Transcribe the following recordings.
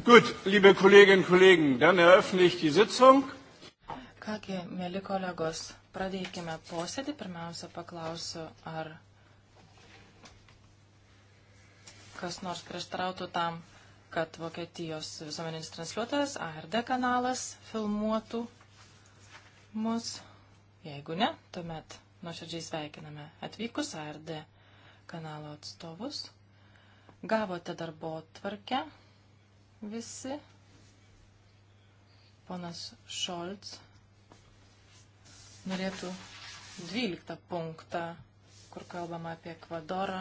Gut, liebe Kolleginnen und Kollegen, dann eröffne ich die Sitzung. Kągi, mėly kolegos, pradėkime posėdį. Pirmiausia, paklausiu, ar kas nors prieštarautų tam, kad Vokietijos visuomeninis transliuotojas ARD kanalas filmuotų mus. Jeigu ne, tuomet nuoširdžiai sveikiname atvykus ARD kanalo atstovus. Gavote darbo tvarkę, visi. Ponas Šolc norėtų 12 punktą, kur kalbama apie Ekvadorą,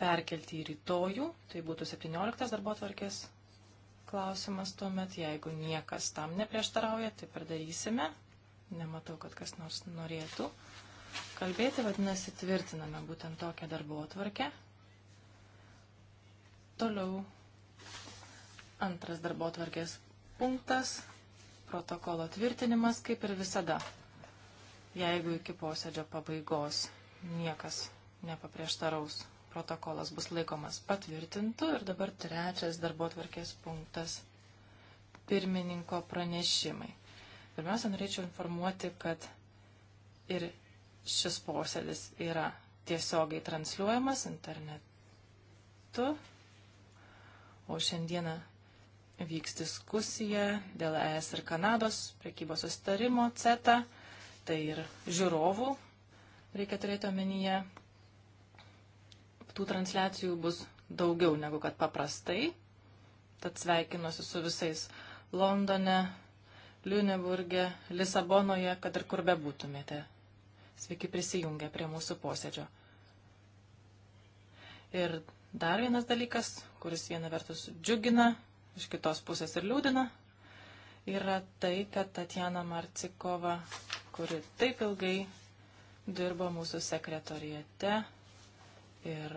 perkelti į rytojų. Tai būtų 17 darbo tvarkės klausimas tuomet. Jeigu niekas tam neprieštarauja, tai padarysime. Nematau, kad kas nors norėtų kalbėti, vadinasi, tvirtiname būtent tokią darbo atvarkę. Toliau Antras darbo tvarkės punktas – protokolo tvirtinimas, kaip ir visada. Jeigu iki posėdžio pabaigos niekas nepaprieštaraus, protokolas bus laikomas patvirtintu. Ir dabar trečias darbo tvarkės punktas – pirmininko pranešimai. Pirmiausia, norėčiau informuoti, kad ir šis posėdis yra tiesiogiai transliuojamas internetu. O šiandieną vyks diskusija dėl ES ir Kanados prekybos sustarimo CETA, tai ir žiūrovų reikia turėti omenyje. Tų transliacijų bus daugiau negu kad paprastai, tad sveikinuosi su visais Londone, Lüneburge, Lisabonoje, kad ir kur bebūtumėte. Sveiki prisijungę prie mūsų posėdžio. Ir dar vienas dalykas, kuris viena vertus džiugina, iš kitos pusės ir liūdina, yra tai, kad Tatjana Marcikova, kuri taip ilgai dirbo mūsų sekretorijate ir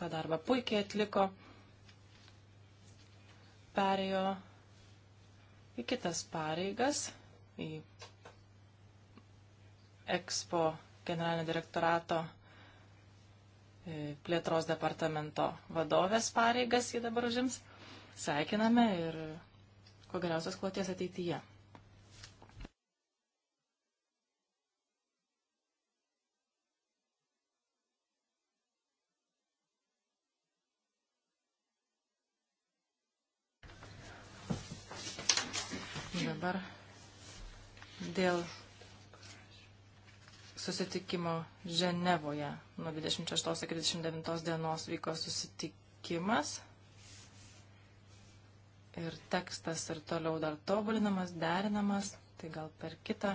tą darbą puikiai atliko, perėjo į kitas pareigas, į Expo generalinio direktorato E, plėtros departamento vadovės pareigas jį dabar užims. Sveikiname ir ko geriausios kloties ateityje. Dabar dėl susitikimo Ženevoje. Nuo 26 iki 29 dienos vyko susitikimas. Ir tekstas ir toliau dar tobulinamas, derinamas. Tai gal per kitą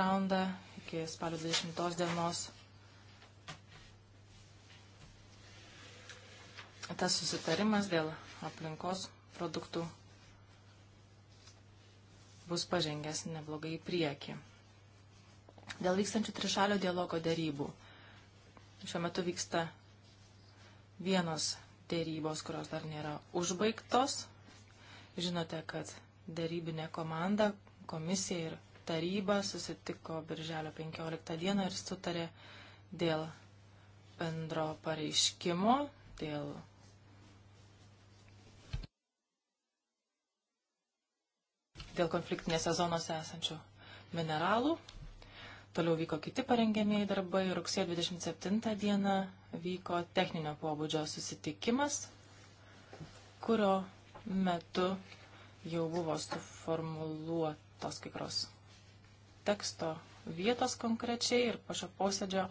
raundą iki spalio 20 dienos tas susitarimas dėl aplinkos produktų bus pažengęs neblogai į priekį. Dėl vykstančių trišalio dialogo dėrybų. Šiuo metu vyksta vienos dėrybos, kurios dar nėra užbaigtos. Žinote, kad dėrybinė komanda, komisija ir taryba susitiko birželio 15 dieną ir sutarė dėl bendro pareiškimo, dėl dėl konfliktinėse zonose esančių mineralų. Toliau vyko kiti parengėmėjai darbai. Rugsėjo 27 dieną vyko techninio pobūdžio susitikimas, kurio metu jau buvo suformuluotos kai kurios teksto vietos konkrečiai ir po šio posėdžio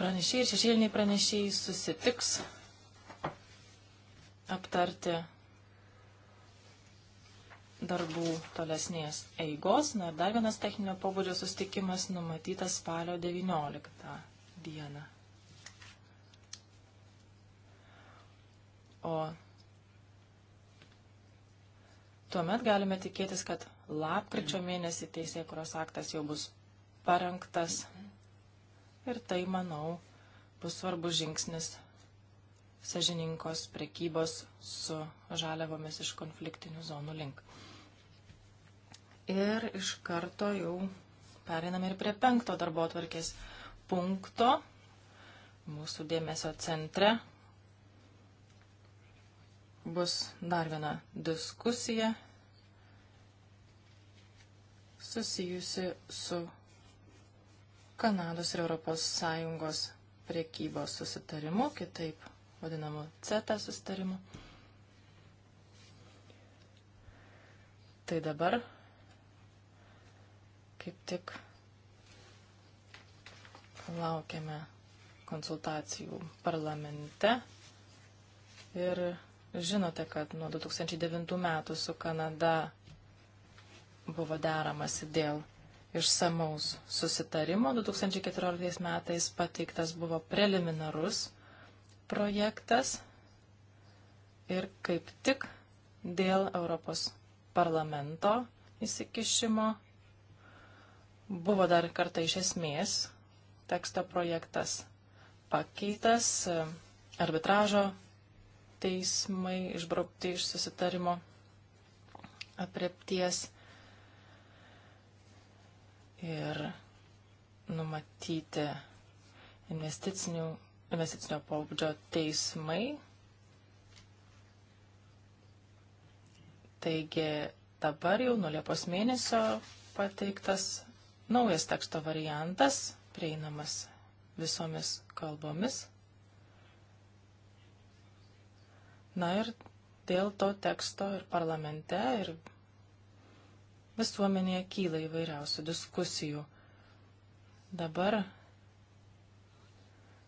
pranešėjai ir šešėliniai pranešėjai susitiks aptarti darbų tolesnės eigos. Na ir dar vienas techninio pobūdžio sustikimas numatytas spalio 19 dieną. O tuomet galime tikėtis, kad lapkričio mėnesį teisėkuros aktas jau bus parengtas. Ir tai, manau, bus svarbus žingsnis sažininkos prekybos su žaliavomis iš konfliktinių zonų link. Ir iš karto jau periname ir prie penkto darbo atvarkės punkto mūsų dėmesio centre. Bus dar viena diskusija susijusi su Kanados ir Europos Sąjungos priekybos susitarimu, kitaip vadinamu CETA sustarimu. Tai dabar kaip tik laukiame konsultacijų parlamente ir žinote, kad nuo 2009 metų su Kanada buvo deramasi dėl išsamaus susitarimo. 2014 metais pateiktas buvo preliminarus projektas ir kaip tik dėl Europos parlamento įsikišimo buvo dar kartą iš esmės teksto projektas pakeitas, arbitražo teismai išbraukti iš susitarimo aprepties ir numatyti investicinių investicinio pobūdžio teismai. Taigi dabar jau nuo Liepos mėnesio pateiktas naujas teksto variantas, prieinamas visomis kalbomis. Na ir dėl to teksto ir parlamente, ir visuomenėje kyla įvairiausių diskusijų. Dabar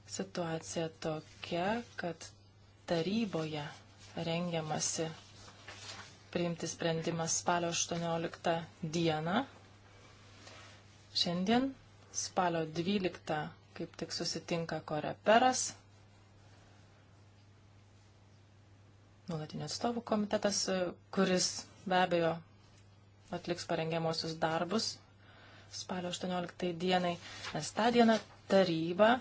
situacija tokia, kad taryboje rengiamasi priimti sprendimą spalio 18 dieną. Šiandien spalio 12 kaip tik susitinka koreperas, nuolatinio atstovų komitetas, kuris be abejo atliks parengiamosius darbus spalio 18 dienai, nes tą dieną taryba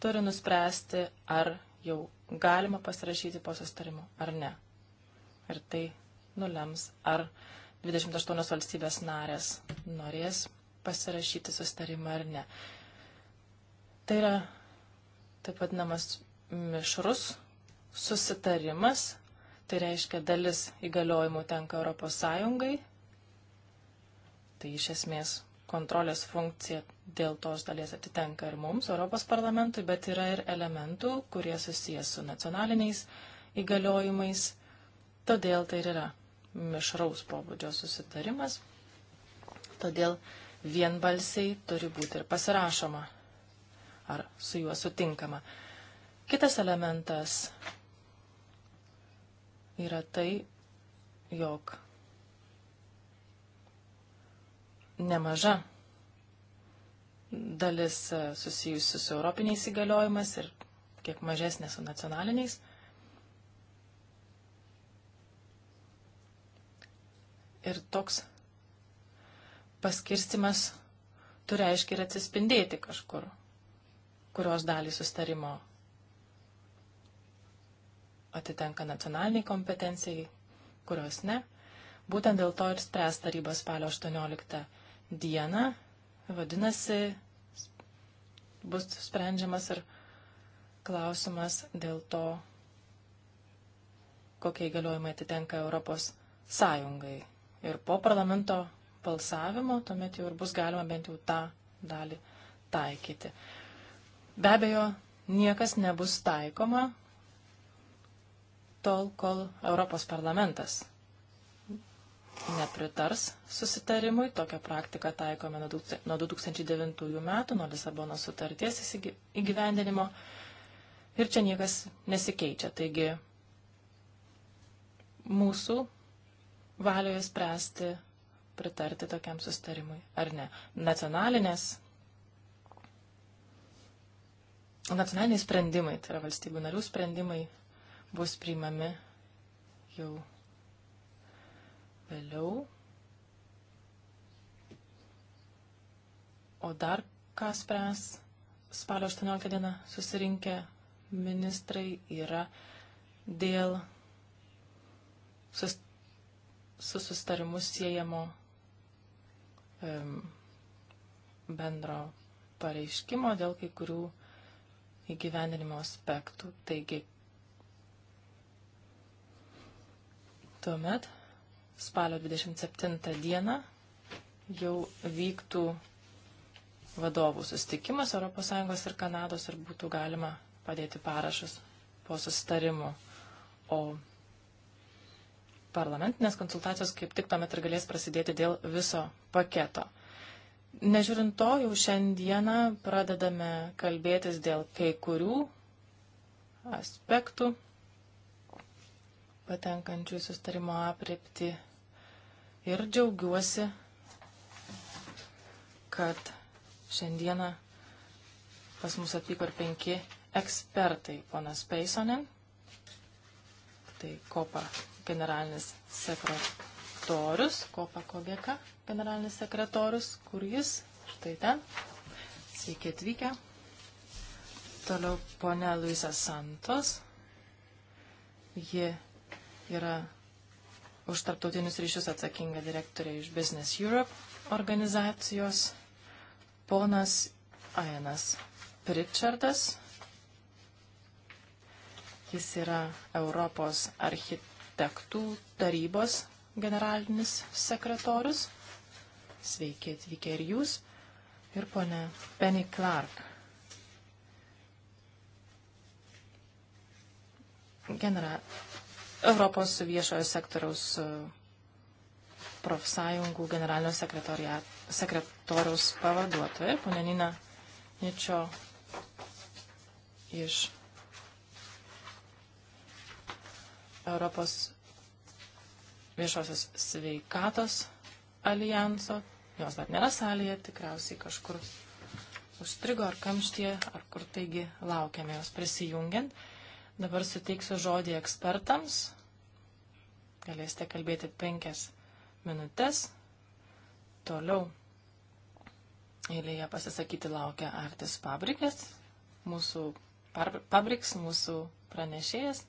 turi nuspręsti, ar jau galima pasirašyti po sustarimu, ar ne. Ir tai nulems, ar 28 valstybės narės norės pasirašyti sustarimą ar ne. Tai yra taip vadinamas mišrus susitarimas, tai reiškia dalis įgaliojimų tenka Europos Sąjungai, tai iš esmės kontrolės funkcija dėl tos dalies atitenka ir mums, Europos parlamentui, bet yra ir elementų, kurie susijęs su nacionaliniais įgaliojimais. Todėl tai ir yra mišraus pobūdžio susitarimas. Todėl vienbalsiai turi būti ir pasirašoma ar su juo sutinkama. Kitas elementas yra tai, jog nemaža dalis e, susijusi su europiniais įgaliojimas ir kiek mažesnė su nacionaliniais. Ir toks paskirstimas turi aiškiai ir atsispindėti kažkur, kurios dalį sustarimo atitenka nacionaliniai kompetencijai, kurios ne. Būtent dėl to ir spręs taryba spalio 18 dieną, vadinasi, bus sprendžiamas ir klausimas dėl to, kokie įgaliojimai atitenka Europos Sąjungai. Ir po parlamento balsavimo tuomet jau ir bus galima bent jau tą dalį taikyti. Be abejo, niekas nebus taikoma tol, kol Europos parlamentas nepritars susitarimui. Tokią praktiką taikome nuo 2009 metų, nuo Lisabono sutarties įgyvendinimo. Ir čia niekas nesikeičia. Taigi mūsų valioje spręsti pritarti tokiam sustarimui ar ne. Nacionalinės, nacionaliniai sprendimai, tai yra valstybių narių sprendimai, bus priimami jau vėliau. O dar ką spręs spalio 18 dieną susirinkę ministrai yra dėl sus, su sustarimu siejamo um, bendro pareiškimo dėl kai kurių įgyvendinimo aspektų. Taigi, tuomet spalio 27 dieną jau vyktų vadovų susitikimas ES ir Kanados ir būtų galima padėti parašus po susitarimu. O parlamentinės konsultacijos kaip tik tuomet ir galės prasidėti dėl viso paketo. Nežiūrint to, jau šiandieną pradedame kalbėtis dėl kai kurių aspektų patenkančių sustarimo aprepti ir džiaugiuosi, kad šiandieną pas mus atvyko ir penki ekspertai. Ponas Peisonen, tai kopa generalinis sekretorius, kopa kobėka generalinis sekretorius, kur jis, štai ten. Sveiki atvykę. Toliau ponia Luisa Santos. Ji yra už tarptautinius ryšius atsakinga direktorė iš Business Europe organizacijos, ponas Aenas Pritchardas. Jis yra Europos architektų tarybos generalinis sekretorius. Sveiki atvykę ir jūs. Ir ponė Penny Clark. Genera Europos viešojo sektoriaus e, profsąjungų generalinio sekretoriaus pavaduotoja, ponė Nina Ničio iš Europos viešosios sveikatos alijanso. Jos dar nėra salėje, tikriausiai kažkur užstrigo ar kamštie, ar kur taigi laukiame jos prisijungiant. Dabar suteiksiu žodį ekspertams. Galėsite kalbėti penkias minutės. Toliau eilėje pasisakyti laukia Artis Pabrikas, mūsų Pabriks, mūsų pranešėjas.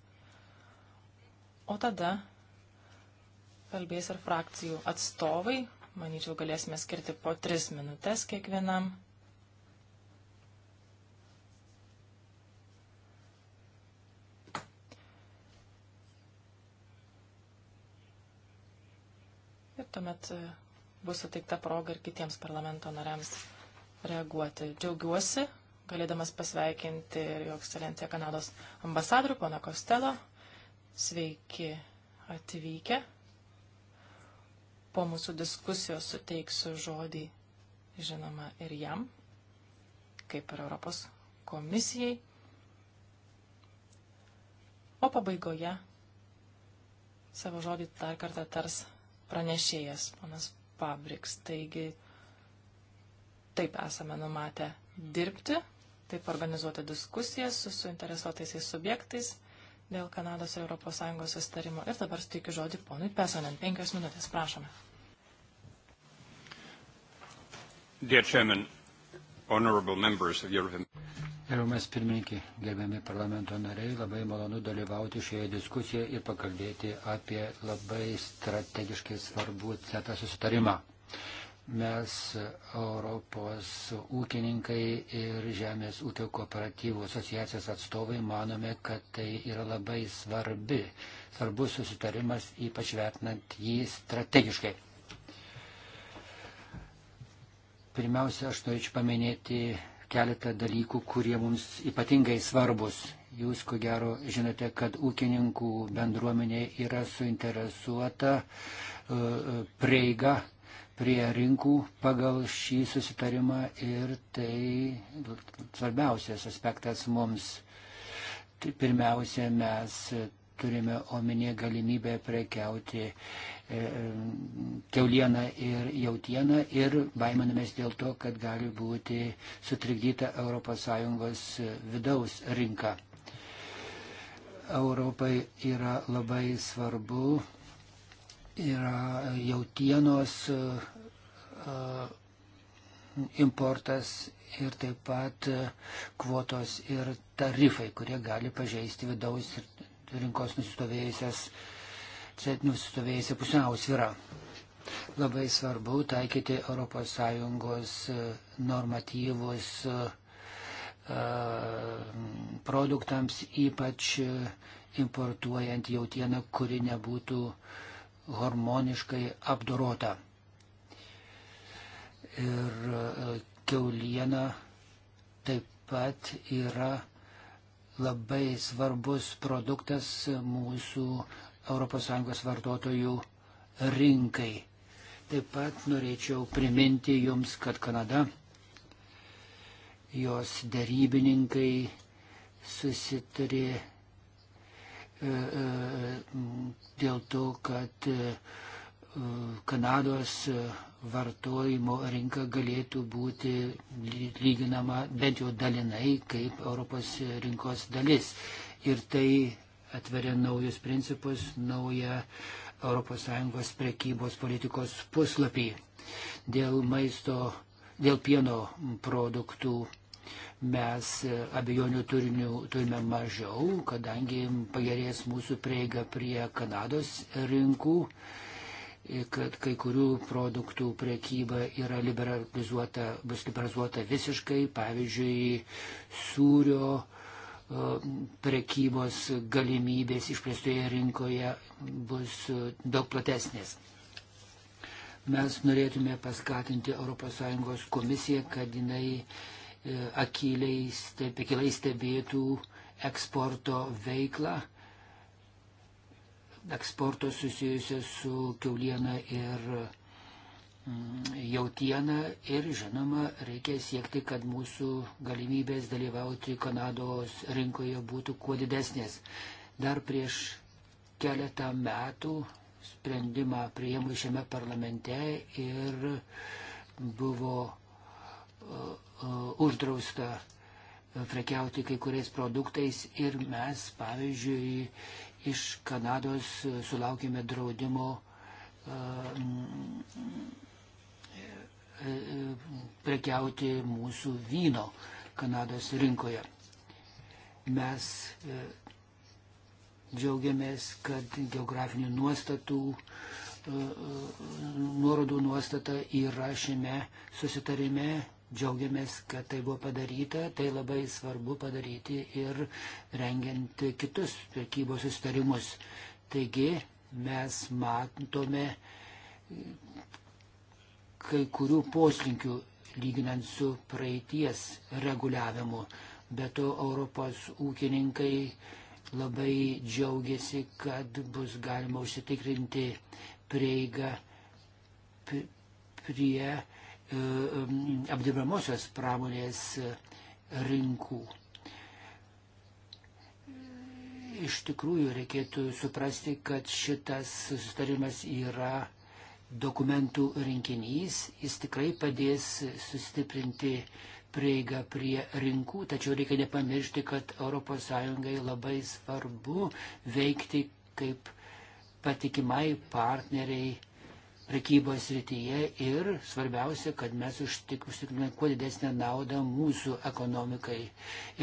O tada kalbės ir frakcijų atstovai. Manyčiau, galėsime skirti po tris minutės kiekvienam. tuomet e, bus suteikta proga ir kitiems parlamento nariams reaguoti. Džiaugiuosi, galėdamas pasveikinti ir jo ekscelenciją Kanados ambasadorių, pana Kostelo. Sveiki atvykę. Po mūsų diskusijos suteiksiu žodį, žinoma, ir jam, kaip ir Europos komisijai. O pabaigoje savo žodį dar kartą tars pranešėjas, ponas Pabriks. Taigi taip esame numatę dirbti, taip organizuoti diskusijas su suinteresuotaisiais subjektais dėl Kanados ir ES sustarimo. Ir dabar suteikiu žodį ponui Pesonen. Penkios minutės, prašome. Dear Chairman, honorable members of European... Gerbiamas pirmininkė, gerbiami parlamento nariai, labai malonu dalyvauti šioje diskusijoje ir pakalbėti apie labai strategiškai svarbų CETA susitarimą. Mes, Europos ūkininkai ir Žemės ūkio kooperatyvų asociacijos atstovai, manome, kad tai yra labai svarbi, svarbus susitarimas, ypač vertinant jį strategiškai. Pirmiausia, aš norėčiau paminėti keletą dalykų, kurie mums ypatingai svarbus. Jūs, ko gero, žinote, kad ūkininkų bendruomenė yra suinteresuota e, e, prieiga prie rinkų pagal šį susitarimą ir tai svarbiausias aspektas mums. Tai pirmiausia, mes turime omenyje galimybę prekiauti e, e, keulieną ir jautieną ir baiminamės dėl to, kad gali būti sutrikdyta ES vidaus rinka. Europai yra labai svarbu, yra jautienos e, importas ir taip pat kvotos ir tarifai, kurie gali pažeisti vidaus rinkos nusistovėjusias, nusistovėjusią pusiausvyrą. Labai svarbu taikyti ES e, normatyvus e, e, produktams, ypač importuojant jautieną, kuri nebūtų hormoniškai apdorota. Ir keuliena taip pat yra labai svarbus produktas mūsų ES vartotojų rinkai. Taip pat norėčiau priminti Jums, kad Kanada, jos darybininkai susitarė e, e, dėl to, kad e, Kanados vartojimo rinka galėtų būti lyginama bent jau dalinai kaip Europos rinkos dalis. Ir tai atveria naujus principus, naują ES prekybos politikos puslapį. Dėl maisto, dėl pieno produktų mes abejonių turinių turime mažiau, kadangi pagerės mūsų prieiga prie Kanados rinkų kad kai kurių produktų priekyba yra liberalizuota, bus liberalizuota visiškai, pavyzdžiui, sūrio e, prekybos galimybės išplėstoje rinkoje bus e, daug platesnės. Mes norėtume paskatinti ES komisiją, kad jinai e, akiliai stebėtų eksporto veiklą eksporto susijusio su keuliena ir mm, jautiena ir žinoma reikia siekti, kad mūsų galimybės dalyvauti Kanados rinkoje būtų kuo didesnės. Dar prieš keletą metų sprendimą prieimu šiame parlamente ir buvo uh, uh, uždrausta prekiauti kai kuriais produktais ir mes, pavyzdžiui, Iš Kanados sulaukėme draudimo prekiauti mūsų vyno Kanados rinkoje. Mes džiaugiamės, kad geografinių nuostatų, nuorodų nuostata yra šiame susitarime džiaugiamės, kad tai buvo padaryta, tai labai svarbu padaryti ir rengiant kitus prekybos sustarimus. Taigi mes matome kai kurių poslinkių lyginant su praeities reguliavimu. Bet to Europos ūkininkai labai džiaugiasi, kad bus galima užsitikrinti prieigą prie E, apdirbamosios pramonės e, rinkų. Iš tikrųjų reikėtų suprasti, kad šitas susitarimas yra dokumentų rinkinys, jis tikrai padės sustiprinti prieigą prie rinkų, tačiau reikia nepamiršti, kad ES labai svarbu veikti kaip patikimai partneriai prekybos rytyje ir svarbiausia, kad mes užtikrintume kuo didesnę naudą mūsų ekonomikai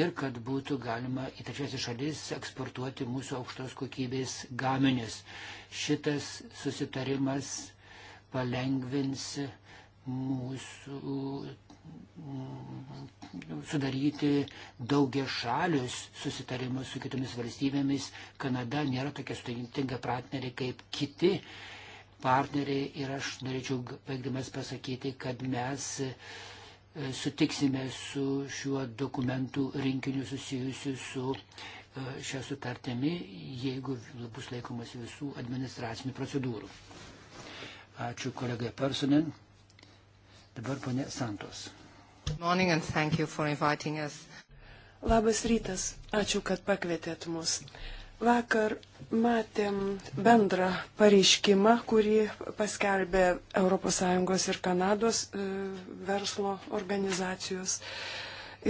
ir kad būtų galima į trečiasis šalis eksportuoti mūsų aukštos kokybės gaminius. Šitas susitarimas palengvins mūsų mm, sudaryti daugia šalius susitarimus su kitomis valstybėmis. Kanada nėra tokia sudėtinga partneriai kaip kiti partneriai ir aš norėčiau baigdamas pasakyti, kad mes e, sutiksime su šiuo dokumentų rinkiniu susijusiu su e, šią sutartimi, jeigu bus laikomas visų administracinių procedūrų. Ačiū kolegai Personen. Dabar ponė Santos. Labas rytas, ačiū, kad pakvietėt mus. Vakar matėm bendrą pareiškimą, kurį paskelbė ES ir Kanados e, verslo organizacijos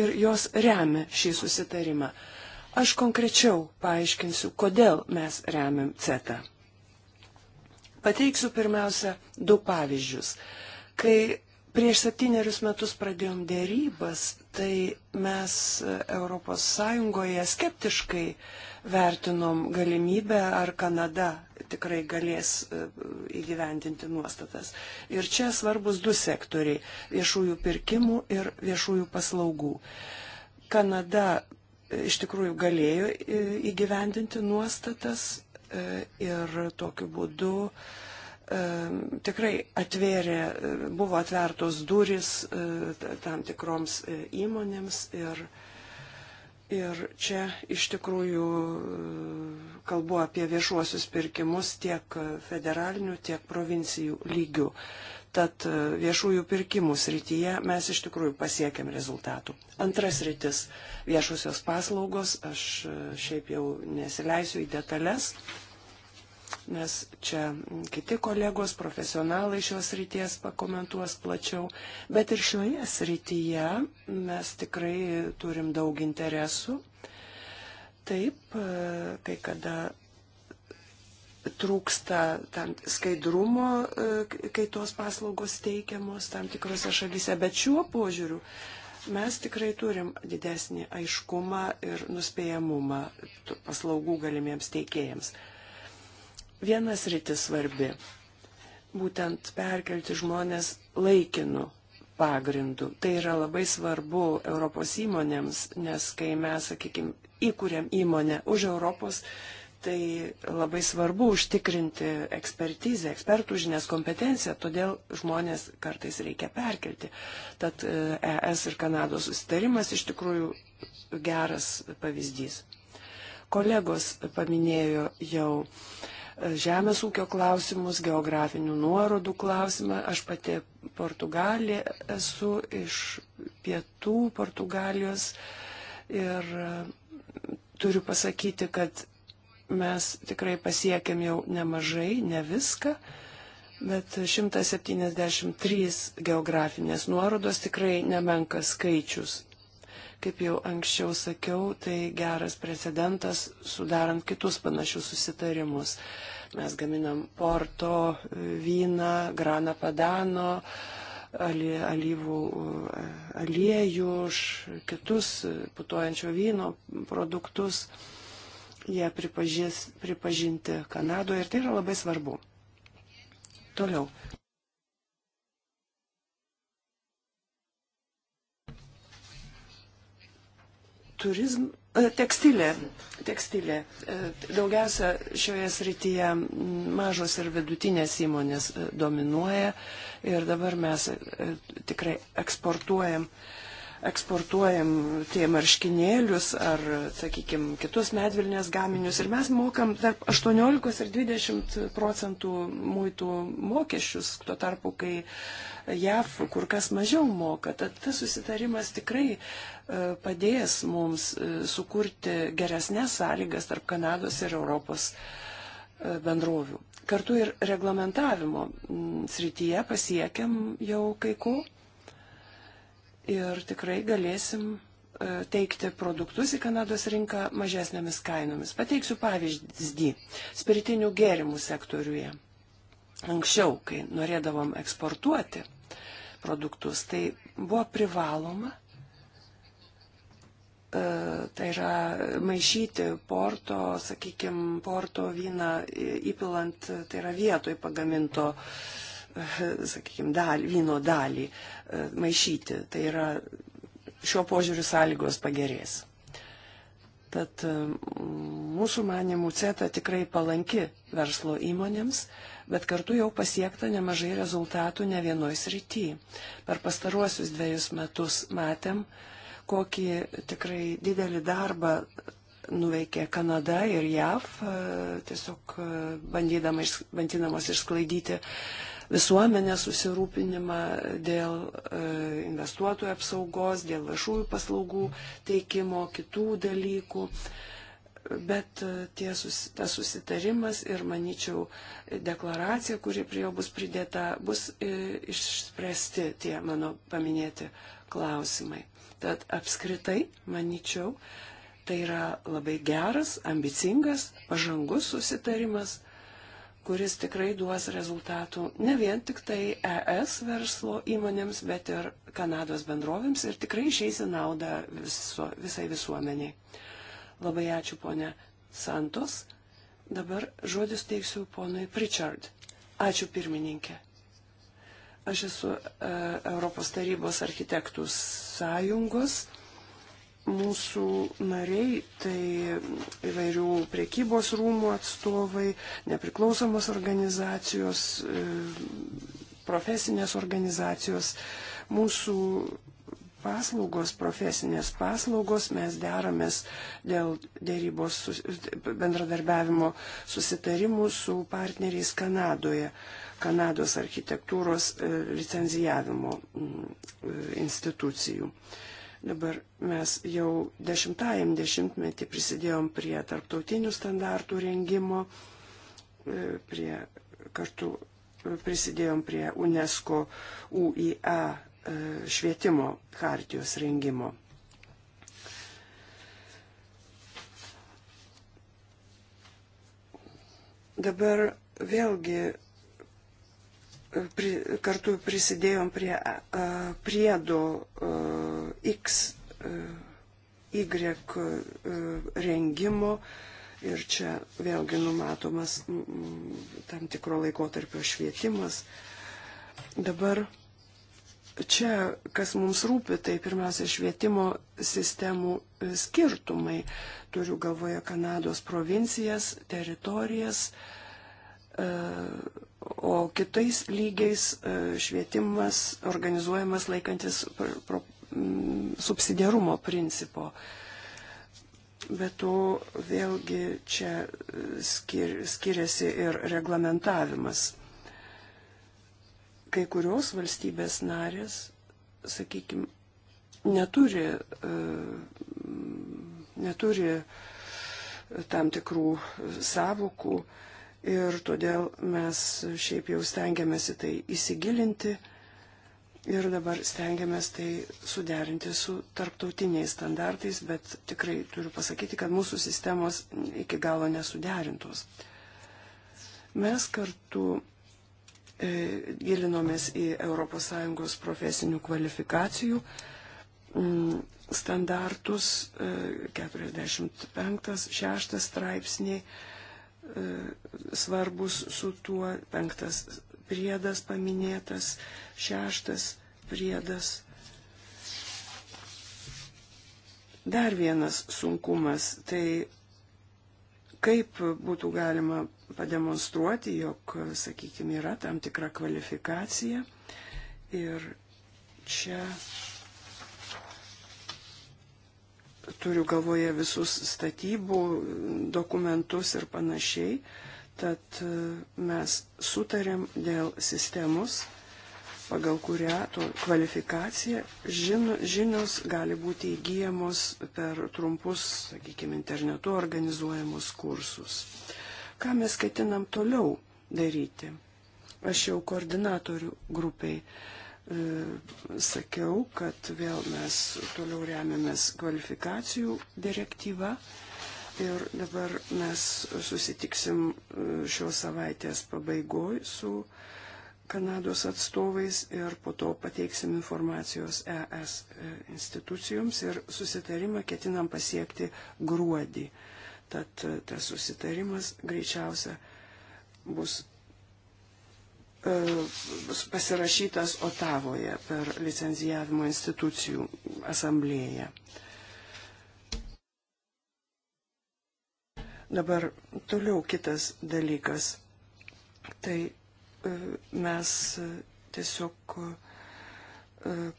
ir jos remia šį susitarimą. Aš konkrečiau paaiškinsiu, kodėl mes remiam CETA. Pateiksiu pirmiausia du pavyzdžius. Kai prieš septynerius metus pradėjom dėrybas, tai mes ES skeptiškai vertinom galimybę, ar Kanada tikrai galės e, įgyvendinti nuostatas. Ir čia svarbus du sektoriai - viešųjų pirkimų ir viešųjų paslaugų. Kanada e, iš tikrųjų galėjo e, įgyvendinti nuostatas ir tokiu būdu uh, tikrai atvėrė, e, buvo atvertos duris e, tam tikroms e, įmonėms ir, ir čia iš tikrųjų kalbu apie viešuosius pirkimus tiek federalinių, tiek provincijų lygių. Tad viešųjų pirkimų srityje mes iš tikrųjų pasiekėm rezultatų. Antras rytis - viešusios paslaugos. Aš šiaip jau nesileisiu į detalės nes čia kiti kolegos, profesionalai šios ryties pakomentuos plačiau, bet ir šioje srityje mes tikrai turim daug interesų. Taip, e, kai kada trūksta tam skaidrumo, e, kai tos paslaugos teikiamos tam tikrose šalyse, bet šiuo požiūriu mes tikrai turim didesnį aiškumą ir nuspėjamumą paslaugų galimiems teikėjams vienas rytis svarbi - būtent perkelti žmonės laikinu pagrindu. Tai yra labai svarbu Europos įmonėms, nes kai mes, sakykime, įkūrėm įmonę už Europos, tai labai svarbu užtikrinti ekspertizę, ekspertų žinias, kompetenciją, todėl žmonės kartais reikia perkelti. Tad ES e ir Kanados susitarimas iš tikrųjų geras pavyzdys. Kolegos paminėjo jau uh, žemės ūkio klausimus, geografinių nuorodų klausimą. Aš pati Portugalė esu iš pietų Portugalijos ir e, turiu pasakyti, kad mes tikrai pasiekėm jau nemažai, ne viską, bet 173 geografinės nuorodos tikrai nemenkas skaičius. Kaip jau anksčiau sakiau, tai geras precedentas sudarant kitus panašius susitarimus. Mes gaminam porto, vyną, graną padano, alyvų aliejų, kitus putuojančio vyno produktus. Jie pripažinti Kanadoje ir tai yra labai svarbu. Toliau. turizm, e, tekstilė, tekstilė. E, daugiausia šioje srityje mažos ir vidutinės įmonės e, dominuoja ir dabar mes tikrai eksportuojam, eksportuojam tie marškinėlius ar, sakykime, kitus medvilnės gaminius ir mes mokam tarp 18 ir 20 procentų muitų mokesčius, tuo tarpu, kai JAV kur kas mažiau moka. Tad tas susitarimas tikrai e, padės mums e, sukurti geresnės sąlygas tarp Kanados ir Europos e, bendrovių. Kartu ir reglamentavimo srityje pasiekėm jau kai ko ir tikrai galėsim teikti produktus į Kanados rinką mažesnėmis kainomis. Pateiksiu pavyzdį spiritinių gėrimų sektoriuje. Anksčiau, kai norėdavom eksportuoti produktus. Tai buvo privaloma, e, tai yra maišyti porto, sakykime, porto vyną įpilant, tai yra vietoj pagaminto e, sakykime, dal, vyno dalį e, maišyti. Tai yra šiuo požiūriu sąlygos pagerės. Tad e, mūsų manimų CETA tikrai palanki verslo įmonėms, bet kartu jau pasiekta nemažai rezultatų ne vienoj srity. Per pastaruosius dviejus metus matėm, kokį tikrai didelį darbą nuveikė Kanada ir JAV, e, tiesiog e, bandydamos išsklaidyti visuomenės susirūpinimą dėl e, investuotojų apsaugos, dėl viešųjų paslaugų teikimo, kitų dalykų. Bet e, tie, tas susitarimas ir, manyčiau, deklaracija, kuri prie jo bus pridėta, bus e, išspręsti tie mano paminėti klausimai. Tad apskritai, manyčiau, tai yra labai geras, ambicingas, pažangus susitarimas kuris tikrai duos rezultatų ne vien tik tai ES verslo įmonėms, bet ir Kanados bendrovėms ir tikrai išeis į naudą viso, visai visuomeniai. Labai ačiū ponė Santos. Dabar žodis teiksiu ponui Pritchard. Ačiū pirmininkė. Aš esu e, Europos tarybos architektų sąjungos mūsų nariai, tai įvairių priekybos rūmų atstovai, nepriklausomos organizacijos, e, profesinės organizacijos, mūsų paslaugos, profesinės paslaugos, mes deramės dėl dėrybos bendradarbiavimo susitarimų su partneriais Kanadoje. Kanados architektūros e, licenzijavimo e, institucijų. Uh, Dabar mes jau dešimtajam dešimtmetį prisidėjom prie tarptautinių standartų rengimo, e, prie, kartu e, prisidėjom prie UNESCO UIA e, švietimo hartijos rengimo. Dabar vėlgi pri, kartu prisidėjom prie priedo XY e, e, rengimo ir čia vėlgi numatomas tam tikro laikotarpio švietimas. Dabar čia, kas mums rūpi, tai pirmiausia švietimo sistemų e, skirtumai. Turiu galvoje Kanados provincijas, teritorijas, o kitais lygiais švietimas organizuojamas laikantis Mm, subsidiarumo principo. Bet to vėlgi čia e, skir, skiriasi ir reglamentavimas. Kai kurios valstybės narės, sakykime, neturi, e, neturi tam tikrų savokų ir todėl mes šiaip jau stengiamės į tai įsigilinti Ir dabar stengiamės tai suderinti su tarptautiniais standartais, bet tikrai turiu pasakyti, kad mūsų sistemos iki galo nesuderintos. Mes kartu e, gilinomės į ES profesinių kvalifikacijų m, mm, standartus e, 45-6 straipsniai e, svarbus su tuo, penktas priedas paminėtas, šeštas priedas. Dar vienas sunkumas - tai kaip būtų galima pademonstruoti, jog, sakykime, yra tam tikra kvalifikacija. Ir čia turiu galvoje visus statybų dokumentus ir panašiai. Tad e, mes sutarėm dėl sistemos, pagal kurią to kvalifikacija žinios gali būti įgyjamos per trumpus, sakykime, internetu organizuojamus kursus. Ką mes ketinam toliau daryti? Aš jau koordinatorių grupiai e, sakiau, kad vėl mes toliau remiamės kvalifikacijų direktyvą Ir dabar mes susitiksim e, šios savaitės pabaigoj su Kanados atstovais ir po to pateiksim informacijos ES e, institucijoms ir susitarimą ketinam pasiekti gruodį. Tad e, tas susitarimas greičiausia bus pasirašytas Otavoje per licenzijavimo institucijų asamblėją. Dabar toliau kitas dalykas. Tai e, mes e, tiesiog e,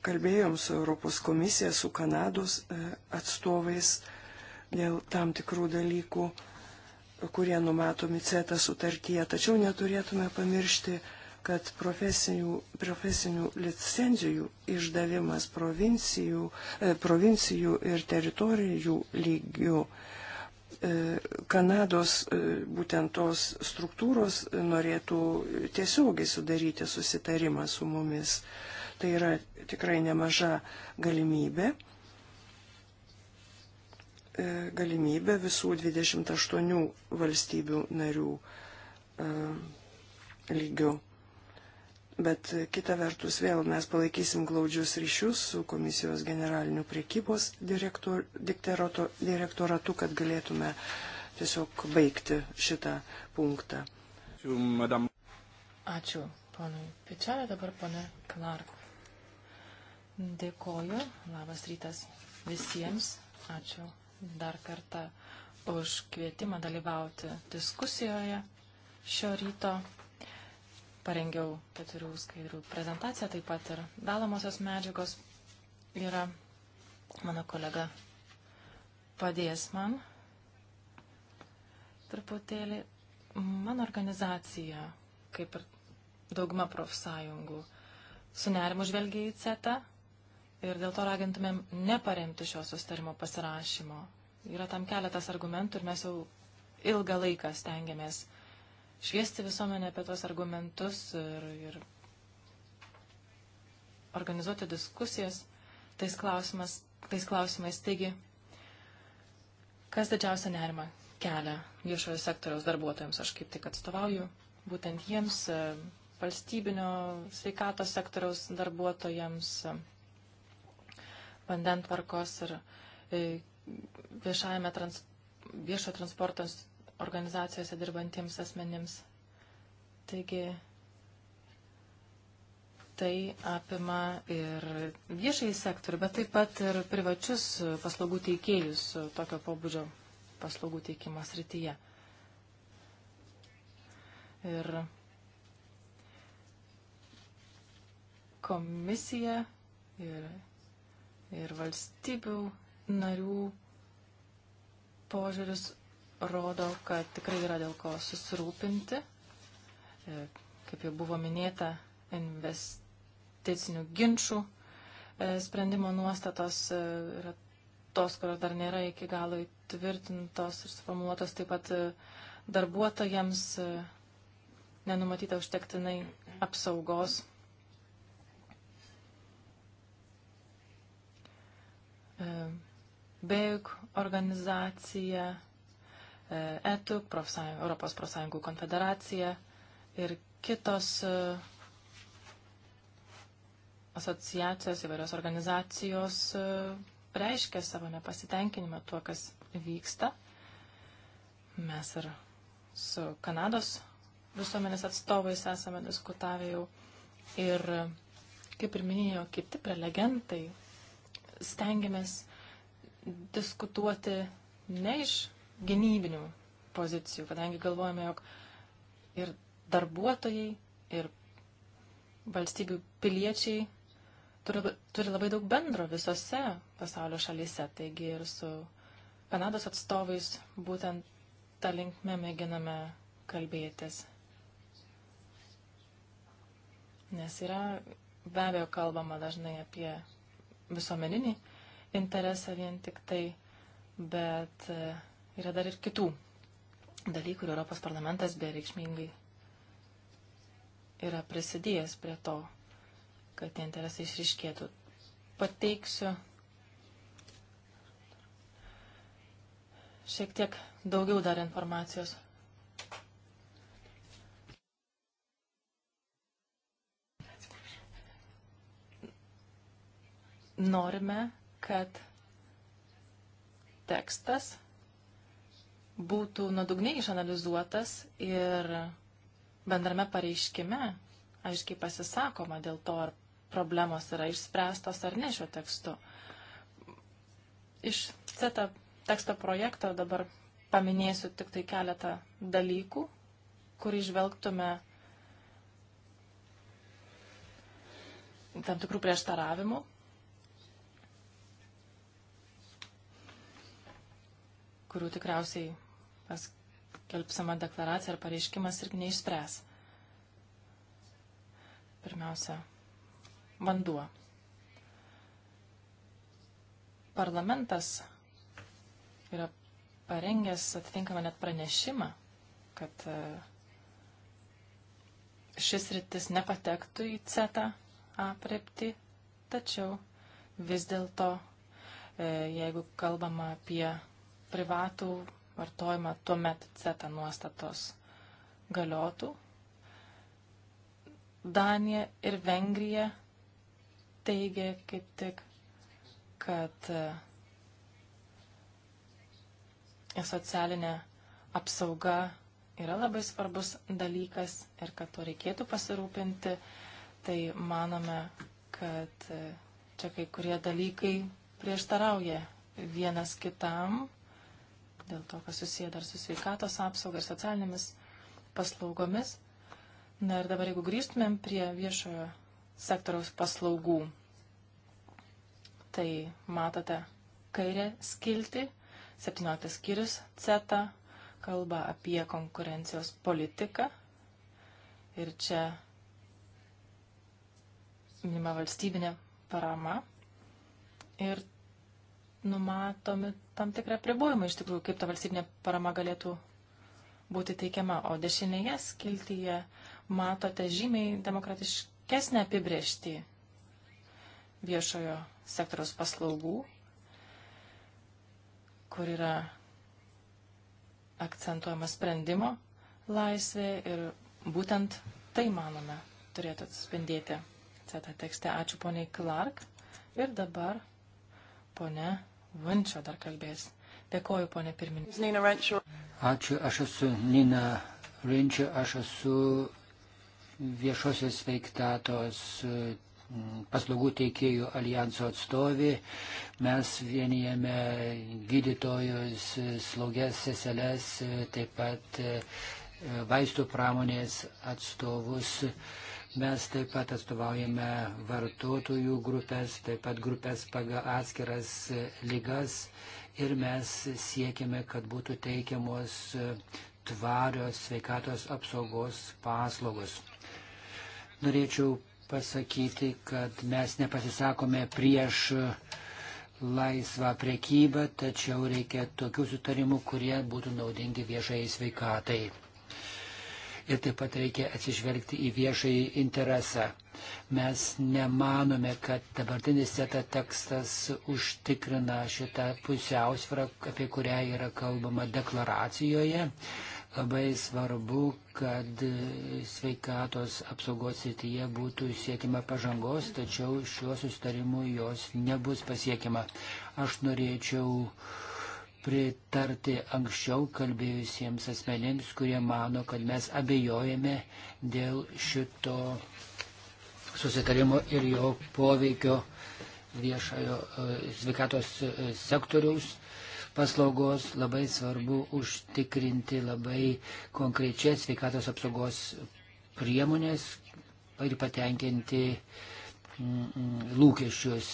kalbėjom su Europos komisija, su Kanados atstovais dėl tam tikrų dalykų, kurie numatomi CETA sutartyje. Tačiau neturėtume pamiršti, kad profesinių, profesinių licenzijų išdavimas provincijų, provincijų ir teritorijų lygių E, Kanados e, būtent tos struktūros norėtų tiesiogiai sudaryti susitarimą su mumis. Tai yra tikrai nemaža galimybė e, galimybę visų 28 valstybių narių lygių Bet kita vertus vėl mes palaikysim glaudžius ryšius su komisijos generaliniu priekybos direktor, direktoratu, kad galėtume tiesiog baigti šitą punktą. Ačiū, ponui Pičelė, dabar ponė Clark. Dėkoju, labas rytas visiems. Ačiū dar kartą už kvietimą dalyvauti diskusijoje šio ryto parengiau keturių skaidrių prezentaciją, taip pat ir dalomosios medžiagos yra mano kolega padės man truputėlį. Mano organizacija, kaip ir dauguma profsąjungų, su nerimu žvelgia į CETA ir dėl to ragintumėm neparemti šio sustarimo pasirašymo. Yra tam keletas argumentų ir mes jau ilgą laiką stengiamės uh, šviesti visuomenę apie tos argumentus ir, ir organizuoti diskusijas tais, klausimas, tais klausimais. Taigi, kas didžiausia nerima kelia viešojo sektoriaus darbuotojams, aš kaip tik atstovauju, būtent jiems, e, valstybinio sveikatos sektoriaus darbuotojams, e, vandentvarkos ir e, viešajame trans, viešo transporto organizacijose dirbantiems asmenims. Taigi tai apima ir viešai sektorių, bet taip pat ir privačius paslaugų teikėjus tokio pobūdžio paslaugų teikimo srityje. Ir komisija ir, ir valstybių narių požiūris rodo, kad tikrai yra dėl ko susirūpinti. E, kaip jau buvo minėta, investicinių ginčių e, sprendimo nuostatos e, yra tos, kurios dar nėra iki galo įtvirtintos ir suformuotos, taip pat darbuotojams nenumatyta užtektinai apsaugos. BEG organizacija ETU, profsąjung, Europos profsąjungų konfederacija ir kitos e, asociacijos, įvairios organizacijos e, reiškia savo nepasitenkinimą tuo, kas vyksta. Mes ir su Kanados visuomenės atstovais esame diskutavę jau. Ir e, kaip ir minėjo kiti prelegentai, stengiamės diskutuoti ne iš gynybinių pozicijų, kadangi galvojame, jog ir darbuotojai, ir valstybių piliečiai turi, turi labai daug bendro visose pasaulio šalyse. Taigi ir su Kanados atstovais būtent tą linkmę mėginame kalbėtis. Nes yra be abejo kalbama dažnai apie visuomeninį interesą vien tik tai, bet uh, yra dar ir kitų dalykų ir Europos parlamentas bereikšmingai yra prisidėjęs prie to, kad tie interesai išriškėtų. Pateiksiu šiek tiek daugiau dar informacijos. Norime, kad tekstas būtų nuodugniai išanalizuotas ir bendrame pareiškime aiškiai pasisakoma dėl to, ar problemos yra išspręstos ar ne šiuo tekstu. Iš CETA teksto projekto dabar paminėsiu tik tai keletą dalykų, kur išvelgtume tam tikrų prieštaravimų. kurių tikriausiai paskelbsama deklaracija ar pareiškimas irgi neišspręs. Pirmiausia, vanduo. Parlamentas yra parengęs atitinkamą net pranešimą, kad e, šis rytis nepatektų į CETA aprepti, tačiau vis dėlto, e, jeigu kalbama apie privatų vartojimą, tuomet CETA nuostatos galiotų. Danija ir Vengrija teigia kaip tik, kad e, socialinė apsauga yra labai svarbus dalykas ir kad to reikėtų pasirūpinti, tai manome, kad e, čia kai kurie dalykai prieštarauja vienas kitam dėl to, kas susiję dar su sveikatos apsauga ir socialinėmis paslaugomis. Na ir dabar, jeigu grįžtumėm prie viešojo sektoriaus paslaugų, tai matote kairę skilti, 17 skyrius CETA kalba apie konkurencijos politiką ir čia minima valstybinė parama ir numatomi tam tikrą pribojimą iš tikrųjų, kaip ta valstybinė parama galėtų būti teikiama. O dešinėje skiltyje matote žymiai demokratiškesnę apibriežtį viešojo sektoriaus paslaugų, kur yra akcentuojama sprendimo laisvė ir būtent tai, manome, turėtų atspindėti CETA tekste. Ačiū poniai Clark. Ir dabar ponia Vančio dar kalbės. Dėkoju, ponė pirmininkė. Ačiū, aš esu Nina Renčio, aš esu viešosios sveiktatos mm, paslaugų teikėjų alijanso atstovė. Mes vienijame gydytojus, slaugės seseles, taip pat e, vaistų pramonės atstovus. Mes taip pat atstovaujame vartotojų grupės, taip pat grupės pagal atskiras lygas ir mes siekime, kad būtų teikiamos tvarios sveikatos apsaugos paslaugos. Norėčiau pasakyti, kad mes nepasisakome prieš laisvą priekybą, tačiau reikia tokių sutarimų, kurie būtų naudingi viešai sveikatai ir taip pat reikia atsižvelgti į viešąjį interesą. Mes nemanome, kad dabartinis CETA tekstas užtikrina šitą pusiausvyrą, apie kurią yra kalbama deklaracijoje. Labai svarbu, kad sveikatos apsaugos srityje būtų siekima pažangos, tačiau šiuo sustarimu jos nebus pasiekima. Aš norėčiau uh, pritarti anksčiau kalbėjusiems asmenėms, kurie mano, kad mes abejojame dėl šito susitarimo ir jo poveikio viešojo e, sveikatos e, sektoriaus paslaugos. Labai svarbu užtikrinti labai konkrečias sveikatos apsaugos priemonės ir patenkinti uh, lūkesčius.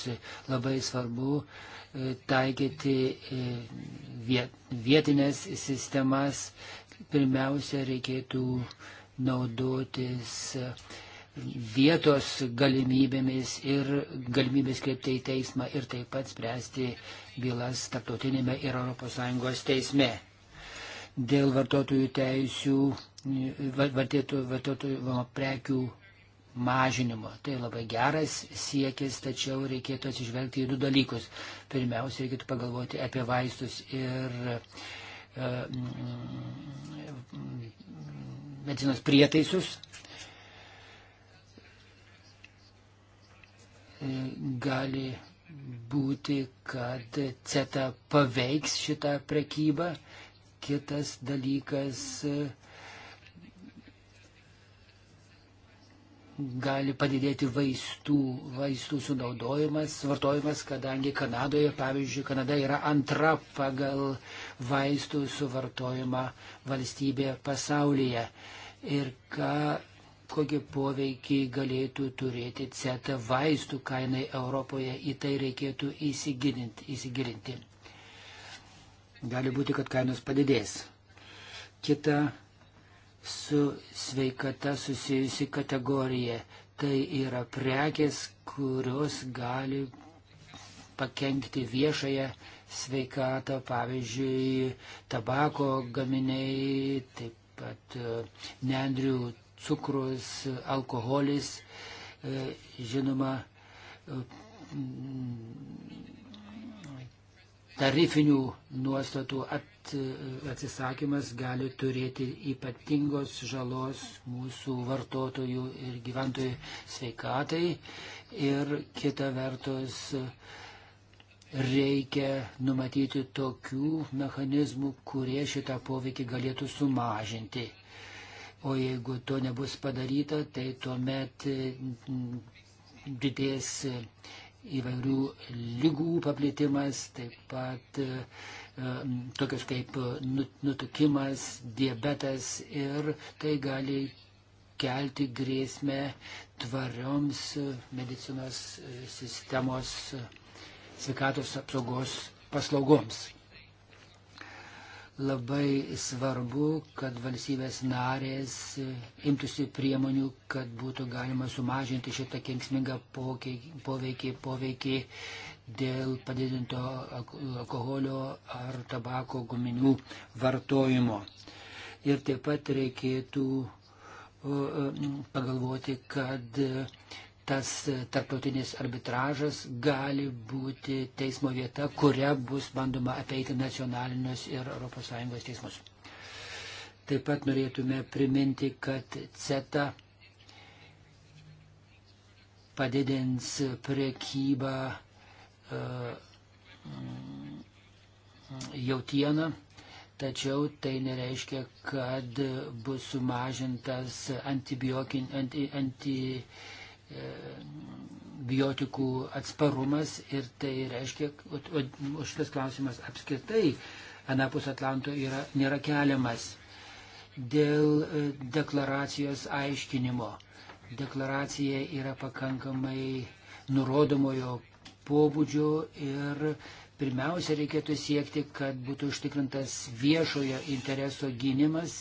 Labai svarbu e, taikyti e, vietinės sistemas. Pirmiausia, reikėtų naudotis vietos galimybėmis ir galimybės kreipti į teismą ir taip pat spręsti bylas tarptautinėme ir ES teisme. Dėl vartotojų teisių, vartėtų, vartotojų prekių mažinimo. Tai labai geras siekis, tačiau reikėtų atsižvelgti į du dalykus. Pirmiausia, reikėtų pagalvoti apie vaistus ir e, mm, medicinos prietaisus. E, gali būti, kad CETA paveiks šitą prekybą. Kitas dalykas gali padidėti vaistų, vaistų sunaudojimas, vartojimas, kadangi Kanadoje, pavyzdžiui, Kanada yra antra pagal vaistų suvartojimą valstybė pasaulyje. Ir ką, kokį poveikį galėtų turėti CETA vaistų kainai Europoje, į tai reikėtų įsigilinti. Gali būti, kad kainos padidės. Kita su sveikata susijusi kategorija. Tai yra prekės, kurios gali pakengti viešąją sveikatą, pavyzdžiui, tabako gaminiai, taip pat e, nendrių cukrus, alkoholis, e, žinoma, e, tarifinių nuostatų at, atsisakymas gali turėti ypatingos žalos mūsų vartotojų ir gyventojų sveikatai. Ir kita vertus, reikia numatyti tokių mechanizmų, kurie šitą poveikį galėtų sumažinti. O jeigu to nebus padaryta, tai tuomet mm, didės įvairių lygų paplitimas, taip pat e, tokius kaip nutukimas, diabetas ir tai gali kelti grėsmę tvarioms medicinos e, sistemos e, sveikatos apsaugos paslaugoms. Labai svarbu, kad valstybės narės imtųsi priemonių, kad būtų galima sumažinti šitą kenksmingą poveikį, poveikį dėl padidinto alkoholio ar tabako guminių vartojimo. Ir taip pat reikėtų pagalvoti, kad tas tarptautinis arbitražas gali būti teismo vieta, kuria bus bandoma apeiti nacionalinius ir ES teismus. Taip pat norėtume priminti, kad CETA padidins priekybą e, jautieną, tačiau tai nereiškia, kad bus sumažintas antibiotin, anti, anti, anti biotikų atsparumas ir tai reiškia, o šitas klausimas apskritai anapus Atlanto yra, nėra keliamas dėl e, deklaracijos aiškinimo. Deklaracija yra pakankamai nurodomojo pobūdžio ir pirmiausia reikėtų siekti, kad būtų užtikrintas viešojo intereso gynimas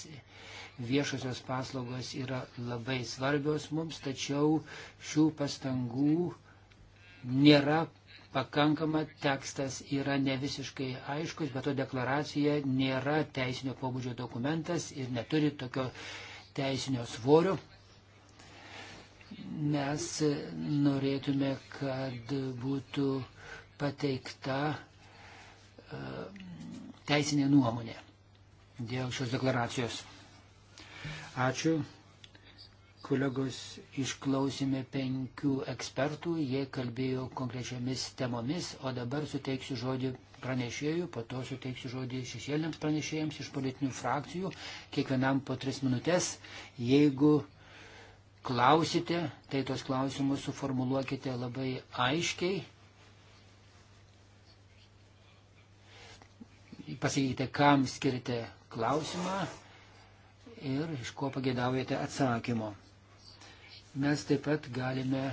viešosios paslaugos yra labai svarbios mums, tačiau šių pastangų nėra pakankama, tekstas yra ne visiškai aiškus, bet to deklaracija nėra teisinio pobūdžio dokumentas ir neturi tokio teisinio svorio. Mes norėtume, kad būtų pateikta e, teisinė nuomonė dėl šios deklaracijos. Ačiū. Kolegos, išklausėme penkių ekspertų, jie kalbėjo konkrečiamis temomis, o dabar suteiksiu žodį pranešėjų, po to suteiksiu žodį šešėliniams pranešėjams iš politinių frakcijų, kiekvienam po tris minutės. Jeigu klausite, tai tos klausimus suformuluokite labai aiškiai. Pasakykite, kam skirite klausimą, ir iš ko pagėdaujate atsakymo. Mes taip pat galime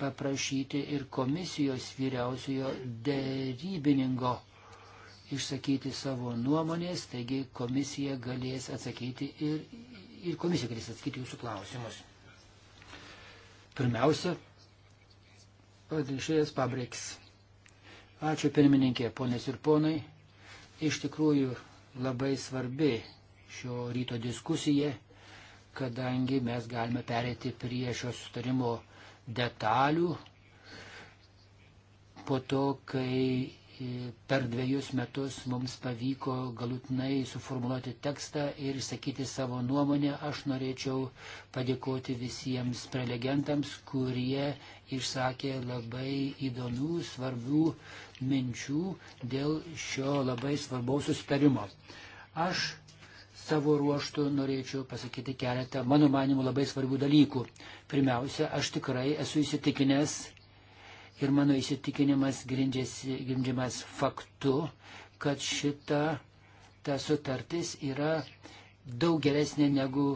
paprašyti ir komisijos vyriausiojo dėrybininko išsakyti savo nuomonės, taigi komisija galės atsakyti ir, ir komisija galės atsakyti jūsų klausimus. Pirmiausia, padrišėjas Pabriks. Ačiū pirmininkė, ponės ir ponai. Iš tikrųjų labai svarbi šio ryto diskusiją, kadangi mes galime perėti prie šio sutarimo detalių po to, kai e, per dviejus metus mums pavyko galutinai suformuoluoti tekstą ir išsakyti savo nuomonę, aš norėčiau padėkoti visiems prelegentams, kurie išsakė labai įdomių, svarbių minčių dėl šio labai svarbaus sustarimo. Aš savo ruoštų norėčiau pasakyti keletą, mano manimų, labai svarbių dalykų. Pirmiausia, aš tikrai esu įsitikinęs ir mano įsitikinimas grindžiamas faktu, kad šita ta sutartis yra daug geresnė negu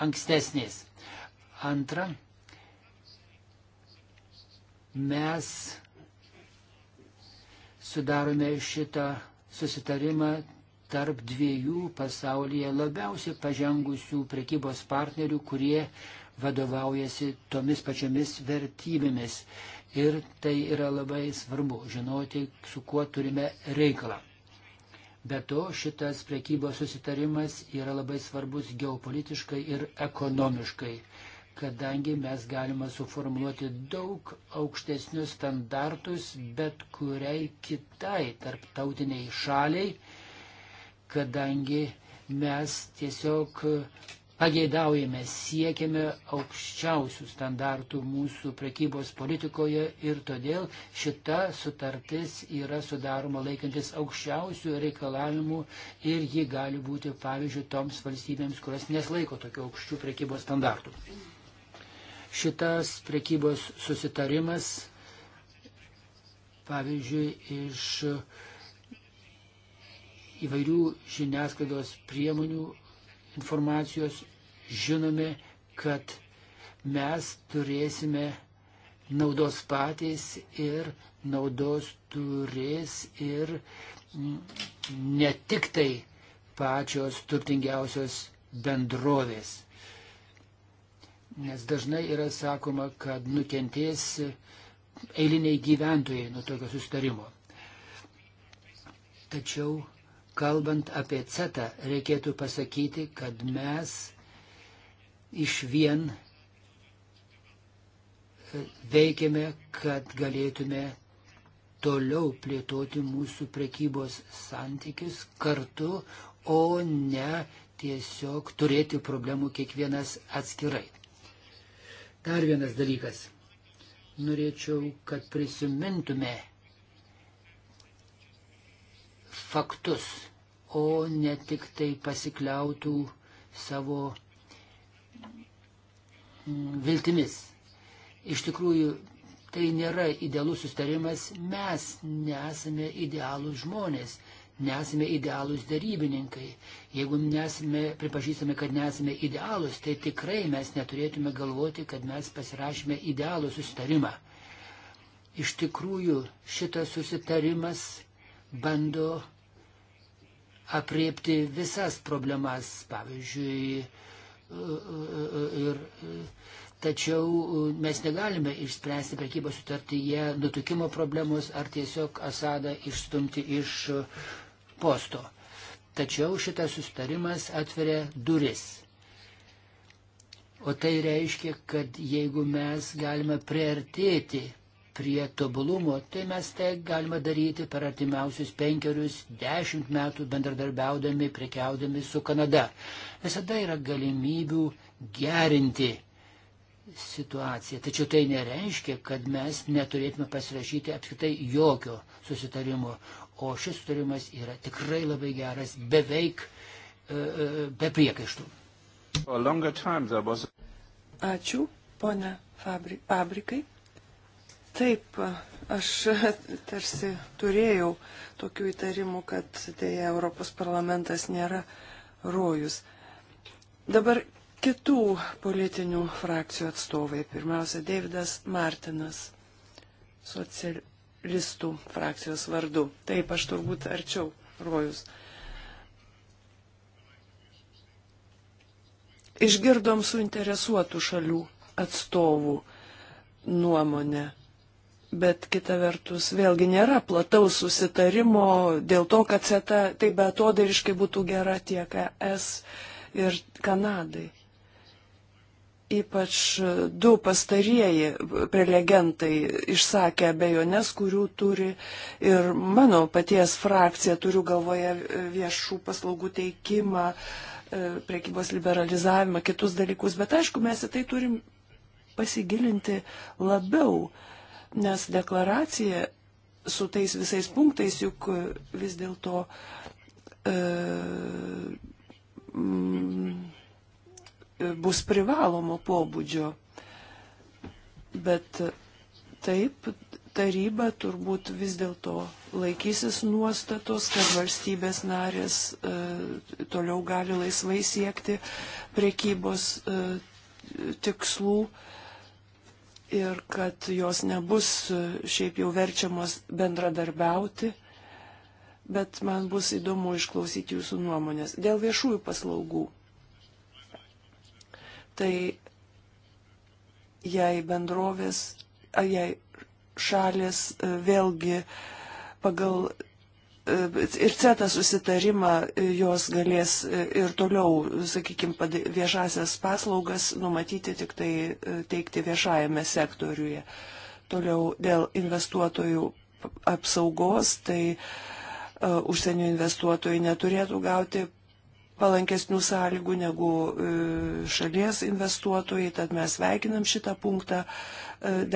ankstesnės. Antra, mes sudarome šitą susitarimą tarp dviejų pasaulyje labiausiai pažengusių prekybos partnerių, kurie vadovaujasi tomis pačiomis vertybėmis. Ir tai yra labai svarbu žinoti, su kuo turime reikalą. Be to, šitas prekybos susitarimas yra labai svarbus geopolitiškai ir ekonomiškai kadangi mes galime suformuoluoti daug aukštesnius standartus bet kuriai kitai tarptautiniai šaliai, kadangi mes tiesiog pageidaujame, siekiame aukščiausių standartų mūsų prekybos politikoje ir todėl šita sutartis yra sudaroma laikantis aukščiausių reikalavimų ir ji gali būti, pavyzdžiui, toms valstybėms, kurios neslaiko tokių aukščių prekybos standartų. Šitas prekybos susitarimas, pavyzdžiui, iš įvairių žiniasklaidos priemonių informacijos žinome, kad mes turėsime naudos patys ir naudos turės ir mm, ne tik tai pačios turtingiausios bendrovės. Nes dažnai yra sakoma, kad nukentės eiliniai gyventojai nuo tokio sustarimo. Tačiau Kalbant apie CETA, reikėtų pasakyti, kad mes iš vien e, veikiame, kad galėtume toliau plėtoti mūsų prekybos santykius kartu, o ne tiesiog turėti problemų kiekvienas atskirai. Dar vienas dalykas. Norėčiau, kad prisimintume faktus, o ne tik tai pasikliautų savo mm, viltimis. Iš tikrųjų, tai nėra idealus sustarimas, mes nesame idealūs žmonės, nesame idealūs darybininkai. Jeigu nesame, pripažįstame, kad nesame idealūs, tai tikrai mes neturėtume galvoti, kad mes pasirašėme idealų sustarimą. Iš tikrųjų, šitas susitarimas bando apriepti visas problemas, pavyzdžiui, e, e, e, ir, tačiau mes negalime išspręsti prekybos sutartyje nutukimo problemos ar tiesiog Asadą išstumti iš posto. Tačiau šitas sustarimas atveria duris. O tai reiškia, kad jeigu mes galime priartėti prie tobulumo, tai mes tai galime daryti per artimiausius penkerius, dešimt metų bendradarbiaudami, prekiaudami su Kanada. Visada yra galimybių gerinti situaciją. Tačiau tai nereiškia, kad mes neturėtume pasirašyti apskritai jokio susitarimo. O šis sutarimas yra tikrai labai geras, beveik e, e, be priekaištų. Ačiū, ponia fabrikai. Taip, aš tarsi turėjau tokių įtarimų, kad dėja Europos parlamentas nėra rojus. Dabar kitų politinių frakcijų atstovai. Pirmiausia, Davidas Martinas, socialistų frakcijos vardu. Taip, aš turbūt arčiau rojus. Išgirdom suinteresuotų šalių atstovų nuomonę Bet kita vertus, vėlgi nėra plataus susitarimo dėl to, kad CETA tai be atodariškai būtų gera tiek ES ir Kanadai. Ypač du pastarieji prelegentai išsakė abejonės, kurių turi ir mano paties frakcija, turiu galvoje viešų paslaugų teikimą, e, priekybos liberalizavimą, kitus dalykus. Bet aišku, mes į tai turim pasigilinti labiau. Uh, Nes deklaracija su tais visais punktais juk vis dėlto e, mm, bus privalomo pobūdžio. Bet taip, taryba turbūt vis dėlto laikysis nuostatos, kad valstybės narės e, toliau gali laisvai siekti priekybos e, tikslų. E, ir kad jos nebus e, šiaip jau verčiamos bendradarbiauti, bet man bus įdomu išklausyti jūsų nuomonės dėl viešųjų paslaugų. Tai jei bendrovės, jei šalis e, vėlgi pagal ir CETA susitarimą jos galės e, ir toliau, sakykime, viešasias paslaugas numatyti tik tai e, teikti viešajame sektoriuje. Toliau dėl investuotojų apsaugos, tai uh, užsienio investuotojai neturėtų gauti palankesnių sąlygų negu šalies investuotojai, tad mes veikinam šitą punktą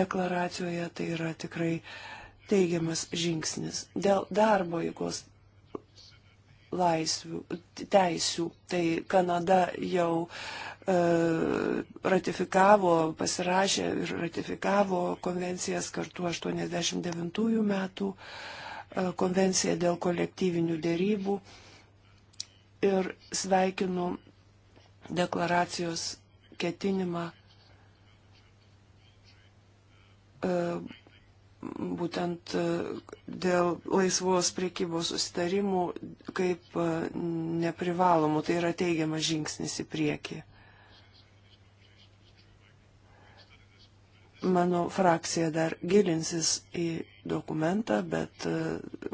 deklaracijoje, tai yra tikrai uh, teigiamas žingsnis. Dėl darbo jėgos laisvių, teisių, tai Kanada jau e, ratifikavo, pasirašė ir ratifikavo konvencijas kartu 89 metų e, konvenciją dėl kolektyvinių dėrybų ir sveikinu deklaracijos ketinimą e, būtent e, dėl laisvos priekybos susitarimų kaip e, neprivalomų. Tai yra teigiamas žingsnis į priekį. Mano frakcija dar gilinsis į dokumentą, bet e,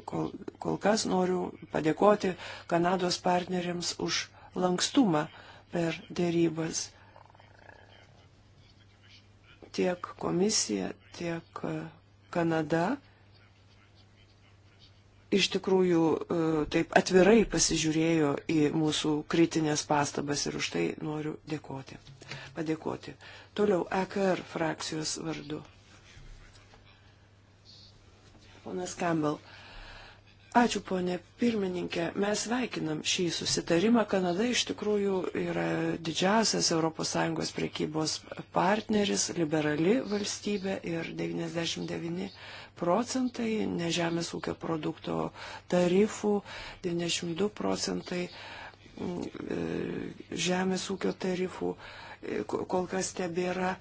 kol, kol kas noriu padėkoti Kanados partneriams už lankstumą per dėrybas. Tiek komisija, tiek Kanada iš tikrųjų e, taip atvirai pasižiūrėjo į mūsų kritinės pastabas ir už tai noriu dėkoti. Padėkoti. Toliau EKR frakcijos vardu. Ponas Campbell. Ačiū, ponė pirmininkė. Mes sveikinam šį susitarimą. Kanada iš tikrųjų yra didžiausias ES priekybos partneris, liberali valstybė ir 99 procentai nežemės ūkio produkto tarifų, 92 procentai mm, e, žemės ūkio tarifų kol kas tebėra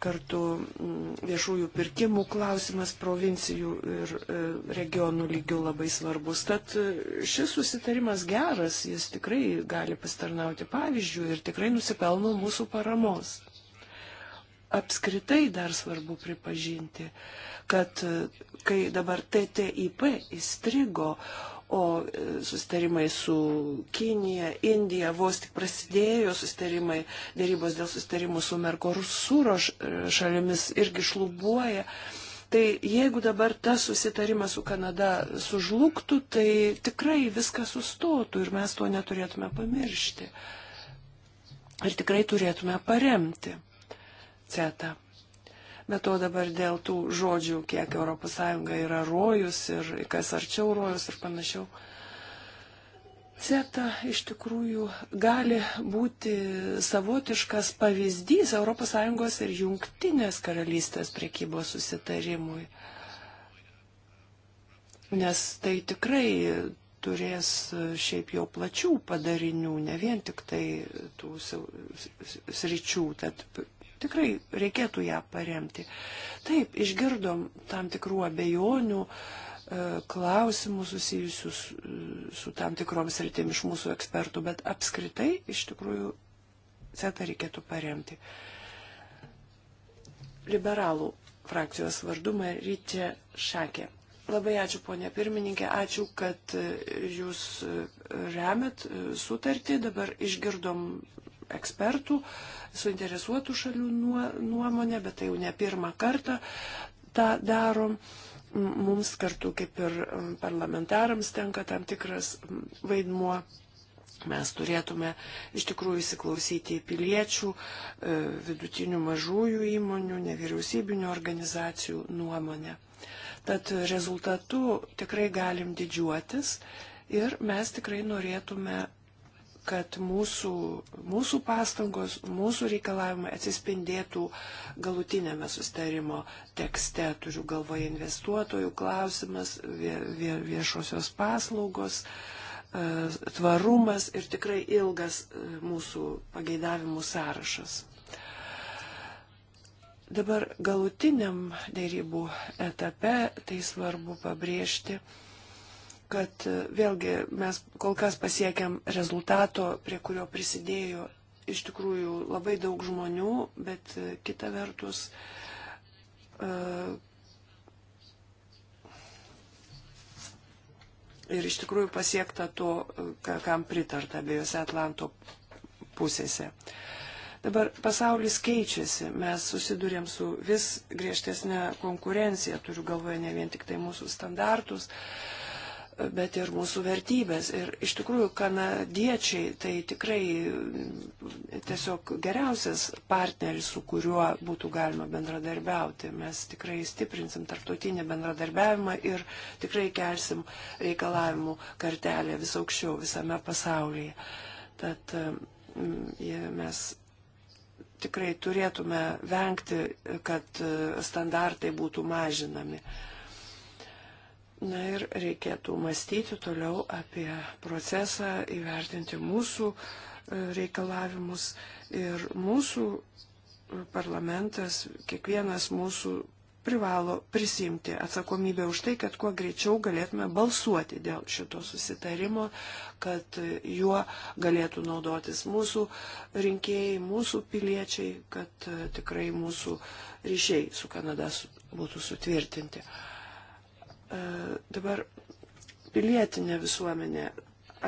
kartu mm, viešųjų pirkimų klausimas provincijų ir e, regionų lygių labai svarbus. Tad e, šis susitarimas geras, jis tikrai gali pasitarnauti pavyzdžių ir tikrai nusipelno mūsų paramos. Apskritai dar svarbu pripažinti, kad e, kai dabar TTIP įstrigo, o e, sustarimai su Kinija, Indija, vos tik prasidėjo sustarimai, dėrybos dėl sustarimų su Merkorusūro e, šalimis irgi šlubuoja. Tai jeigu dabar tas susitarimas su Kanada sužlugtų, tai tikrai viskas sustotų ir mes to neturėtume pamiršti. Ir tikrai turėtume paremti CETA. Bet to dabar dėl tų žodžių, kiek ES yra rojus ir kas arčiau rojus ir panašiau. CETA iš tikrųjų gali būti savotiškas pavyzdys ES ir jungtinės karalystės priekybos susitarimui. Nes tai tikrai turės šiaip jau plačių padarinių, ne vien tik tai tų sričių, tad Tikrai reikėtų ją paremti. Taip, išgirdom tam tikrų abejonių, e, klausimų susijusių su, e, su tam tikrom sritim iš mūsų ekspertų, bet apskritai iš tikrųjų CETA reikėtų paremti. Liberalų frakcijos vardu Marytė Šakė. Labai ačiū, ponė pirmininkė, ačiū, kad e, jūs remet sutartį. Dabar išgirdom ekspertų, suinteresuotų šalių nuomonę, bet tai jau ne pirmą kartą tą darom. Mums kartu kaip ir parlamentarams tenka tam tikras vaidmuo mes turėtume iš tikrųjų įsiklausyti į piliečių, e, vidutinių mažųjų įmonių, nevyriausybinių organizacijų nuomonę. Tad rezultatu tikrai galim didžiuotis ir mes tikrai norėtume kad mūsų, mūsų pastangos, mūsų reikalavimai atsispindėtų galutinėme sustarimo tekste. Turiu galvoje investuotojų klausimas, vie, vie, viešosios paslaugos, e, tvarumas ir tikrai ilgas e, mūsų pageidavimų sąrašas. Dabar galutiniam dėrybų etape tai svarbu pabrėžti, kad e, vėlgi mes kol kas pasiekėm rezultato, prie kurio prisidėjo iš tikrųjų labai daug žmonių, bet e, kita vertus e, ir iš tikrųjų pasiekta to, kam pritarta abiejose Atlanto pusėse. Dabar pasaulis keičiasi, mes susidurėm su vis griežtesnė konkurencija, turiu galvoje ne vien tik tai mūsų standartus, uh, bet ir mūsų vertybės. Ir iš tikrųjų kanadiečiai tai tikrai tiesiog geriausias partneris, su kuriuo būtų galima bendradarbiauti. Mes tikrai stiprinsim tarptautinį bendradarbiavimą ir tikrai kelsim reikalavimų kartelę vis aukščiau visame pasaulyje. Tad mm, mes tikrai turėtume vengti, kad standartai būtų mažinami. Uh, Na ir reikėtų mąstyti toliau apie procesą, įvertinti mūsų e, reikalavimus ir mūsų e, parlamentas, kiekvienas mūsų privalo prisimti atsakomybę už tai, kad kuo greičiau galėtume balsuoti dėl šito susitarimo, kad juo galėtų naudotis mūsų rinkėjai, mūsų piliečiai, kad e, tikrai mūsų ryšiai su Kanada būtų sutvirtinti. E, dabar pilietinė visuomenė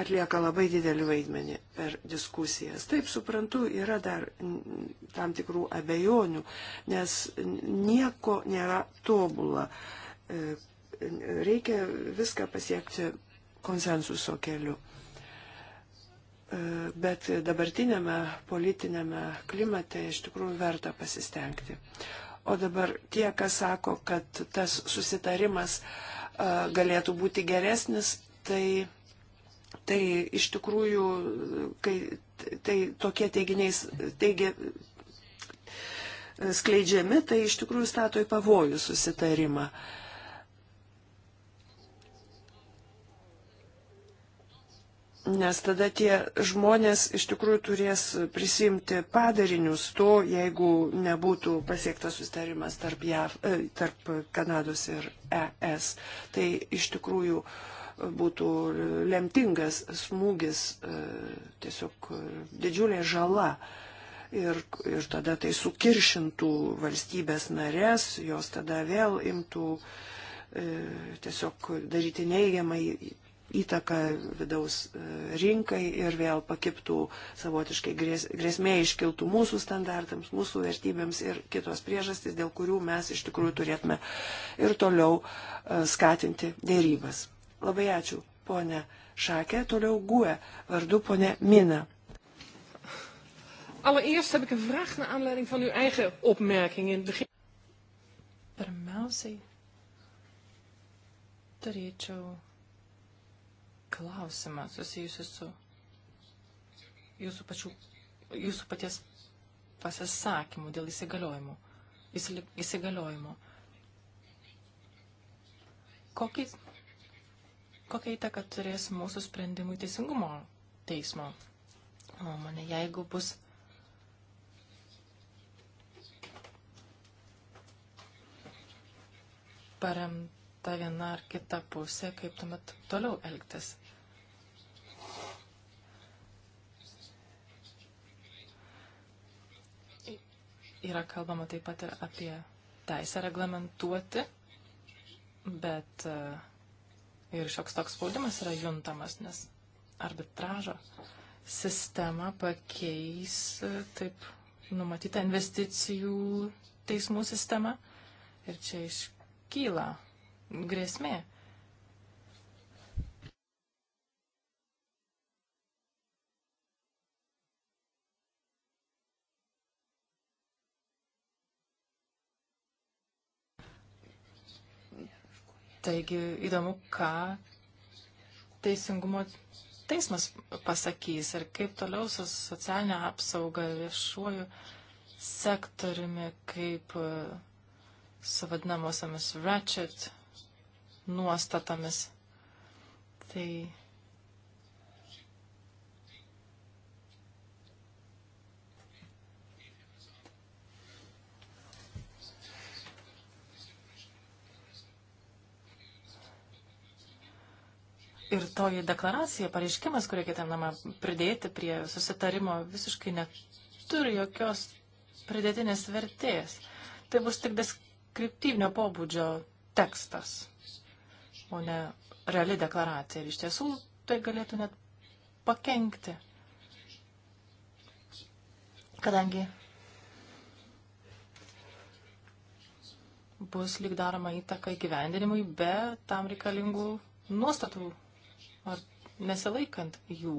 atlieka labai didelį vaidmenį per diskusijas. Taip suprantu, yra dar tam tikrų abejonių, nes nieko nėra tobula. E, reikia viską pasiekti konsensuso keliu. E, bet dabartinėme politinėme klimate iš tikrųjų verta pasistengti. O dabar tie, kas sako, kad tas susitarimas e, galėtų būti geresnis, tai, tai iš tikrųjų, kai, tai tokie teiginiais teigia, e, skleidžiami, tai iš tikrųjų stato į pavojų susitarimą. Uh, Nes tada tie žmonės iš tikrųjų turės prisimti padarinius to, jeigu nebūtų pasiektas sustarimas tarp, JAV, e, tarp Kanados ir ES. Tai iš tikrųjų būtų lemtingas smūgis, e, tiesiog didžiulė žala. Ir, ir tada tai sukiršintų valstybės narės, jos tada vėl imtų e, tiesiog daryti neigiamą įtaką vidaus e, rinkai ir vėl pakiptų savotiškai grės, grėsmė iškiltų mūsų standartams, mūsų vertybėms ir kitos priežastys, dėl kurių mes iš tikrųjų turėtume ir toliau e, skatinti dėrybas. Labai ačiū, ponė Šakė, toliau guė, vardu ponė Mina. Allereerst heb ik een vraag naar aanleiding van uw eigen opmerking in het begin. Pirmiausiai turėčiau klausimą susijusiu su jūsų, pačių, jūsų paties pasisakymu dėl įsigaliojimo. įsigaliojimo. Kokį, kokią įtaką turės mūsų sprendimui teisingumo teismo nuomonė, jeigu bus paremta viena ar kita pusė, kaip tuomet toliau elgtis. yra kalbama taip pat ir apie teisę reglamentuoti, bet e, ir šioks toks spaudimas yra juntamas, nes arbitražo sistema pakeis e, taip numatytą investicijų teismų sistemą ir čia iškyla grėsmė Taigi įdomu, ką teisingumo teismas pasakys ir kaip toliau su socialinė apsauga viešuoju sektoriumi, kaip e, su vadinamosiamis ratchet nuostatomis. Tai Ir toji deklaracija, pareiškimas, kurį ketinama pridėti prie susitarimo, visiškai neturi jokios pridėtinės vertės. Tai bus tik deskriptyvinio pobūdžio tekstas, o ne reali deklaracija. Ir iš tiesų tai galėtų net pakenkti. Kadangi bus lyg daroma įtaka įgyvendinimui be tam reikalingų nuostatų nesilaikant jų.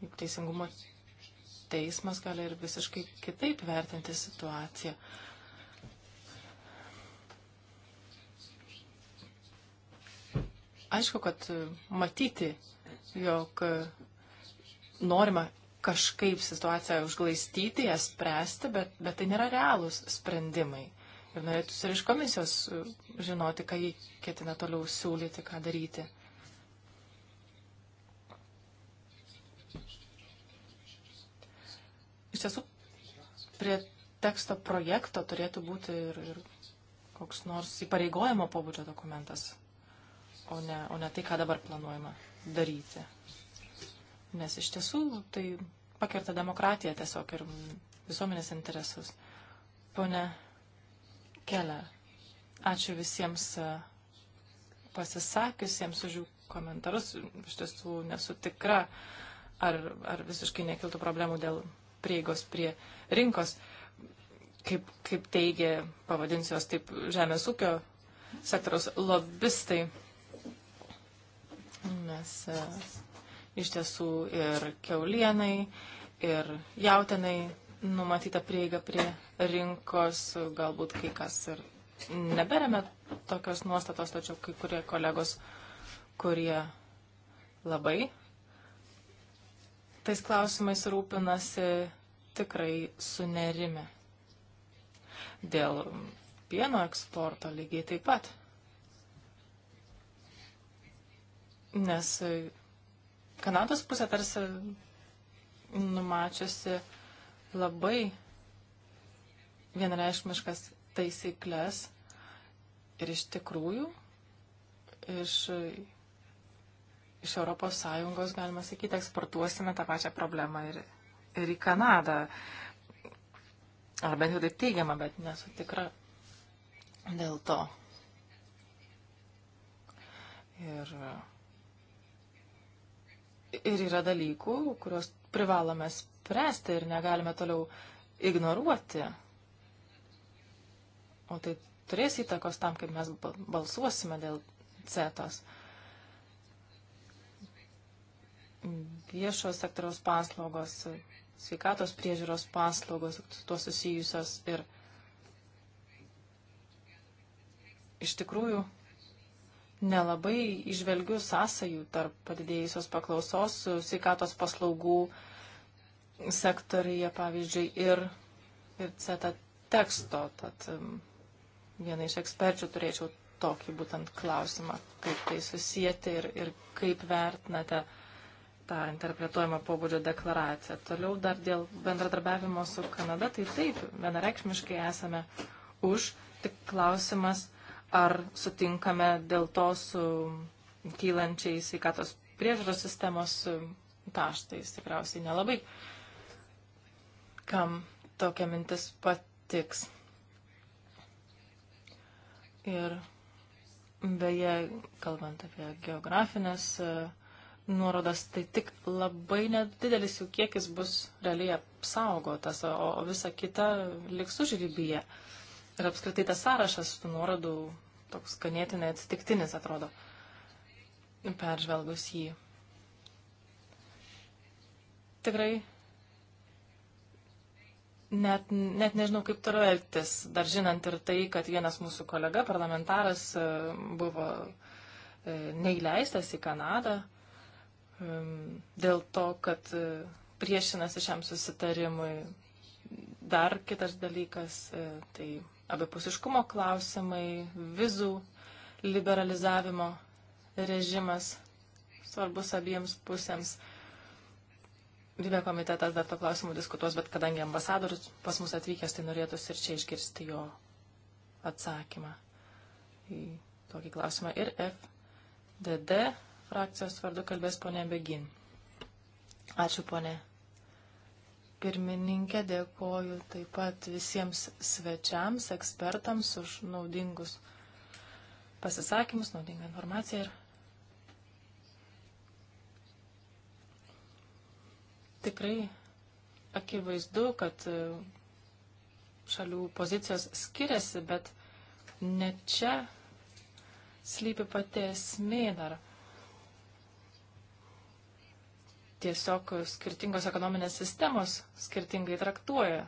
Juk teisingumo teismas gali ir visiškai kitaip vertinti situaciją. Aišku, kad matyti, jog norima kažkaip situaciją užglaistyti, ją spręsti, bet, bet tai nėra realūs sprendimai. Ir norėtųsi ir iš komisijos žinoti, ką jį ketina toliau siūlyti, ką daryti. Iš tiesų, prie teksto projekto turėtų būti ir, ir koks nors įpareigojimo pobūdžio dokumentas, o ne, o ne tai, ką dabar planuojama daryti. Nes iš tiesų tai pakerta demokratiją tiesiog ir visuomenės interesus. Pone Kelia, ačiū visiems e, pasisakiusiems už jų komentarus. Iš tiesų nesu tikra, ar, ar visiškai nekiltų problemų dėl prieigos prie rinkos, kaip, kaip teigia, pavadinsiu jos taip, žemės ūkio sektoriaus lobistai. Nes e, iš tiesų ir keulienai, ir jautenai numatyta prieiga prie rinkos, galbūt kai kas ir nebereme tokios nuostatos, tačiau kai kurie kolegos, kurie labai tais klausimais rūpinasi tikrai sunerimi. Dėl pieno eksporto lygiai taip pat. Nes Kanados pusė tarsi numačiusi labai vienreišmiškas taisyklės ir iš tikrųjų iš iš ES, galima sakyti, eksportuosime tą pačią problemą ir, ir į Kanadą. Ar bent jau taip teigiama, bet nesu tikra dėl to. Ir, ir yra dalykų, kuriuos privalome spręsti ir negalime toliau ignoruoti. O tai turės įtakos tam, kaip mes balsuosime dėl CETOS. viešo sektoriaus paslaugos, sveikatos priežiūros paslaugos, tuo susijusios ir iš tikrųjų nelabai išvelgiu sąsajų tarp padidėjusios paklausos sveikatos paslaugų sektorija, pavyzdžiui, ir, ir CETA teksto. Tad viena iš eksperčių turėčiau tokį būtent klausimą, kaip tai susijęti ir, ir kaip vertinate tą interpretuojamą pobūdžio deklaraciją. Toliau dar dėl bendradarbiavimo su Kanada, tai taip, vienareikšmiškai esame už, tik klausimas, ar sutinkame dėl to su kylančiais sveikatos priežiūros sistemos taštais. Tikriausiai nelabai, kam tokia mintis patiks. Ir beje, kalbant apie geografinės uh, nuorodas, tai tik labai nedidelis jų kiekis bus realiai apsaugotas, o, o visa kita liks užrybyje. Ir apskritai tas sąrašas tų nuorodų toks ganėtinai atsitiktinis atrodo, peržvelgus jį. Tikrai net, net nežinau, kaip turiu elgtis, dar žinant ir tai, kad vienas mūsų kolega, parlamentaras, buvo e, neįleistas į Kanadą dėl to, kad e, priešinasi šiam susitarimui. Dar kitas dalykas, e, tai abipusiškumo klausimai, vizų liberalizavimo režimas svarbus abiems pusėms. Vybe komitetas dar to klausimų diskutuos, bet kadangi ambasadorius pas mus atvykęs, tai norėtųsi ir čia išgirsti jo atsakymą į tokį klausimą. Ir FDD frakcijos vardu kalbės ponė Begin. Ačiū ponė. Pirmininkė, dėkoju taip pat visiems svečiams, ekspertams už naudingus pasisakymus, naudingą informaciją ir tikrai akivaizdu, kad šalių pozicijos skiriasi, bet ne čia slypi pati esmė dar tiesiog skirtingos ekonominės sistemos skirtingai traktuoja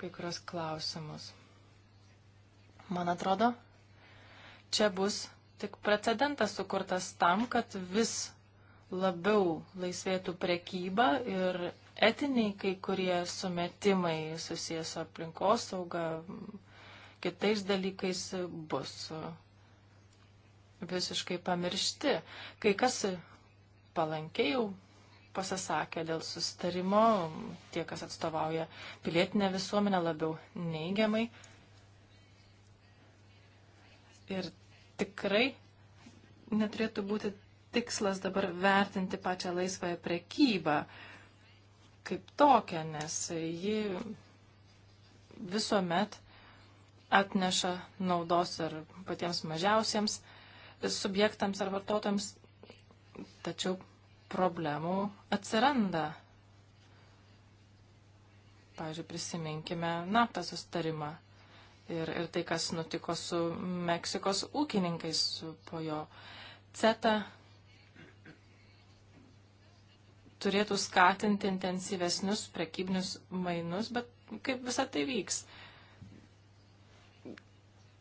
kai kurios klausimus. Man atrodo, čia bus tik precedentas sukurtas tam, kad vis labiau laisvėtų prekyba ir etiniai kai kurie sumetimai susijęs su aplinkos sauga, kitais dalykais bus visiškai pamiršti. Kai kas palankiai jau pasisakė dėl sustarimo, tie, kas atstovauja pilietinę visuomenę labiau neigiamai. Ir tikrai neturėtų būti tikslas dabar vertinti pačią laisvąją prekybą kaip tokią, nes ji visuomet atneša naudos ir patiems mažiausiems subjektams ar vartotojams, tačiau problemų atsiranda. Pavyzdžiui, prisiminkime naftą sustarimą ir, ir tai, kas nutiko su Meksikos ūkininkais po jo CETA turėtų skatinti intensyvesnius prekybinius mainus, bet kaip visa tai vyks?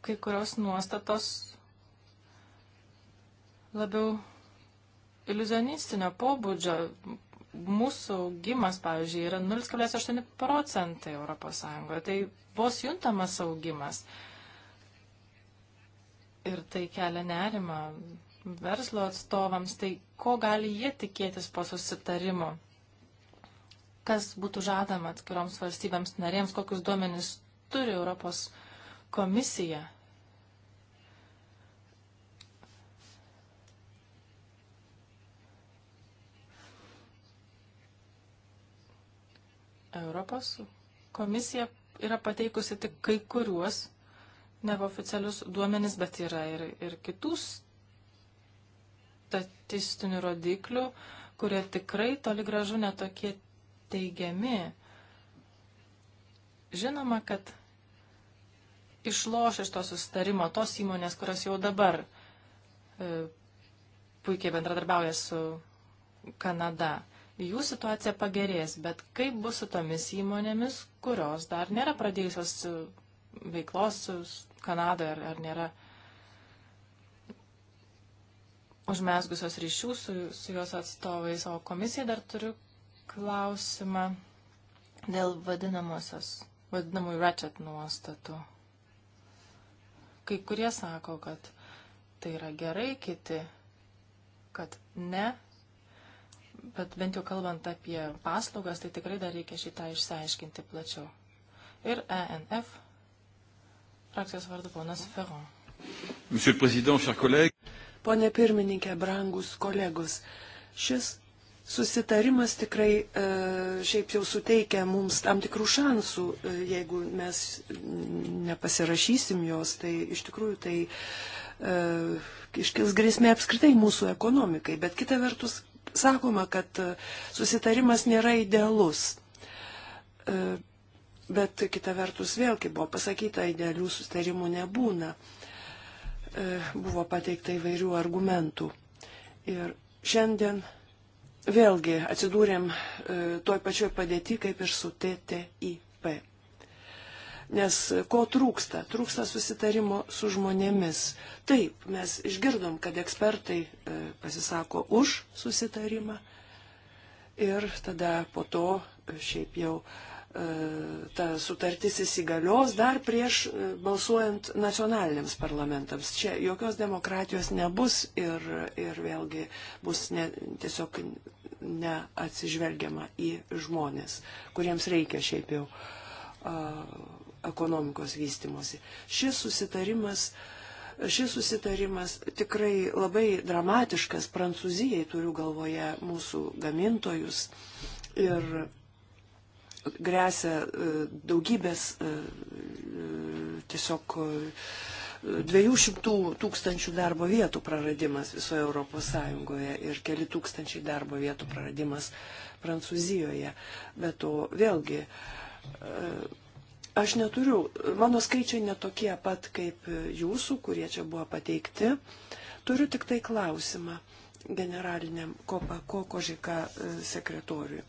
Kai kurios nuostatos labiau iliuzionistinio pobūdžio. Mūsų augimas, pavyzdžiui, yra 0,8 procentai ES. Tai vos juntamas augimas. Ir tai kelia nerima verslo atstovams. Tai ko gali jie tikėtis po susitarimo? Kas būtų žadama atskiroms valstybėms narėms, kokius duomenys turi Europos komisija Europos komisija yra pateikusi tik kai kuriuos neoficialius duomenis, bet yra ir, ir kitų statistinių rodiklių, kurie tikrai toli gražu netokie teigiami. Žinoma, kad išloš iš to sustarimo tos įmonės, kurios jau dabar e, puikiai bendradarbiauja su Kanada jų situacija pagerės, bet kaip bus su tomis įmonėmis, kurios dar nėra pradėjusios e, veiklos Kanadoje ar, ar nėra užmesgusios ryšių su, su jos atstovais, o komisijai dar turiu klausimą dėl vadinamosios, vadinamųjų ratchet nuostatų. Kai kurie sako, kad tai yra gerai, kiti, kad ne, bet bent jau kalbant apie paslaugas, tai tikrai dar reikia šitą išsiaiškinti plačiau. Ir ENF frakcijos vardu ponas Ferron. Pone pirmininkė, brangus kolegos, šis susitarimas tikrai e, šiaip jau suteikia mums tam tikrų šansų, e, jeigu mes nepasirašysim jos, tai iš tikrųjų tai e, iškils grėsmė apskritai mūsų ekonomikai, bet kita vertus sakoma, kad e, susitarimas nėra idealus. E, bet kita vertus vėl, kaip buvo pasakyta, idealių susitarimų nebūna. E, buvo pateikta įvairių argumentų. Ir šiandien vėlgi atsidūrėm toj pačioj padėti kaip ir su TTIP. Nes ko trūksta? Trūksta susitarimo su žmonėmis. Taip, mes išgirdom, kad ekspertai e, pasisako už susitarimą ir tada po to e, šiaip jau e, ta sutartis įsigalios dar prieš balsuojant nacionaliniams parlamentams. Čia jokios demokratijos nebus ir, ir vėlgi bus ne, tiesiog neatsižvelgiama į žmonės, kuriems reikia šiaip jau uh, ekonomikos vystimosi. Šis susitarimas, šis susitarimas tikrai labai dramatiškas Prancūzijai, turiu galvoje mūsų gamintojus. Ir grėsia e, daugybės e, e, tiesiog dviejų šimtų tūkstančių darbo vietų praradimas visoje Europos Sąjungoje ir keli tūkstančiai darbo vietų praradimas Prancūzijoje. Bet to vėlgi Aš neturiu, mano skaičiai netokie pat kaip jūsų, kurie čia buvo pateikti. Turiu tik tai klausimą generaliniam Kopa Kokožika e, sekretoriui.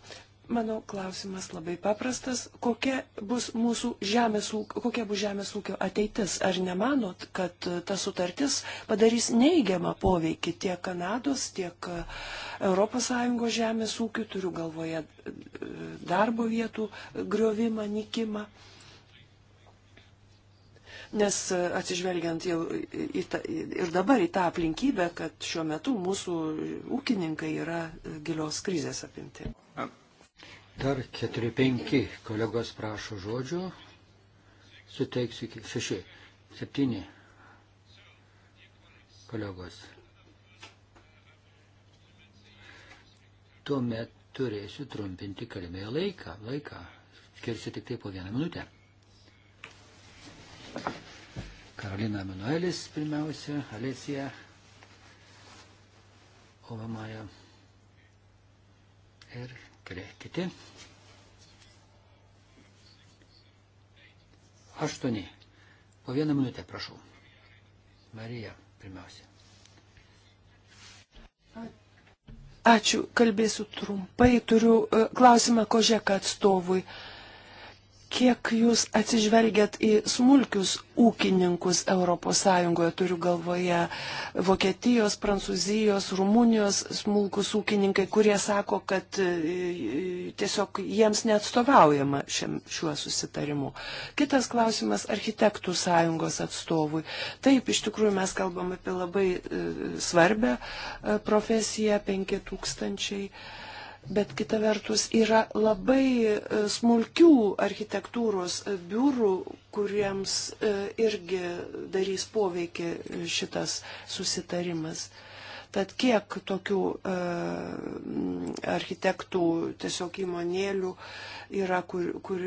Mano klausimas labai paprastas. Kokia bus mūsų žemės ūkio, kokia bus žemės ūkio ateitis? Ar nemanot, kad e, ta sutartis padarys neigiamą poveikį tiek Kanados, tiek ES žemės ūkiu, turiu galvoje e, darbo vietų griovimą, nikimą? nes e, atsižvelgiant jau į ta, ir dabar į tą aplinkybę, kad šiuo metu mūsų ūkininkai yra e, gilios krizės apimti. Dar 4-5 kolegos prašo žodžių, suteiksiu iki 6-7 kolegos. Tuomet turėsiu trumpinti kalbėjo laiką. Laiką skirsiu tik tai po vieną minutę. Karolina Manuelis pirmiausia, Alesija Ovamaja ir keli kiti. Aštuoni. Po vieną minutę, prašau. Marija, pirmiausia. Ačiū, kalbėsiu trumpai. Turiu e, klausimą Kožeką atstovui. Uh, kiek jūs atsižvelgiat į smulkius ūkininkus ES, turiu galvoje Vokietijos, Prancūzijos, Rumunijos smulkus ūkininkai, kurie sako, kad e, e, tiesiog jiems neatstovaujama šiam, šiuo susitarimu. Kitas klausimas architektų sąjungos atstovui. Taip, iš tikrųjų mes kalbam apie labai e, svarbę profesiją, 5000 Bet kita vertus yra labai e, smulkių architektūros e, biurų, kuriems e, irgi darys poveikį šitas susitarimas. Tad kiek tokių architektų tiesiog įmonėlių yra, kur, kur,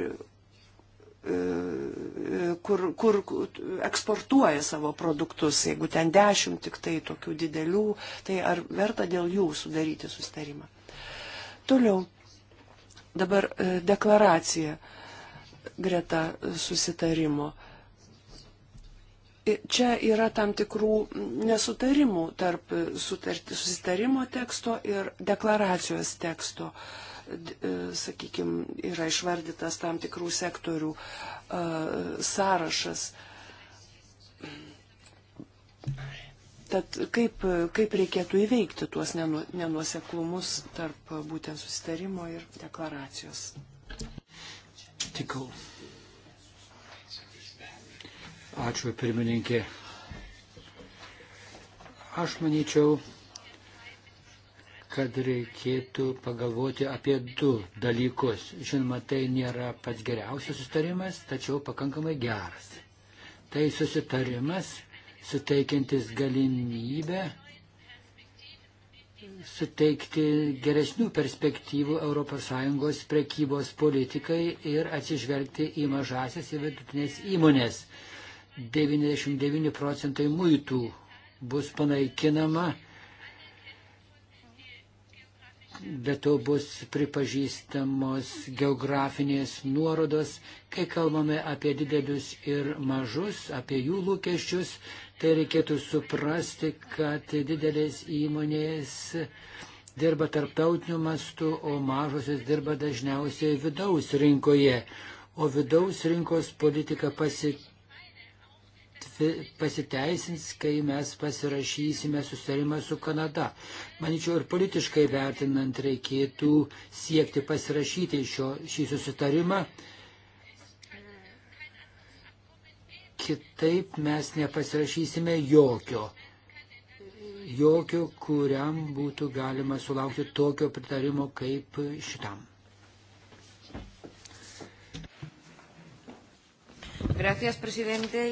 kur, kur eksportuoja savo produktus, jeigu ten dešimt tik tai tokių didelių, tai ar verta dėl jų sudaryti susitarimą? Toliau. Dabar e, deklaracija greta susitarimo. Čia yra tam tikrų nesutarimų tarp sutarti, susitarimo teksto ir deklaracijos teksto. E, Sakykime, yra išvardytas tam tikrų sektorių e, sąrašas Tad kaip, kaip reikėtų įveikti tuos nenu, nenuoseklumus tarp būtent susitarimo ir deklaracijos? Tikau. Ačiū pirmininkė. Aš manyčiau, kad reikėtų pagalvoti apie du dalykus. Žinoma, tai nėra pats geriausias sustarimas, tačiau pakankamai geras. Tai susitarimas, suteikiantis galimybę suteikti geresnių perspektyvų ES prekybos politikai ir atsižvelgti į mažasias ir vidutinės įmonės. 99 procentai muitų bus panaikinama, bet to bus pripažįstamos geografinės nuorodos, kai kalbame apie didelius ir mažus, apie jų lūkesčius, tai reikėtų suprasti, kad didelės įmonės dirba tarptautiniu mastu, o mažosios dirba dažniausiai vidaus rinkoje. O vidaus rinkos politika pasi... pasiteisins, kai mes pasirašysime susitarimą su Kanada. Maničiau, ir politiškai vertinant reikėtų siekti pasirašyti šio, šį susitarimą Kitaip mes nepasirašysime jokio, jokio, kuriam būtų galima sulaukti tokio pritarimo kaip šitam. Gracias, presidente.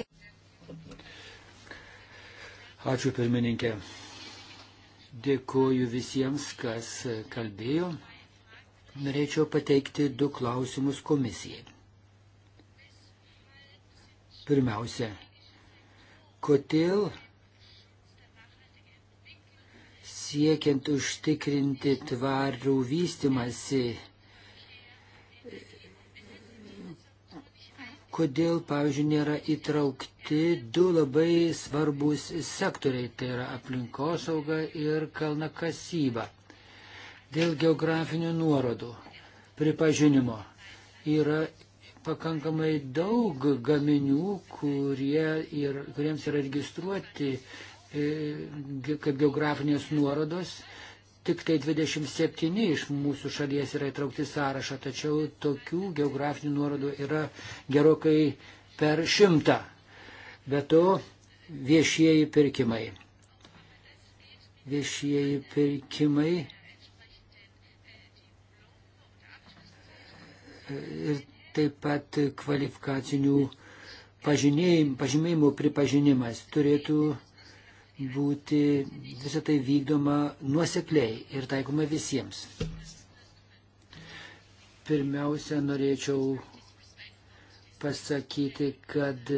Ačiū pirmininkė. Dėkuoju visiems, kas kalbėjo. Norėčiau pateikti du klausimus komisijai. Pirmiausia, kodėl siekiant užtikrinti tvarų vystimasi, kodėl, pavyzdžiui, nėra įtraukti du labai svarbus sektoriai, tai yra aplinkosauga ir kalnakasyba. Dėl geografinių nuorodų pripažinimo yra pakankamai daug gaminių, kurie ir, kuriems yra registruoti e, kaip geografinės nuorodos. Tik tai 27 iš mūsų šalies yra įtraukti sąrašą, tačiau tokių geografinių nuorodų yra gerokai per šimtą. Be to, viešieji pirkimai. Viešieji pirkimai e, ir taip pat kvalifikacinių pažymėjimų pripažinimas turėtų būti visą tai vykdoma nuosekliai ir taikoma visiems. Pirmiausia, norėčiau pasakyti, kad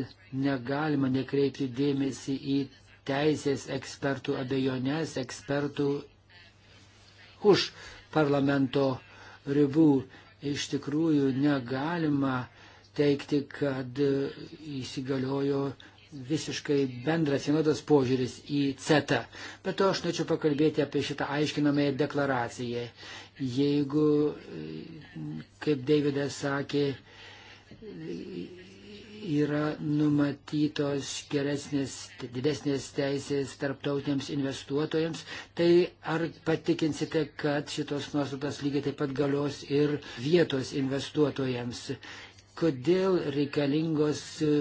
negalima nekreipti dėmesį į teisės ekspertų abejonės, ekspertų už parlamento ribų iš tikrųjų negalima teikti, kad įsigaliojo visiškai bendras vienodas požiūris į CETA. Bet to aš norėčiau pakalbėti apie šitą aiškinamąją deklaraciją. Jeigu, kaip Davidas sakė, yra numatytos geresnės, didesnės teisės tarptautiniams investuotojams, tai ar patikinsite, kad šitos nuostatos lygiai taip pat galios ir vietos investuotojams? Kodėl reikalingos e,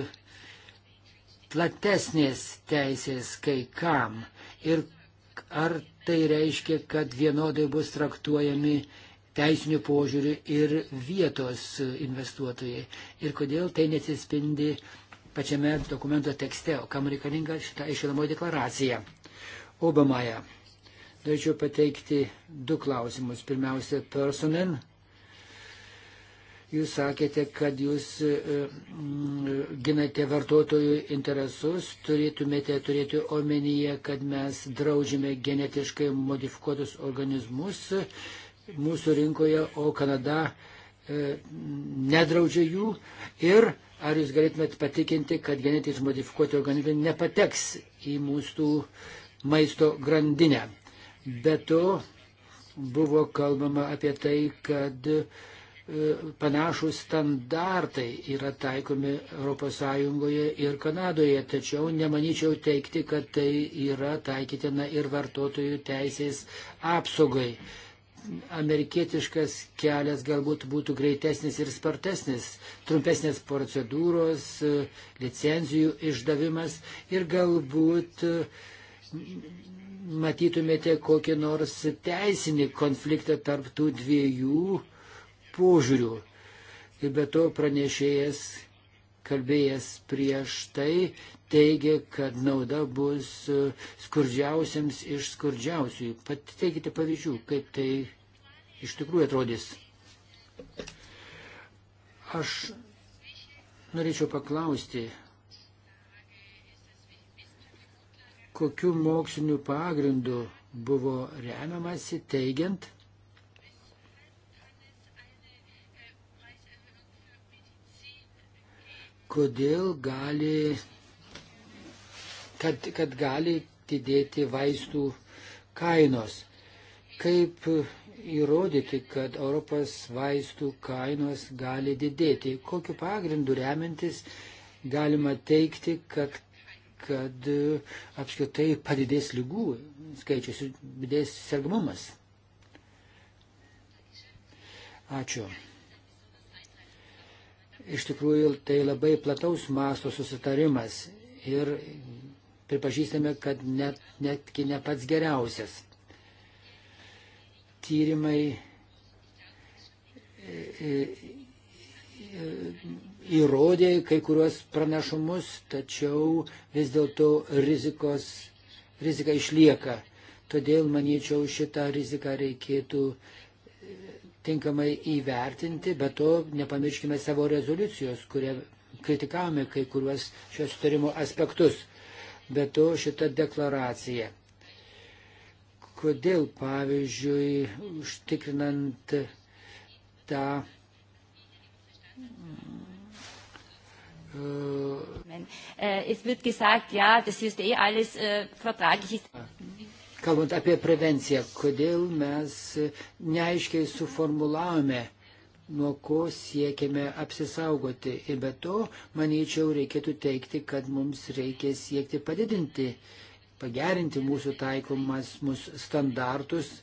platesnės teisės kai kam? Ir ar tai reiškia, kad vienodai bus traktuojami teisinių požiūrių ir vietos investuotojai. Ir kodėl tai nesispindi pačiame dokumento tekste, o kam reikalinga šita išėlamoji deklaracija. Obamaja. Norėčiau pateikti du klausimus. Pirmiausia, personen. Jūs sakėte, kad jūs e, mm, ginate vartotojų interesus, turėtumėte turėti omenyje, kad mes draudžiame genetiškai modifikuotus organizmus, mūsų rinkoje, o Kanada e, nedraudžia jų. Ir ar jūs galėtumėt patikinti, kad genetiškai modifikuoti organizmai nepateks į mūsų maisto grandinę? Be to buvo kalbama apie tai, kad e, panašus standartai yra taikomi ES ir Kanadoje, tačiau nemanyčiau teikti, kad tai yra taikytina ir vartotojų teisės apsaugai amerikietiškas kelias galbūt būtų greitesnis ir spartesnis, trumpesnės procedūros, licenzijų išdavimas ir galbūt matytumėte kokį nors teisinį konfliktą tarp tų dviejų požiūrių. Ir be to pranešėjas kalbėjęs prieš tai teigia, kad nauda bus e, skurdžiausiams iš skurdžiausių. Pateikite pavyzdžių, kaip tai iš tikrųjų atrodys. Aš norėčiau paklausti, kokiu moksliniu pagrindu buvo remiamasi teigiant, kodėl gali, kad, kad gali didėti vaistų kainos. Kaip įrodyti, kad Europos vaistų kainos gali didėti? Kokiu pagrindu remintis galima teikti, kad, kad apskritai padidės lygų skaičius, didės sergamumas? Ačiū iš tikrųjų tai labai plataus masto susitarimas ir pripažįstame, kad net, netgi ne pats geriausias. Tyrimai e, e, e, įrodė kai kuriuos pranašumus, tačiau vis dėlto rizikos, rizika išlieka. Todėl, manyčiau, šitą riziką reikėtų uh, tinkamai įvertinti, bet to nepamirškime savo rezoliucijos, kurie kritikavome kai kuriuos šio sutarimo aspektus. Bet to šita deklaracija. Kodėl, pavyzdžiui, užtikrinant tą äh, Es wird gesagt, ja, das ist eh alles äh, vertraglich. Ah kalbant apie prevenciją, kodėl mes neaiškiai suformulavome, nuo ko siekiame apsisaugoti. Ir be to, manyčiau, reikėtų teikti, kad mums reikia siekti padidinti, pagerinti mūsų taikomas mūsų standartus.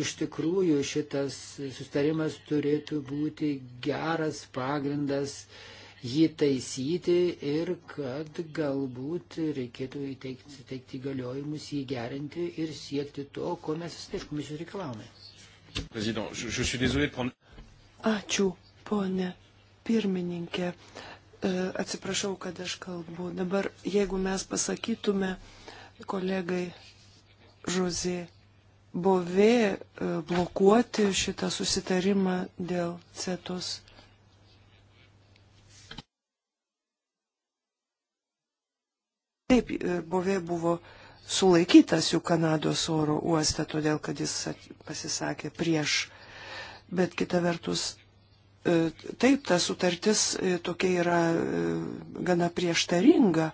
Iš tikrųjų, šitas sustarimas turėtų būti geras pagrindas uh, jį taisyti ir kad galbūt reikėtų įteikti, įteikti įgaliojimus, jį gerinti ir siekti to, ko mes iš komisijos reikalavome. Ačiū, ponė pirmininkė. E, atsiprašau, kad aš kalbu. Dabar, jeigu mes pasakytume kolegai Žozė Bovė e, blokuoti šitą susitarimą dėl CETOS Taip, e, bovė buvo sulaikytas jų Kanados oro uoste, todėl kad jis pasisakė prieš. Bet kita vertus, e, taip, ta sutartis e, tokia yra gana prieštaringa.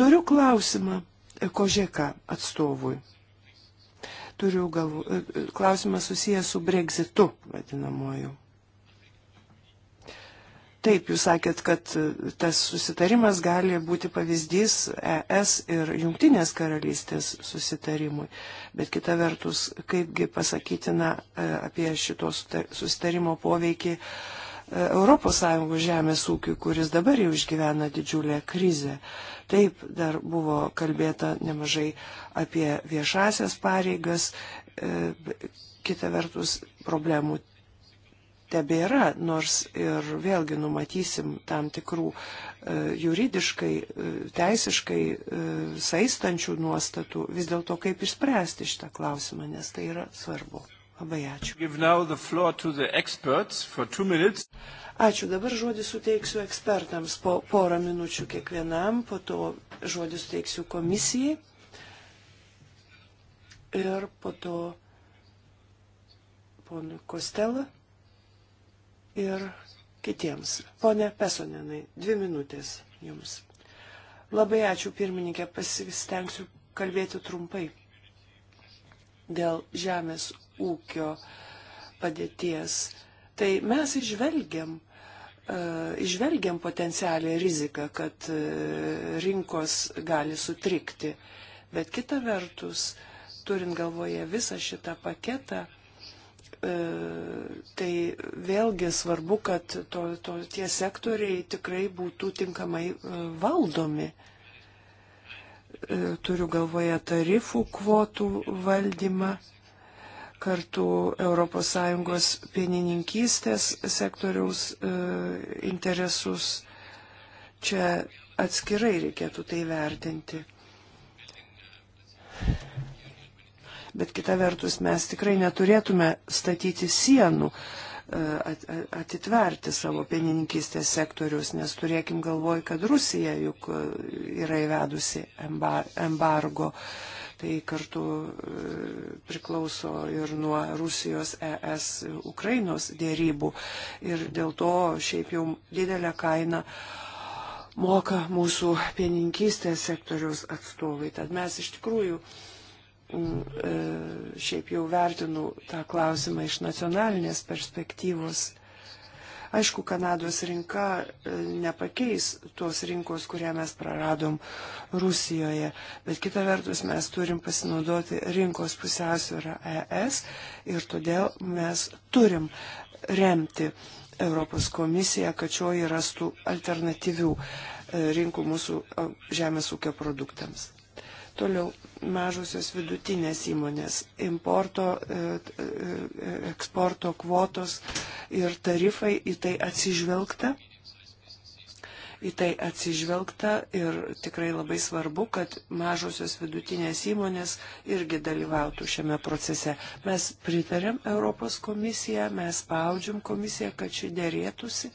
Turiu klausimą Kožeka atstovui. Turiu galvo, klausimą susijęs su Brexitu vadinamoju. Taip, jūs sakėt, kad e, tas susitarimas gali būti pavyzdys ES ir Junktinės karalystės susitarimui, bet kita vertus, kaipgi pasakytina e, apie šito susitarimo poveikį ES žemės ūkiui, kuris dabar jau išgyvena didžiulę krizę. Taip, dar buvo kalbėta nemažai apie viešasias pareigas, e, kita vertus problemų tebėra, nors ir vėlgi numatysim tam tikrų e, juridiškai, e, teisiškai e, saistančių nuostatų, vis dėlto kaip išspręsti šitą klausimą, nes tai yra svarbu. Labai ačiū. Ačiū. Dabar žodį suteiksiu ekspertams po porą minučių kiekvienam, po to žodį suteiksiu komisijai ir po to ponui Kostelą ir kitiems. Pone Pesonenai, dvi minutės jums. Labai ačiū pirmininkė, pasistengsiu kalbėti trumpai dėl žemės ūkio padėties. Tai mes išvelgiam, e, išvelgiam potencialią riziką, kad e, rinkos gali sutrikti. Bet kita vertus, turint galvoje visą šitą paketą, E, tai vėlgi svarbu, kad to, to, tie sektoriai tikrai būtų tinkamai e, valdomi. E, turiu galvoje tarifų kvotų valdymą, kartu ES pienininkystės sektoriaus interesus. Čia atskirai reikėtų tai vertinti. bet kita vertus mes tikrai neturėtume statyti sienų, e, atitverti savo pienininkystės sektorius, nes turėkim galvoj, kad Rusija juk e, yra įvedusi embargo. Tai kartu e, priklauso ir nuo Rusijos ES Ukrainos dėrybų. Ir dėl to šiaip jau didelę kainą moka mūsų pieninkystės sektoriaus atstovai. Tad mes iš tikrųjų uh, E, šiaip jau vertinu tą klausimą iš nacionalinės perspektyvos. Aišku, Kanados rinka e, nepakeis tos rinkos, kurią mes praradom Rusijoje, bet kita vertus mes turim pasinaudoti rinkos pusiausvyrą ES ir todėl mes turim remti Europos komisiją, kad šioji rastų alternatyvių e, rinkų mūsų žemės ūkio produktams. Toliau mažusios vidutinės įmonės, importo, e, e, eksporto kvotos ir tarifai į tai atsižvelgta. Į tai atsižvelgta ir tikrai labai svarbu, kad mažosios vidutinės įmonės irgi dalyvautų šiame procese. Mes pritarėm Europos komisiją, mes spaudžiam komisiją, kad ši dėrėtųsi,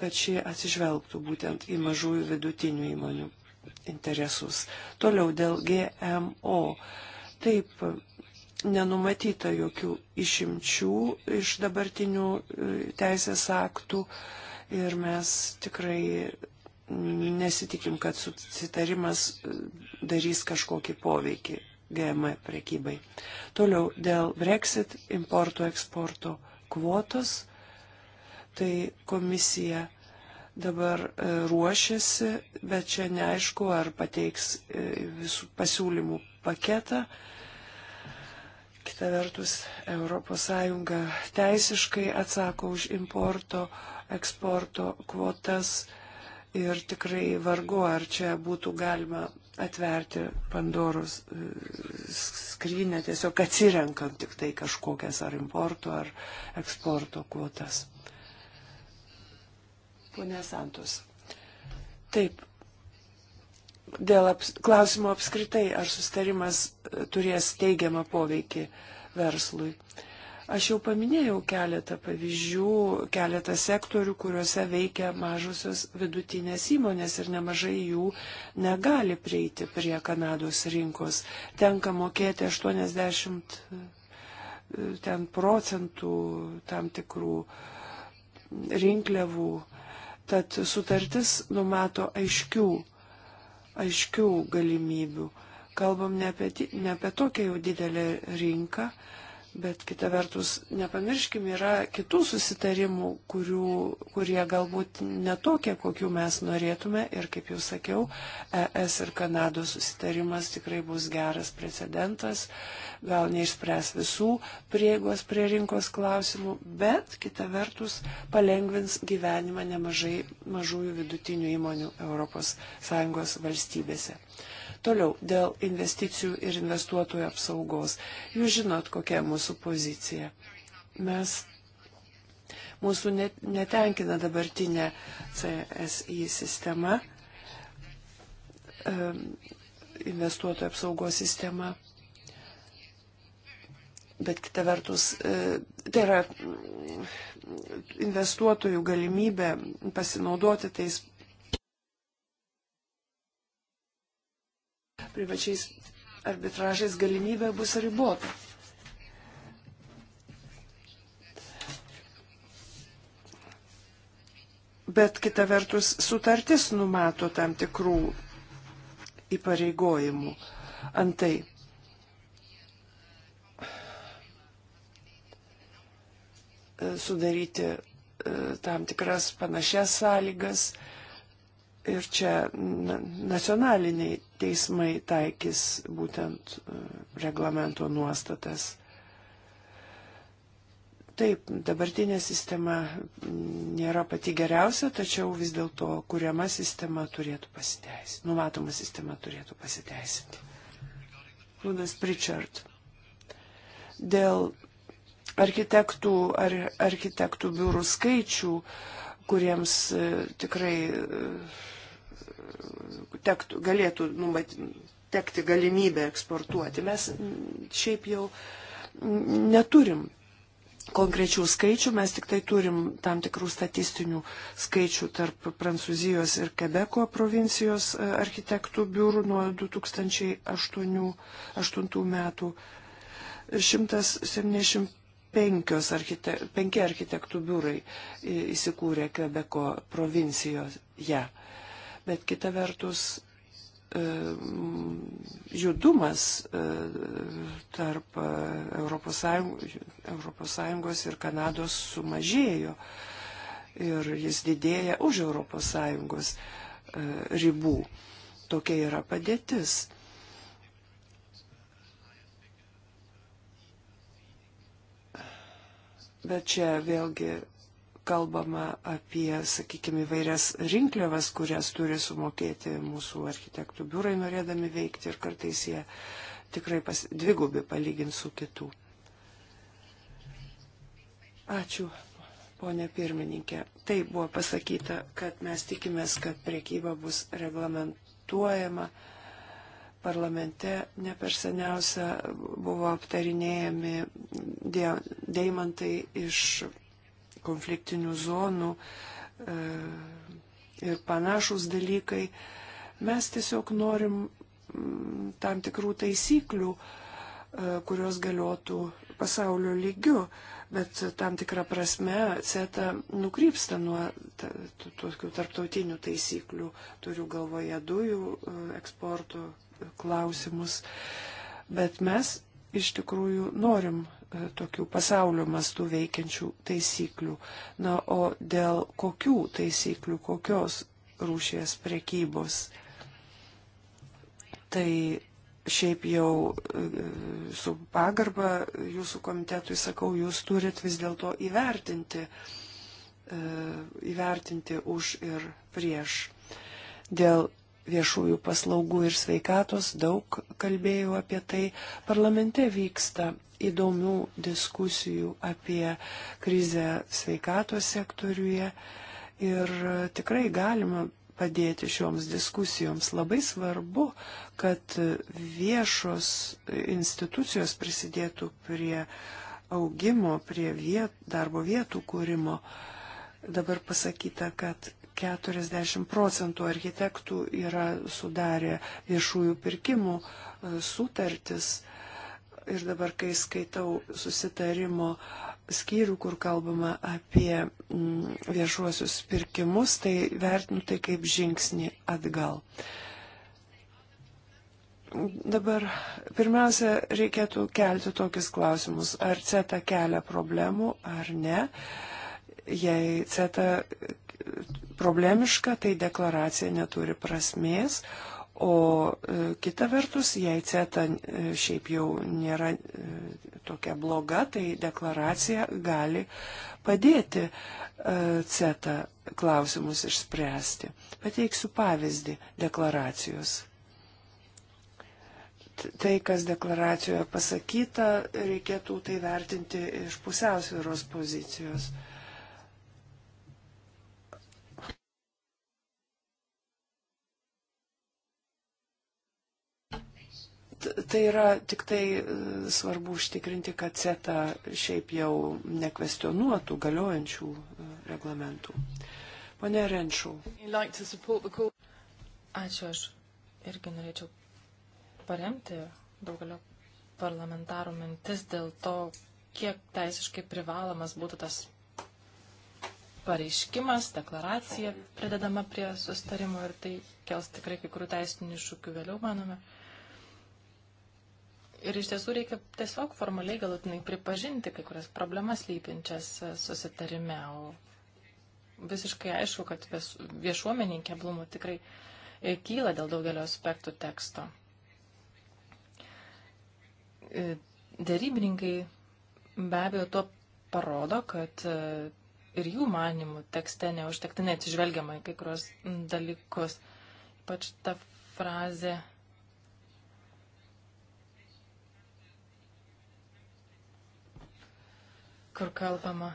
kad ši atsižvelgtų būtent į mažųjų vidutinių įmonių interesus. Toliau dėl GMO. Taip, nenumatyta jokių išimčių iš dabartinių e, teisės aktų ir mes tikrai nesitikim, kad susitarimas e, darys kažkokį poveikį GM prekybai. Toliau dėl Brexit importo eksporto kvotos, tai komisija dabar e, ruošiasi, bet čia neaišku, ar pateiks e, visų pasiūlymų paketą. Kita vertus, ES teisiškai atsako už importo, eksporto kvotas ir tikrai vargu, ar čia būtų galima atverti Pandoros e, skrynę, tiesiog atsirenkant tik tai kažkokias ar importo, ar eksporto kvotas ponė Santos. Taip, dėl aps, klausimo apskritai, ar sustarimas e, turės teigiamą poveikį verslui. Aš jau paminėjau keletą pavyzdžių, keletą sektorių, kuriuose veikia mažosios vidutinės įmonės ir nemažai jų negali prieiti prie Kanados rinkos. Tenka mokėti 80 e, ten procentų tam tikrų rinkliavų Tad sutartis numato aiškių, aiškių galimybių. Kalbam ne apie, ne apie tokią jau didelę rinką, Bet kita vertus, nepamirškim, yra kitų susitarimų, kurių, kurie galbūt netokie, kokių mes norėtume. Ir kaip jau sakiau, ES ir Kanados susitarimas tikrai bus geras precedentas. Gal neišspręs visų prieigos prie rinkos klausimų, bet kita vertus palengvins gyvenimą nemažai mažųjų vidutinių įmonių ES valstybėse. Toliau, dėl investicijų ir investuotojų apsaugos. Jūs žinot, kokia mūsų pozicija. Mes mūsų netenkina dabartinė CSI sistema, investuotojų apsaugos sistema. Bet kita vertus, e, tai yra mm, investuotojų galimybė pasinaudoti tais privačiais arbitražais galimybė bus ribota. Bet kita vertus, sutartis numato tam tikrų įpareigojimų. Antai. E, sudaryti e, tam tikras panašias sąlygas, uh, ir čia nacionaliniai teismai taikys būtent e, reglamento nuostatas. Taip, dabartinė sistema nėra pati geriausia, tačiau vis dėlto kuriama sistema turėtų pasiteisinti, numatoma sistema turėtų pasiteisinti. Lūdas Pritchard. Dėl architektų ar architektų biurų skaičių kuriems e, tikrai e, tektų, galėtų numat, tekti galimybę eksportuoti. Mes šiaip jau neturim konkrečių skaičių, mes tik tai turim tam tikrų statistinių skaičių tarp Prancūzijos ir Kebeko provincijos e, architektų biurų nuo 2008 metų. 175 archite, penki architektų biurai įsikūrė Kvebeko provincijoje. Bet kita vertus, e, judumas e, tarp ES ir Kanados sumažėjo ir jis didėja už ES e, ribų. Tokia yra padėtis. Bet čia vėlgi kalbama apie, sakykime, vairias rinkliavas, kurias turi sumokėti mūsų architektų biurai norėdami veikti ir kartais jie tikrai pas, dvigubi palyginti su kitų. Ačiū, ponė pirmininkė. Tai buvo pasakyta, kad mes tikimės, kad priekyba bus reglamentuojama parlamente ne per seniausia buvo aptarinėjami de, deimantai iš konfliktinių zonų e, ir panašus dalykai. Mes tiesiog norim m, mm, tam tikrų taisyklių, e, kurios galiotų pasaulio lygiu, bet tam tikrą prasme CETA nukrypsta nuo tokių tarptautinių taisyklių, turiu galvoje dujų e, eksporto klausimus. Bet mes iš tikrųjų norim e, tokių pasaulio mastų veikiančių taisyklių. Na, o dėl kokių taisyklių, kokios rūšies prekybos, tai šiaip jau e, su pagarba jūsų komitetui sakau, jūs turit vis dėlto įvertinti, e, įvertinti už ir prieš. Dėl viešųjų paslaugų ir sveikatos, daug kalbėjau apie tai. Parlamente vyksta įdomių diskusijų apie krizę sveikatos sektoriuje ir tikrai galima padėti šioms diskusijoms. Labai svarbu, kad viešos institucijos prisidėtų prie augimo, prie viet, darbo vietų kūrimo. Dabar pasakyta, kad 40 procentų architektų yra sudarę viešųjų pirkimų e, sutartis. Ir dabar, kai skaitau susitarimo skyrių, kur kalbama apie mm, viešuosius pirkimus, tai vertinu tai kaip žingsnį atgal. Dabar pirmiausia, reikėtų kelti tokius klausimus, ar CETA kelia problemų ar ne. Jei CETA problemiška, tai deklaracija neturi prasmės, o e, kita vertus, jei CETA e, šiaip jau nėra e, tokia bloga, tai deklaracija gali padėti CETA klausimus išspręsti. Pateiksiu pavyzdį deklaracijos tai, kas deklaracijoje pasakyta, reikėtų tai vertinti iš pusiausvėros pozicijos. tai yra tik tai e, svarbu užtikrinti, kad CETA šiaip jau nekvestionuotų galiojančių e, reglamentų. Pane Renšau. Ačiū, aš irgi norėčiau paremti daugelio parlamentarų mintis dėl to, kiek teisiškai privalomas būtų tas pareiškimas, deklaracija pridedama prie sustarimo ir tai kels tikrai kai kurių teisinių iššūkių vėliau, manome. Uh, Ir iš tiesų reikia tiesiog formaliai galutinai pripažinti kai kurias problemas lypinčias susitarime. O visiškai aišku, kad viešuomeniai keblumų tikrai e, kyla dėl daugelio aspektų teksto. E, Dėrybininkai be abejo to parodo, kad e, ir jų manimų tekste neužtektinai atsižvelgiama į kai kurios dalykus. Ypač ta frazė kur kalbama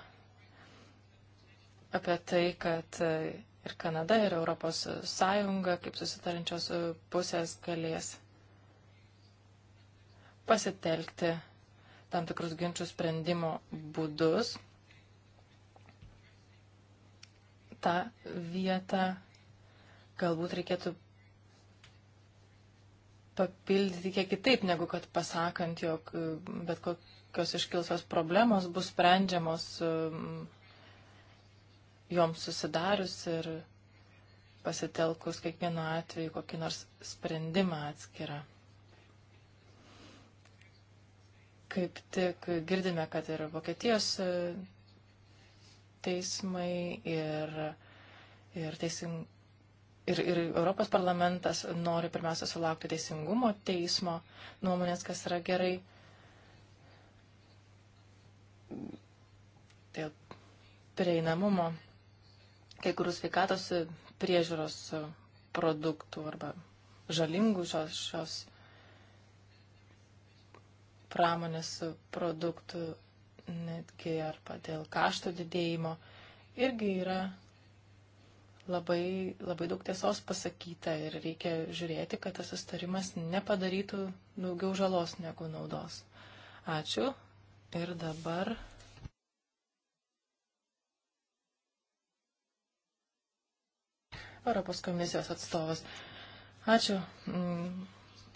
apie tai, kad ir Kanada, ir Europos Sąjunga, kaip susitarinčios pusės, galės pasitelkti tam tikrus ginčių sprendimo būdus. Ta vieta galbūt reikėtų papildyti kiek kitaip, negu kad pasakant, jog bet kokia kokios iškilusios problemos bus sprendžiamos um, joms susidarius ir pasitelkus kiekvienu atveju kokį nors sprendimą atskirą. Kaip tik girdime, kad ir Vokietijos e, teismai ir, ir, teisim, ir, ir Europos parlamentas nori pirmiausia sulaukti teisingumo teismo nuomonės, kas yra gerai dėl prieinamumo kai kurių sveikatos priežiūros produktų arba žalingų šios, šios pramonės produktų netgi arba dėl kaštų didėjimo irgi yra labai, labai daug tiesos pasakyta ir reikia žiūrėti, kad tas sustarimas nepadarytų daugiau žalos negu naudos. Ačiū. Ir dabar Europos komisijos atstovas. Ačiū, mm,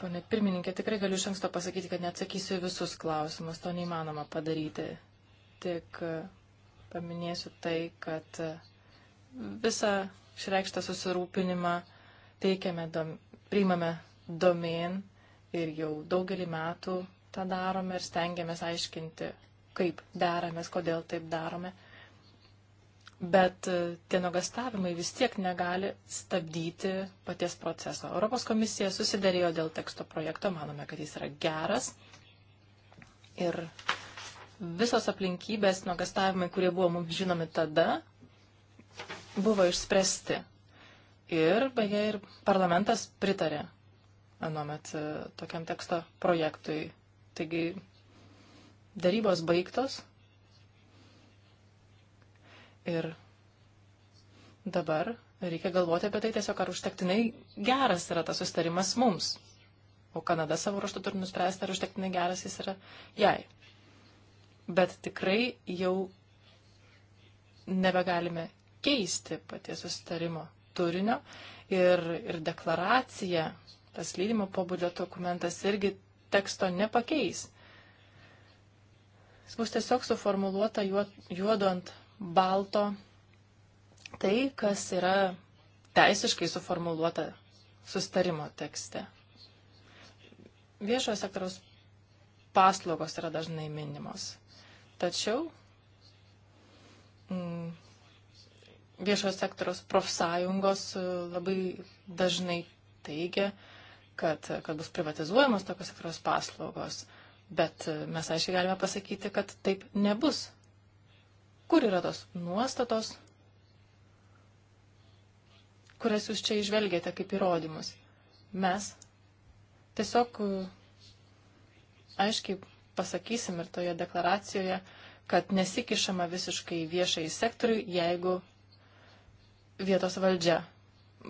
ponė pirmininkė. Tikrai galiu iš anksto pasakyti, kad neatsakysiu visus klausimus. To neįmanoma padaryti. Tik e, paminėsiu tai, kad e, visą išreikštą susirūpinimą teikiame, dom, priimame domen ir jau daugelį metų tą darome ir stengiamės aiškinti, kaip deramės, kodėl taip darome. Bet e, tie nuogastavimai vis tiek negali stabdyti paties proceso. Europos komisija susidarėjo dėl teksto projekto, manome, kad jis yra geras. Ir visos aplinkybės, nuogastavimai, kurie buvo mums žinomi tada, buvo išspręsti. Ir, beje, ir parlamentas pritarė anuomet e, tokiam teksto projektui. Taigi darybos baigtos ir dabar reikia galvoti apie tai tiesiog, ar užtektinai geras yra tas sustarimas mums. O Kanada savo ruoštų turi nuspręsti, ar užtektinai geras jis yra jai. Bet tikrai jau nebegalime keisti paties sustarimo turinio ir, ir deklaracija, tas lydimo pobūdžio dokumentas irgi teksto nepakeis. Jis bus tiesiog suformuoluota juodu ant balto tai, kas yra teisiškai suformuoluota sustarimo tekste. Viešojo sektoriaus paslaugos yra dažnai minimos. Tačiau mm, viešojo sektoriaus profsąjungos e, labai dažnai teigia, kad, kad bus privatizuojamos tokios sektoriaus paslaugos, bet mes aiškiai galime pasakyti, kad taip nebus. Kur yra tos nuostatos, kurias jūs čia išvelgėte kaip įrodymus? Mes tiesiog uh, aiškiai pasakysim ir toje deklaracijoje, kad nesikišama visiškai viešai sektoriui, jeigu vietos valdžia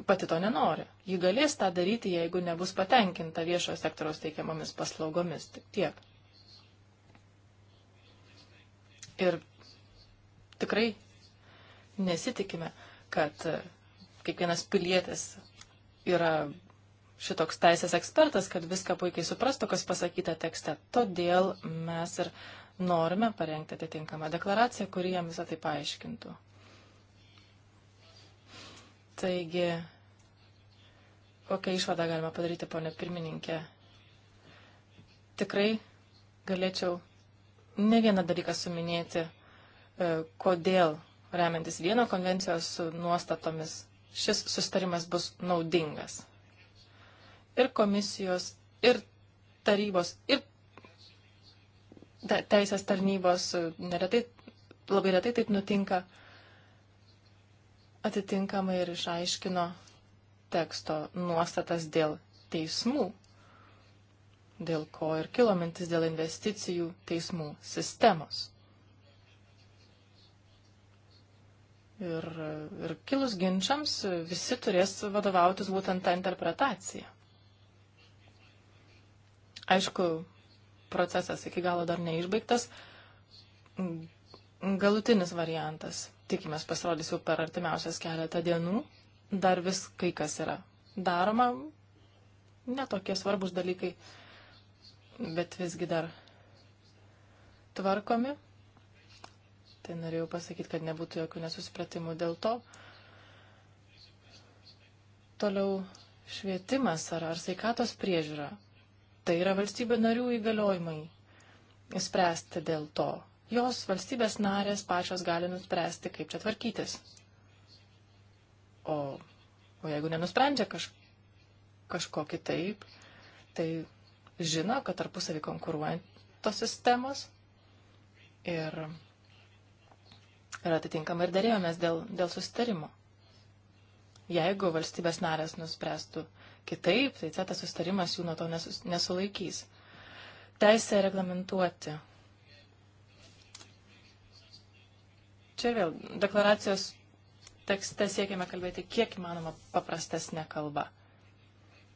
pati to nenori. Ji galės tą daryti, jeigu nebus patenkinta viešojo sektoriaus teikiamomis paslaugomis. Tik tiek. Ir tikrai nesitikime, kad e, kiekvienas pilietis yra šitoks teisės ekspertas, kad viską puikiai suprastų, kas pasakyta tekste. Todėl mes ir norime parengti atitinkamą deklaraciją, kuri jam visą tai paaiškintų. Taigi, kokią išvadą galima padaryti, ponė pirmininkė? Tikrai galėčiau ne vieną dalyką suminėti, e, kodėl remiantis vieno konvencijos nuostatomis šis sustarimas bus naudingas. Ir komisijos, ir tarybos, ir teisės tarnybos e, neretai, labai retai taip nutinka, atitinkamai ir išaiškino teksto nuostatas dėl teismų, dėl ko ir kilo mintis dėl investicijų teismų sistemos. Ir, ir kilus ginčiams visi turės vadovautis būtent tą interpretaciją. Aišku, procesas iki galo dar neišbaigtas. Galutinis variantas tikimės pasirodys jau per artimiausias keletą dienų. Dar vis kai kas yra daroma, netokie svarbus dalykai, bet visgi dar tvarkomi. Tai norėjau pasakyti, kad nebūtų jokių nesusipratimų dėl to. Toliau švietimas ar, ar sveikatos priežiūra. Tai yra valstybių narių įgaliojimai spręsti dėl to jos valstybės narės pačios gali nuspręsti, kaip čia tvarkytis. O, o jeigu nenusprendžia kaž, kažkokį taip, tai žino, kad tarpusavį konkuruojant tos sistemos ir, ir atitinkamai ir dėrėjomės dėl, dėl susitarimo. Jeigu valstybės narės nuspręstų kitaip, tai tas susitarimas jų nuo to nesus, nesulaikys. Teisė reglamentuoti Čia vėl deklaracijos tekste siekiame kalbėti kiek įmanoma paprastesnė kalba.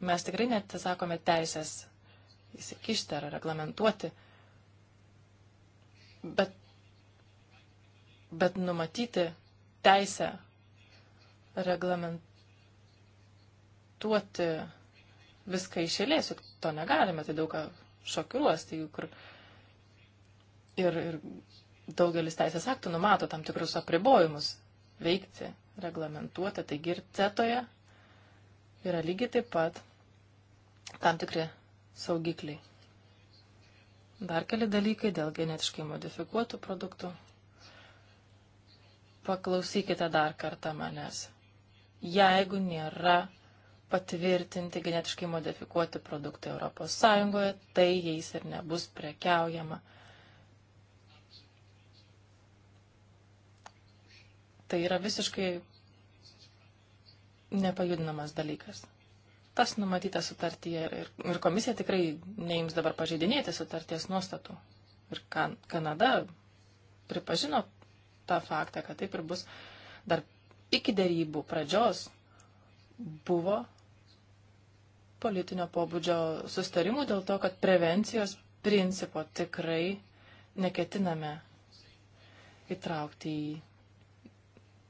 Mes tikrai net sakome teisės įsikišti ar reglamentuoti, bet, bet numatyti teisę reglamentuoti viską iš eilės, juk to negalime, tai daug ką šokiruos, tai juk ir, ir daugelis teisės aktų numato tam tikrus apribojimus veikti, reglamentuoti, taigi ir cetoje yra lygiai taip pat tam tikri saugikliai. Dar keli dalykai dėl genetiškai modifikuotų produktų. Paklausykite dar kartą manęs. Jeigu nėra patvirtinti genetiškai modifikuoti produktai ES, tai jais ir nebus prekiaujama. Tai yra visiškai nepajudinamas dalykas. Tas numatyta sutartyje ir, ir komisija tikrai neims dabar pažeidinėti sutarties nuostatų. Ir kan, Kanada pripažino tą faktą, kad taip ir bus dar iki dėrybų pradžios buvo politinio pobūdžio sustarimų dėl to, kad prevencijos principo tikrai neketiname įtraukti į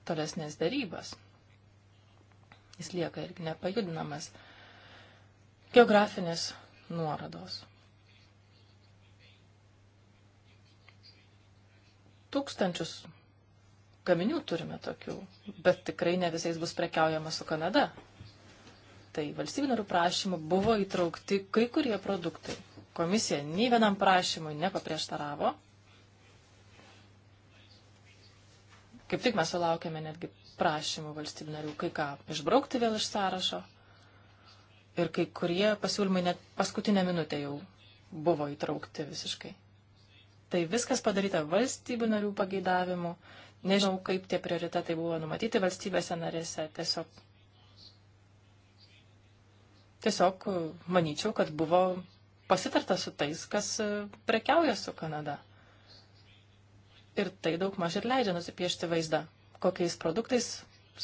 tolesnės darybas. Jis lieka irgi nepajudinamas. Geografinės nuorodos. Tūkstančius gaminių turime tokių, bet tikrai ne visais bus prekiaujama su Kanada. Tai valstybinarių prašymų buvo įtraukti kai kurie produktai. Komisija nei vienam prašymui nepaprieštaravo, Kaip tik mes sulaukėme netgi prašymų valstybių narių kai ką išbraukti vėl iš sąrašo. Ir kai kurie pasiūlymai net paskutinę minutę jau buvo įtraukti visiškai. Tai viskas padaryta valstybių narių pageidavimu. Nežinau, kaip tie prioritetai buvo numatyti valstybėse narėse. Tiesiog, tiesiog manyčiau, kad buvo pasitarta su tais, kas prekiauja su Kanada. Ir tai daug maž ir leidžia nusipiešti vaizdą, kokiais produktais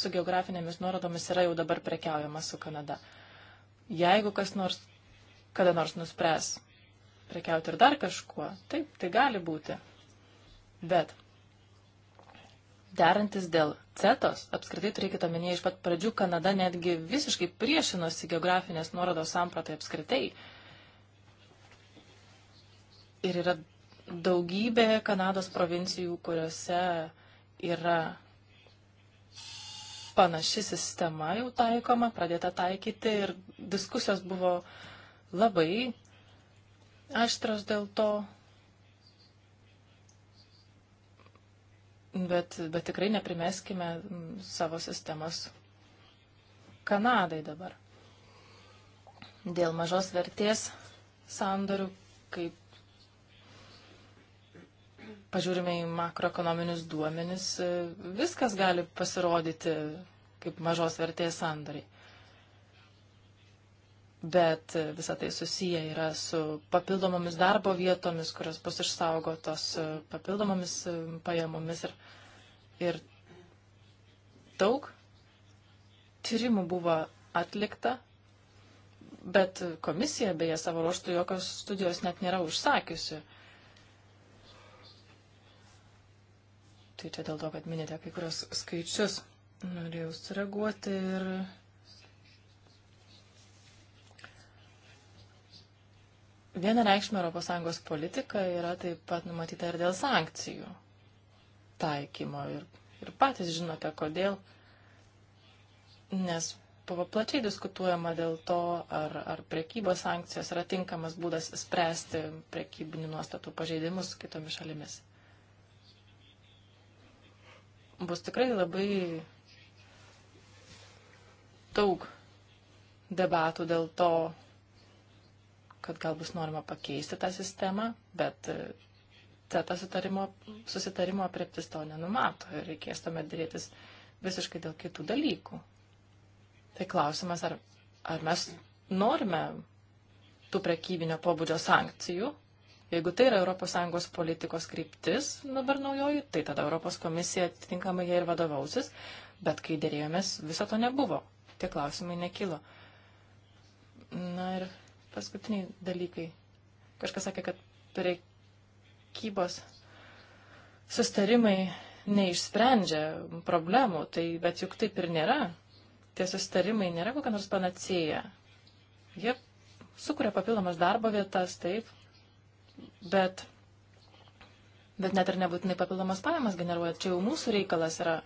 su geografinėmis nuorodomis yra jau dabar prekiaujama su Kanada. Jeigu kas nors kada nors nuspręs prekiauti ir dar kažkuo, taip, tai gali būti. Bet derantis dėl CETOS, apskritai turėkite omenyje iš pat pradžių, Kanada netgi visiškai priešinosi geografinės nuorodos sampratai apskritai. Ir yra daugybė Kanados provincijų, kuriuose yra panaši sistema jau taikoma, pradėta taikyti ir diskusijos buvo labai aštros dėl to, bet, bet tikrai neprimeskime savo sistemos Kanadai dabar. Dėl mažos vertės sandorių, kaip pažiūrime į makroekonominius duomenis, e, viskas gali pasirodyti kaip mažos vertės sandoriai. Bet e, visa tai susiję yra su papildomomis darbo vietomis, kurios bus išsaugotos e, papildomomis pajamomis ir, ir daug tyrimų buvo atlikta, bet komisija beje savo ruoštų jokios studijos net nėra užsakiusi. Uh, Tai čia dėl to, kad minite kai kurios skaičius. Norėjau sureaguoti ir. Vienareikšmė ES politika yra taip pat numatyta ir dėl sankcijų taikymo. Ir, ir patys žinote, kodėl. Nes buvo plačiai diskutuojama dėl to, ar, ar prekybos sankcijos yra tinkamas būdas spręsti prekybinių nuostatų pažeidimus kitomis šalimis bus tikrai labai daug debatų dėl to, kad gal bus norima pakeisti tą sistemą, bet CETA sutarimo, susitarimo apreptis to nenumato ir reikės tuomet dėrėtis visiškai dėl kitų dalykų. Tai klausimas, ar, ar mes norime tų prekybinio pobūdžio sankcijų, Jeigu tai yra ES politikos kryptis dabar naujoji, tai tada ES komisija atitinkamai jie ir vadovausis, bet kai dėrėjomės, viso to nebuvo. Tie klausimai nekilo. Na ir paskutiniai dalykai. Kažkas sakė, kad prekybos sustarimai neišsprendžia problemų, tai, bet juk taip ir nėra. Tie sustarimai nėra kokia nors panacėja. Jie sukuria papildomas darbo vietas, taip, bet, bet net ir nebūtinai papildomas pajamas generuoja. Čia jau mūsų reikalas yra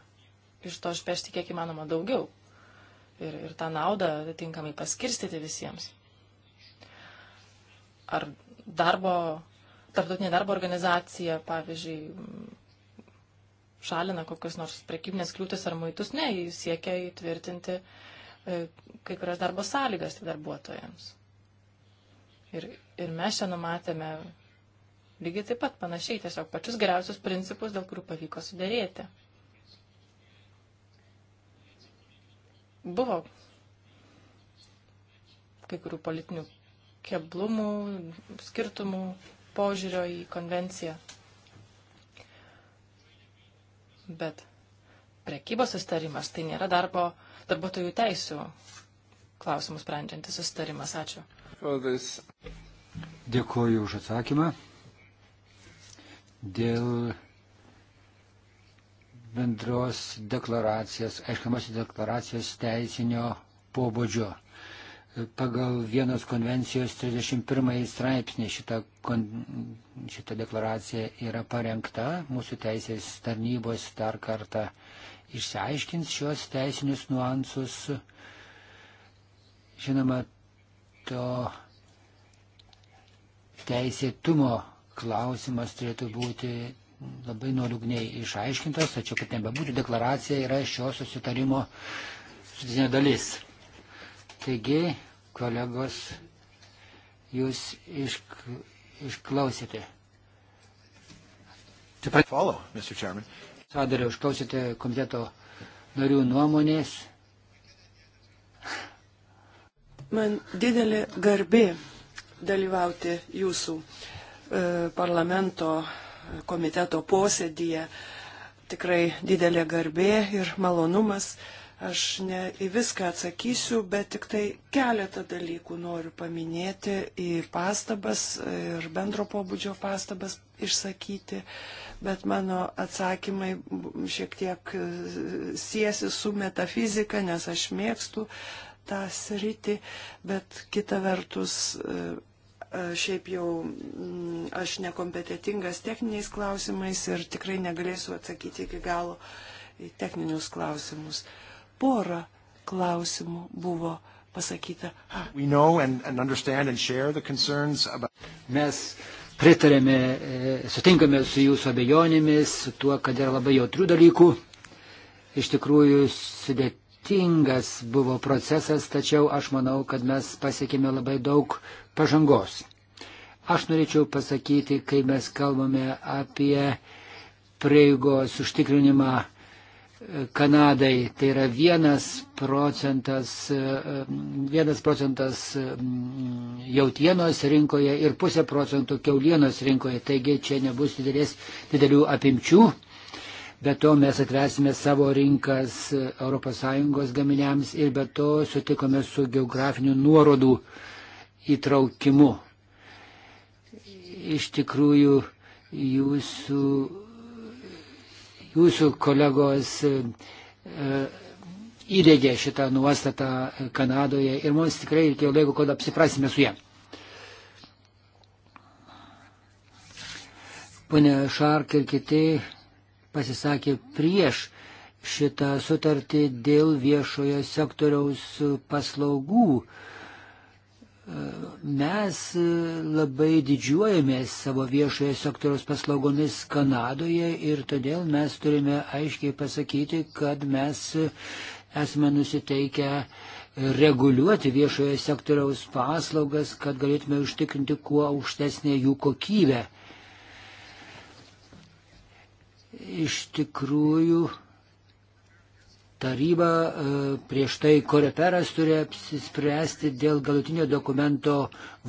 iš to išpešti kiek įmanoma daugiau ir, ir tą naudą atitinkamai paskirstyti visiems. Ar darbo, tarptautinė darbo organizacija, pavyzdžiui, šalina kokius nors prekybinės kliūtis ar muitus, ne, jis siekia įtvirtinti e, kai kurias darbo sąlygas tai darbuotojams. Ir, ir mes čia numatėme Lygiai taip pat panašiai tiesiog pačius geriausius principus, dėl kurių pavyko sudėrėti. Buvo kai kurių politinių keblumų, skirtumų požiūrio į konvenciją. Bet prekybos sustarimas tai nėra darbo, darbuotojų teisų klausimus sprendžiantis sustarimas. Ačiū. Dėkuoju už atsakymą dėl bendros deklaracijos, aiškiamas deklaracijos teisinio pobūdžio. Pagal vienos konvencijos 31 straipsnį šita, kon, šita deklaracija yra parengta. Mūsų teisės tarnybos dar kartą išsiaiškins šios teisinius nuansus. Žinoma, to teisėtumo klausimas turėtų būti labai nuolugniai išaiškintas, tačiau kad nebebūtų deklaracija yra šio susitarimo sudėtinė dalis. Taigi, kolegos, jūs išk, išklausėte. Taip pat. Follow, Mr. Chairman. Sadarai, išklausėte komiteto narių nuomonės. Man didelė garbė dalyvauti jūsų uh, E, parlamento komiteto posėdyje. Tikrai didelė garbė ir malonumas. Aš ne į viską atsakysiu, bet tik tai keletą dalykų noriu paminėti į pastabas ir bendro pobūdžio pastabas išsakyti, bet mano atsakymai šiek tiek e, siesi su metafizika, nes aš mėgstu tą sritį, bet kita vertus e, Šiaip jau mm, aš nekompetitingas techniniais klausimais ir tikrai negalėsiu atsakyti iki galo į techninius klausimus. Porą klausimų buvo pasakyta. And, and and about... Mes pritarėme, e, sutinkame su jūsų abejonėmis, su tuo, kad yra labai jautrių dalykų. Iš tikrųjų sudėt, sudėtingas buvo procesas, tačiau aš manau, kad mes pasiekėme labai daug pažangos. Aš norėčiau pasakyti, kai mes kalbame apie prieigos užtikrinimą e, Kanadai, tai yra vienas procentas, e, vienas procentas jautienos rinkoje ir pusė procentų keulienos rinkoje, taigi čia nebus didelės, didelių apimčių Be to mes atversime savo rinkas ES gaminiams ir be to sutikome su geografinių nuorodų įtraukimu. Iš tikrųjų, jūsų, jūsų kolegos e, e, įdėgė šitą nuostatą Kanadoje ir mums tikrai reikėjo laiko, kol apsiprasime su ją. Pone Šark ir kiti pasisakė prieš šitą sutartį dėl viešojo sektoriaus paslaugų. Mes labai didžiuojamės savo viešojo sektoriaus paslaugomis Kanadoje ir todėl mes turime aiškiai pasakyti, kad mes esame nusiteikę reguliuoti viešojo sektoriaus paslaugas, kad galėtume užtikrinti kuo aukštesnę jų kokybę. Iš tikrųjų, taryba e, prieš tai koreperas turi apsispręsti dėl galutinio dokumento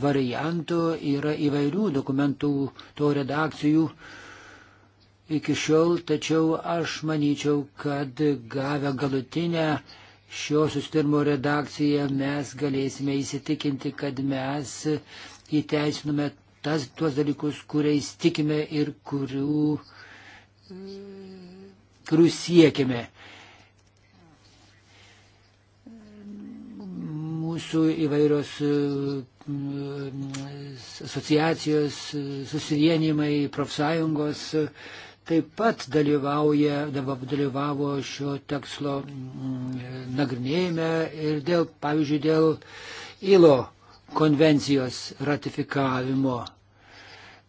variantų, yra įvairių dokumentų to redakcijų iki šiol, tačiau aš manyčiau, kad gavę galutinę šio sustarimo redakciją mes galėsime įsitikinti, kad mes įteisinome tas, tuos dalykus, kuriais tikime ir kurių uh, kurių siekime. Mūsų įvairios e, e, asociacijos, e, susivienimai, profsąjungos taip pat dalyvauja, dalyvavo šio teksto mm, nagrinėjime ir dėl, pavyzdžiui, dėl ILO konvencijos ratifikavimo.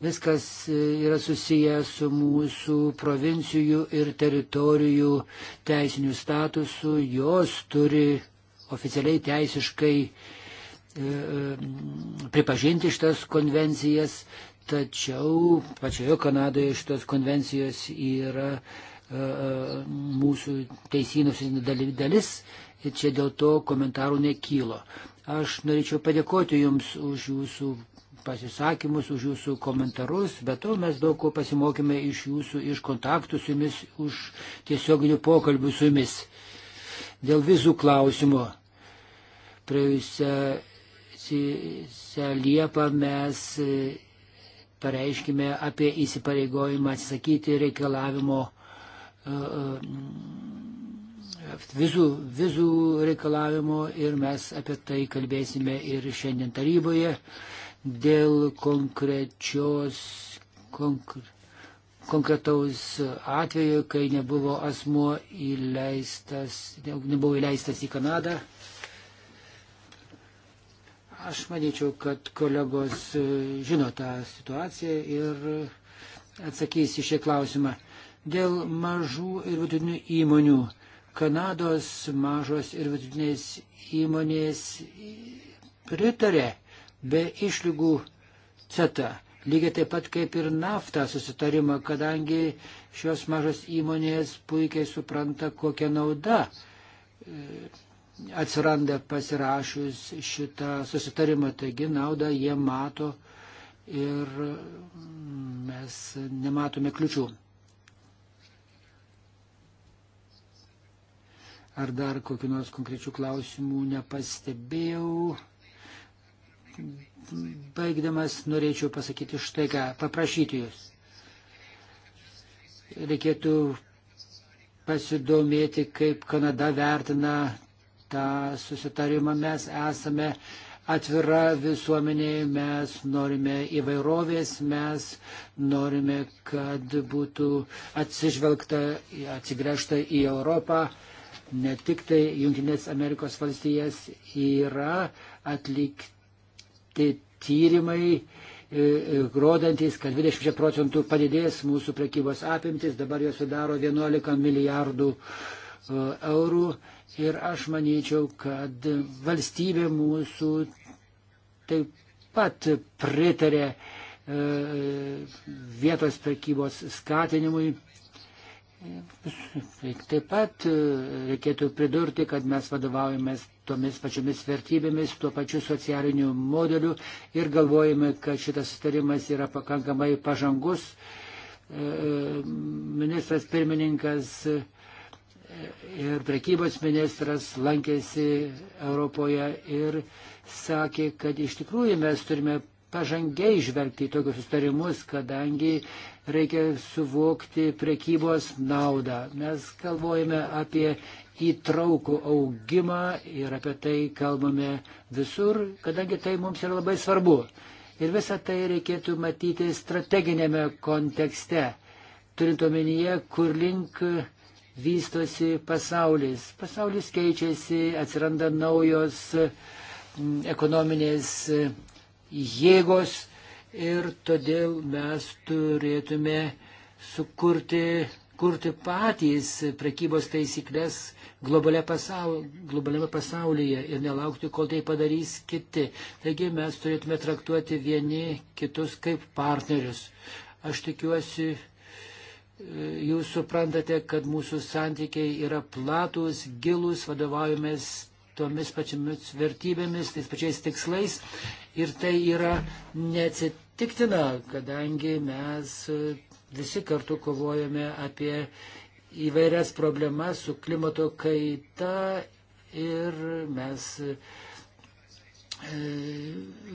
Viskas e, yra susiję su mūsų provincijų ir teritorijų teisinių statusu. Jos turi oficialiai teisiškai e, e, pripažinti šitas konvencijas, tačiau pačioje Kanadoje šitos konvencijos yra mūsų teisynų dalis ir čia dėl to komentarų nekylo. Aš norėčiau padėkoti Jums už Jūsų pasisakymus, už jūsų komentarus, bet to mes daug ko pasimokėme iš jūsų, iš kontaktų su jumis, už tiesioginių pokalbių su jumis. Dėl vizų klausimo. Praėjusią Liepą mes e, pareiškime apie įsipareigojimą atsisakyti reikalavimo uh, vizų, vizų reikalavimo ir mes apie tai kalbėsime ir šiandien taryboje. Uh, dėl konkrečios, konkre, konkretaus atveju, kai nebuvo asmuo įleistas, nebuvo įleistas į Kanadą. Aš manyčiau, kad kolegos e, žino tą situaciją ir atsakys į šį klausimą. Dėl mažų ir vidutinių įmonių. Kanados mažos ir vidutinės įmonės pritarė be išlygų CETA. Lygiai taip pat kaip ir naftą susitarimą, kadangi šios mažos įmonės puikiai supranta, kokia nauda e, atsiranda pasirašius šitą susitarimą. Taigi naudą jie mato ir mm, mes nematome kliučių. Ar dar kokiu nors konkrečiu klausimu nepastebėjau? baigdamas norėčiau pasakyti štai ką, paprašyti jūs. Reikėtų pasidomėti, kaip Kanada vertina tą susitarimą. Mes esame atvira visuomenė, mes norime įvairovės, mes norime, kad būtų atsižvelgta, atsigręžta į Europą. Ne tik tai Junktinės Amerikos valstijas yra atlikti atlikti tyrimai, e, e, rodantis, kad 20 procentų padidės mūsų prekybos apimtis, dabar jos sudaro 11 milijardų e, eurų ir aš manyčiau, kad valstybė mūsų taip pat pritarė vietos prekybos skatinimui. Taip pat reikėtų pridurti, kad mes vadovaujamės tomis pačiomis vertybėmis, tuo pačiu socialiniu modeliu ir galvojame, kad šitas sutarimas yra pakankamai pažangus. E, e, ministras pirmininkas ir prekybos ministras lankėsi Europoje ir sakė, kad iš tikrųjų mes turime pažangiai žvelgti į tokius sustarimus, kadangi reikia suvokti prekybos naudą. Mes kalbojame apie įtraukų augimą ir apie tai kalbame visur, kadangi tai mums yra labai svarbu. Ir visą tai reikėtų matyti strateginėme kontekste, turint omenyje, kur link vystosi pasaulis. Pasaulis keičiasi, atsiranda naujos mm, ekonominės jėgos ir todėl mes turėtume sukurti kurti patys prekybos taisyklės globalia pasaul, globaliame pasaulyje ir nelaukti, kol tai padarys kiti. Taigi mes turėtume traktuoti vieni kitus kaip partnerius. Aš tikiuosi, jūs suprantate, kad mūsų santykiai yra platus, gilus, vadovaujamės tomis pačiamis vertybėmis, tais pačiais tikslais. Ir tai yra neatsitiktina, kadangi mes visi kartu kovojame apie įvairias problemas su klimato kaita ir mes e,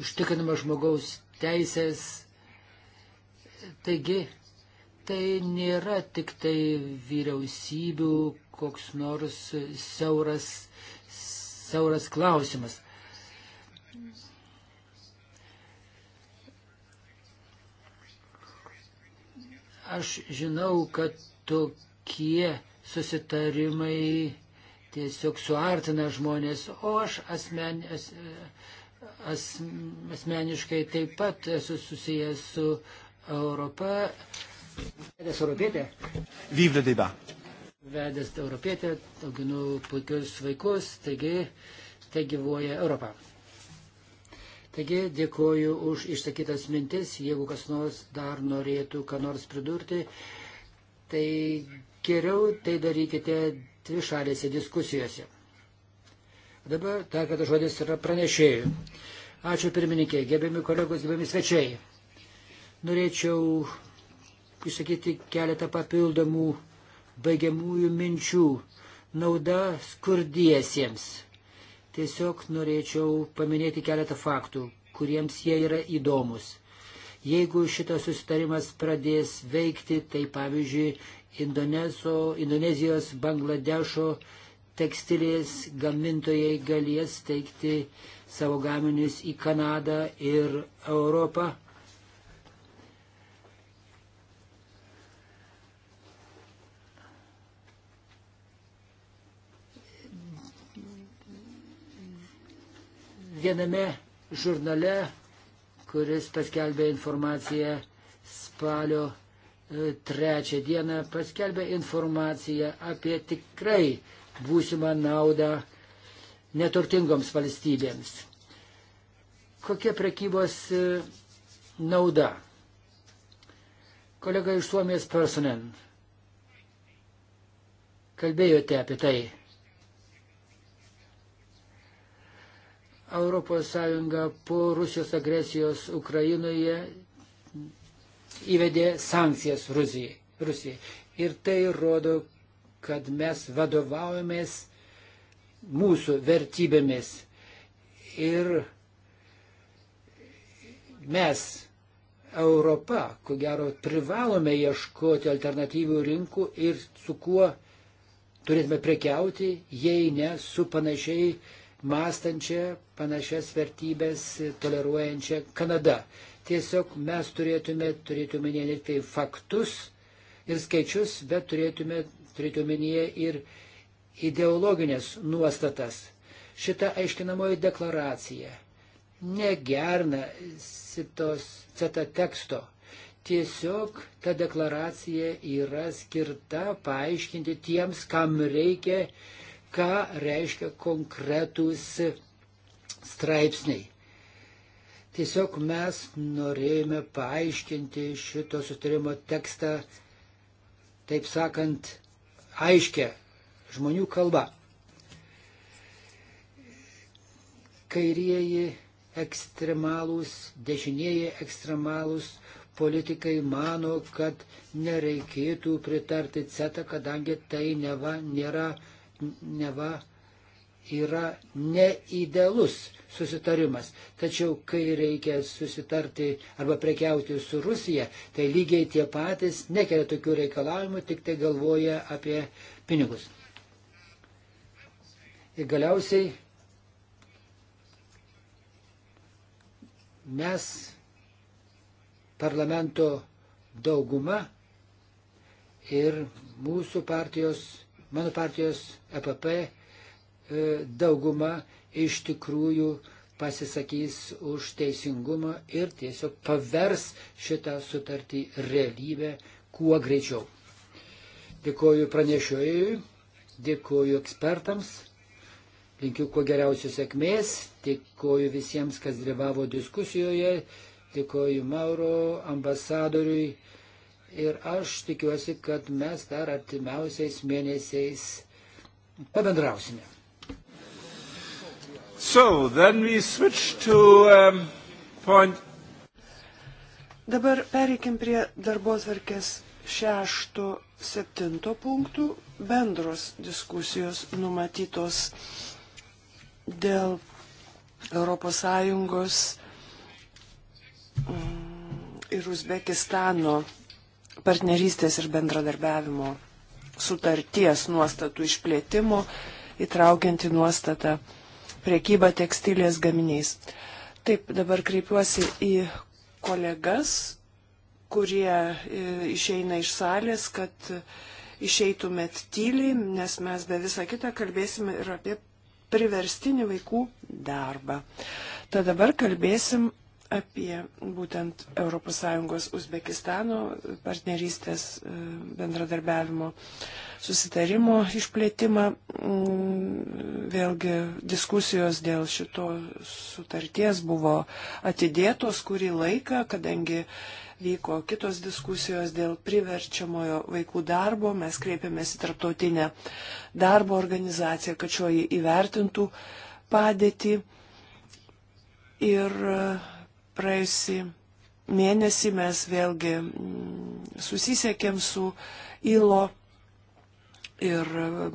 užtikrinama žmogaus teisės. Taigi, tai nėra tik tai vyriausybių koks nors siauras siauras klausimas. Aš žinau, kad tokie susitarimai tiesiog suartina žmonės, o aš asmen, as, as, asmeniškai taip pat esu susijęs su Europa. Esu europietė. Vive le débat vedęs europietę, auginu puikius vaikus, taigi tai gyvuoja Europą. Taigi dėkoju už išsakytas mintis, jeigu kas nors dar norėtų ką nors pridurti, tai geriau tai darykite dvi šalėse diskusijose. Dabar dar kartą žodis yra pranešėjų. Ačiū pirmininkė, gerbiami kolegos, gerbiami svečiai. Norėčiau išsakyti keletą papildomų baigiamųjų minčių nauda skurdiesiems. Tiesiog norėčiau paminėti keletą faktų, kuriems jie yra įdomus. Jeigu šitas susitarimas pradės veikti, tai pavyzdžiui, Indoneso, Indonezijos, Bangladešo tekstilės gamintojai galės teikti savo gaminius į Kanadą ir Europą, viename žurnale, kuris paskelbė informaciją spalio e, trečią dieną, paskelbė informaciją apie tikrai būsimą naudą neturtingoms valstybėms. Kokia prekybos e, nauda? Kolega iš Suomijos Personen, kalbėjote apie tai. ES po Rusijos agresijos Ukrainoje įvedė sankcijas Rusijai. Rusijai. Ir tai rodo, kad mes vadovaujamės mūsų vertybėmis. Ir mes, Europa, ko gero, privalome ieškoti alternatyvių rinkų ir su kuo turėtume prekiauti, jei ne su panašiai mąstančia, panašias vertybės toleruojančia Kanada. Tiesiog mes turėtume turėti omenyje ne tik tai faktus ir skaičius, bet turėtume turėti omenyje ir ideologinės nuostatas. Šita aiškinamoji deklaracija negerna šitos ceta teksto. Tiesiog ta deklaracija yra skirta paaiškinti tiems, kam reikia uh, ką reiškia konkretūs straipsniai. Tiesiog mes norėjome paaiškinti šito sutarimo tekstą, taip sakant, aiškę žmonių kalbą. Kairieji ekstremalūs, dešinieji ekstremalūs politikai mano, kad nereikėtų pritarti CETA, kadangi tai neva nėra neva yra neidealus susitarimas. Tačiau, kai reikia susitarti arba prekiauti su Rusija, tai lygiai tie patys nekelia tokių reikalavimų, tik tai galvoja apie pinigus. Ir galiausiai mes, parlamento dauguma ir mūsų partijos mano partijos EPP e, dauguma iš tikrųjų pasisakys už teisingumą ir tiesiog pavers šitą sutartį realybę kuo greičiau. Dėkoju pranešėjui, dėkoju ekspertams, linkiu kuo geriausios sėkmės, dėkoju visiems, kas dalyvavo diskusijoje, dėkoju Mauro ambasadoriui ir aš tikiuosi, kad mes dar artimiausiais mėnesiais pabendrausime. So, to, um, point... Dabar pereikim prie darbos varkės šešto, septinto punktų bendros diskusijos numatytos dėl ES mm, ir Uzbekistano partnerystės ir bendradarbiavimo sutarties nuostatų išplėtimo, įtraukiant į nuostatą priekybą tekstilės gaminiais. Taip, dabar kreipiuosi į kolegas, kurie e, išeina iš salės, kad išeitumėt tyliai, nes mes be visą kitą kalbėsime ir apie priverstinį vaikų darbą. Tad dabar kalbėsim apie būtent ES Uzbekistano partnerystės e, bendradarbiavimo susitarimo išplėtimą. Mm, vėlgi diskusijos dėl šito sutarties buvo atidėtos kurį laiką, kadangi vyko kitos diskusijos dėl priverčiamojo vaikų darbo. Mes kreipėmės į tarptautinę darbo organizaciją, kad šioji įvertintų padėtį. Ir praėjusį mėnesį mes vėlgi mm, susisiekėm su ILO ir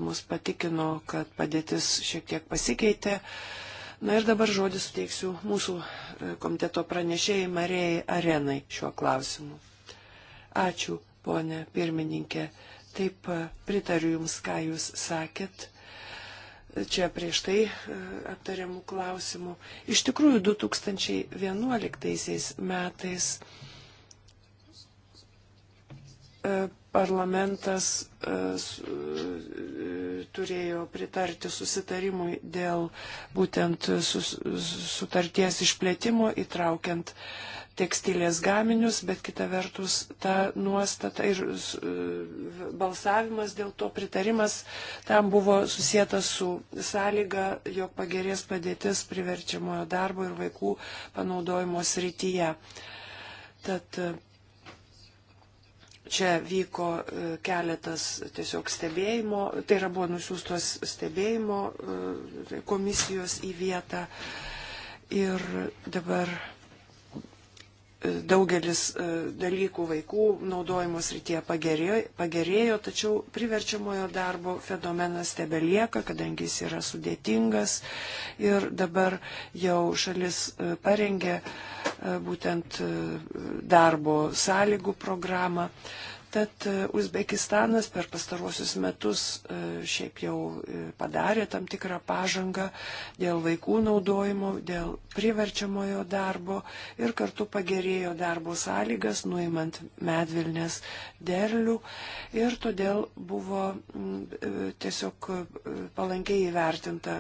mus patikino, kad padėtis šiek tiek pasikeitė. Na ir dabar žodį suteiksiu mūsų e, komiteto pranešėjai Marijai Arenai šiuo klausimu. Ačiū, ponė pirmininkė. Taip e, pritariu Jums, ką Jūs sakėt čia prieš tai e, aptariamų klausimų. Iš tikrųjų, 2011 metais e, parlamentas e, turėjo pritarti susitarimui dėl būtent sutarties išplėtimo, įtraukiant tekstilės gaminius, bet kita vertus ta nuostata ir e, balsavimas dėl to pritarimas tam buvo susijęs su sąlyga, jog pagerės padėtis priverčiamojo darbo ir vaikų panaudojimo srityje. Tad e, čia vyko e, keletas tiesiog stebėjimo, tai yra buvo nusiųstos stebėjimo tai komisijos į vietą ir dabar daugelis e, dalykų vaikų naudojimo srityje pagerėjo, pagerėjo, tačiau priverčiamojo darbo fenomenas tebelieka, kadangi jis yra sudėtingas ir dabar jau šalis e, parengė e, būtent darbo sąlygų programą. Tad e, Uzbekistanas per pastaruosius metus e, šiaip jau e, padarė tam tikrą pažangą dėl vaikų naudojimo, dėl priverčiamojo darbo ir kartu pagerėjo darbo sąlygas, nuimant medvilnės derlių ir todėl buvo tiesiog palankiai įvertinta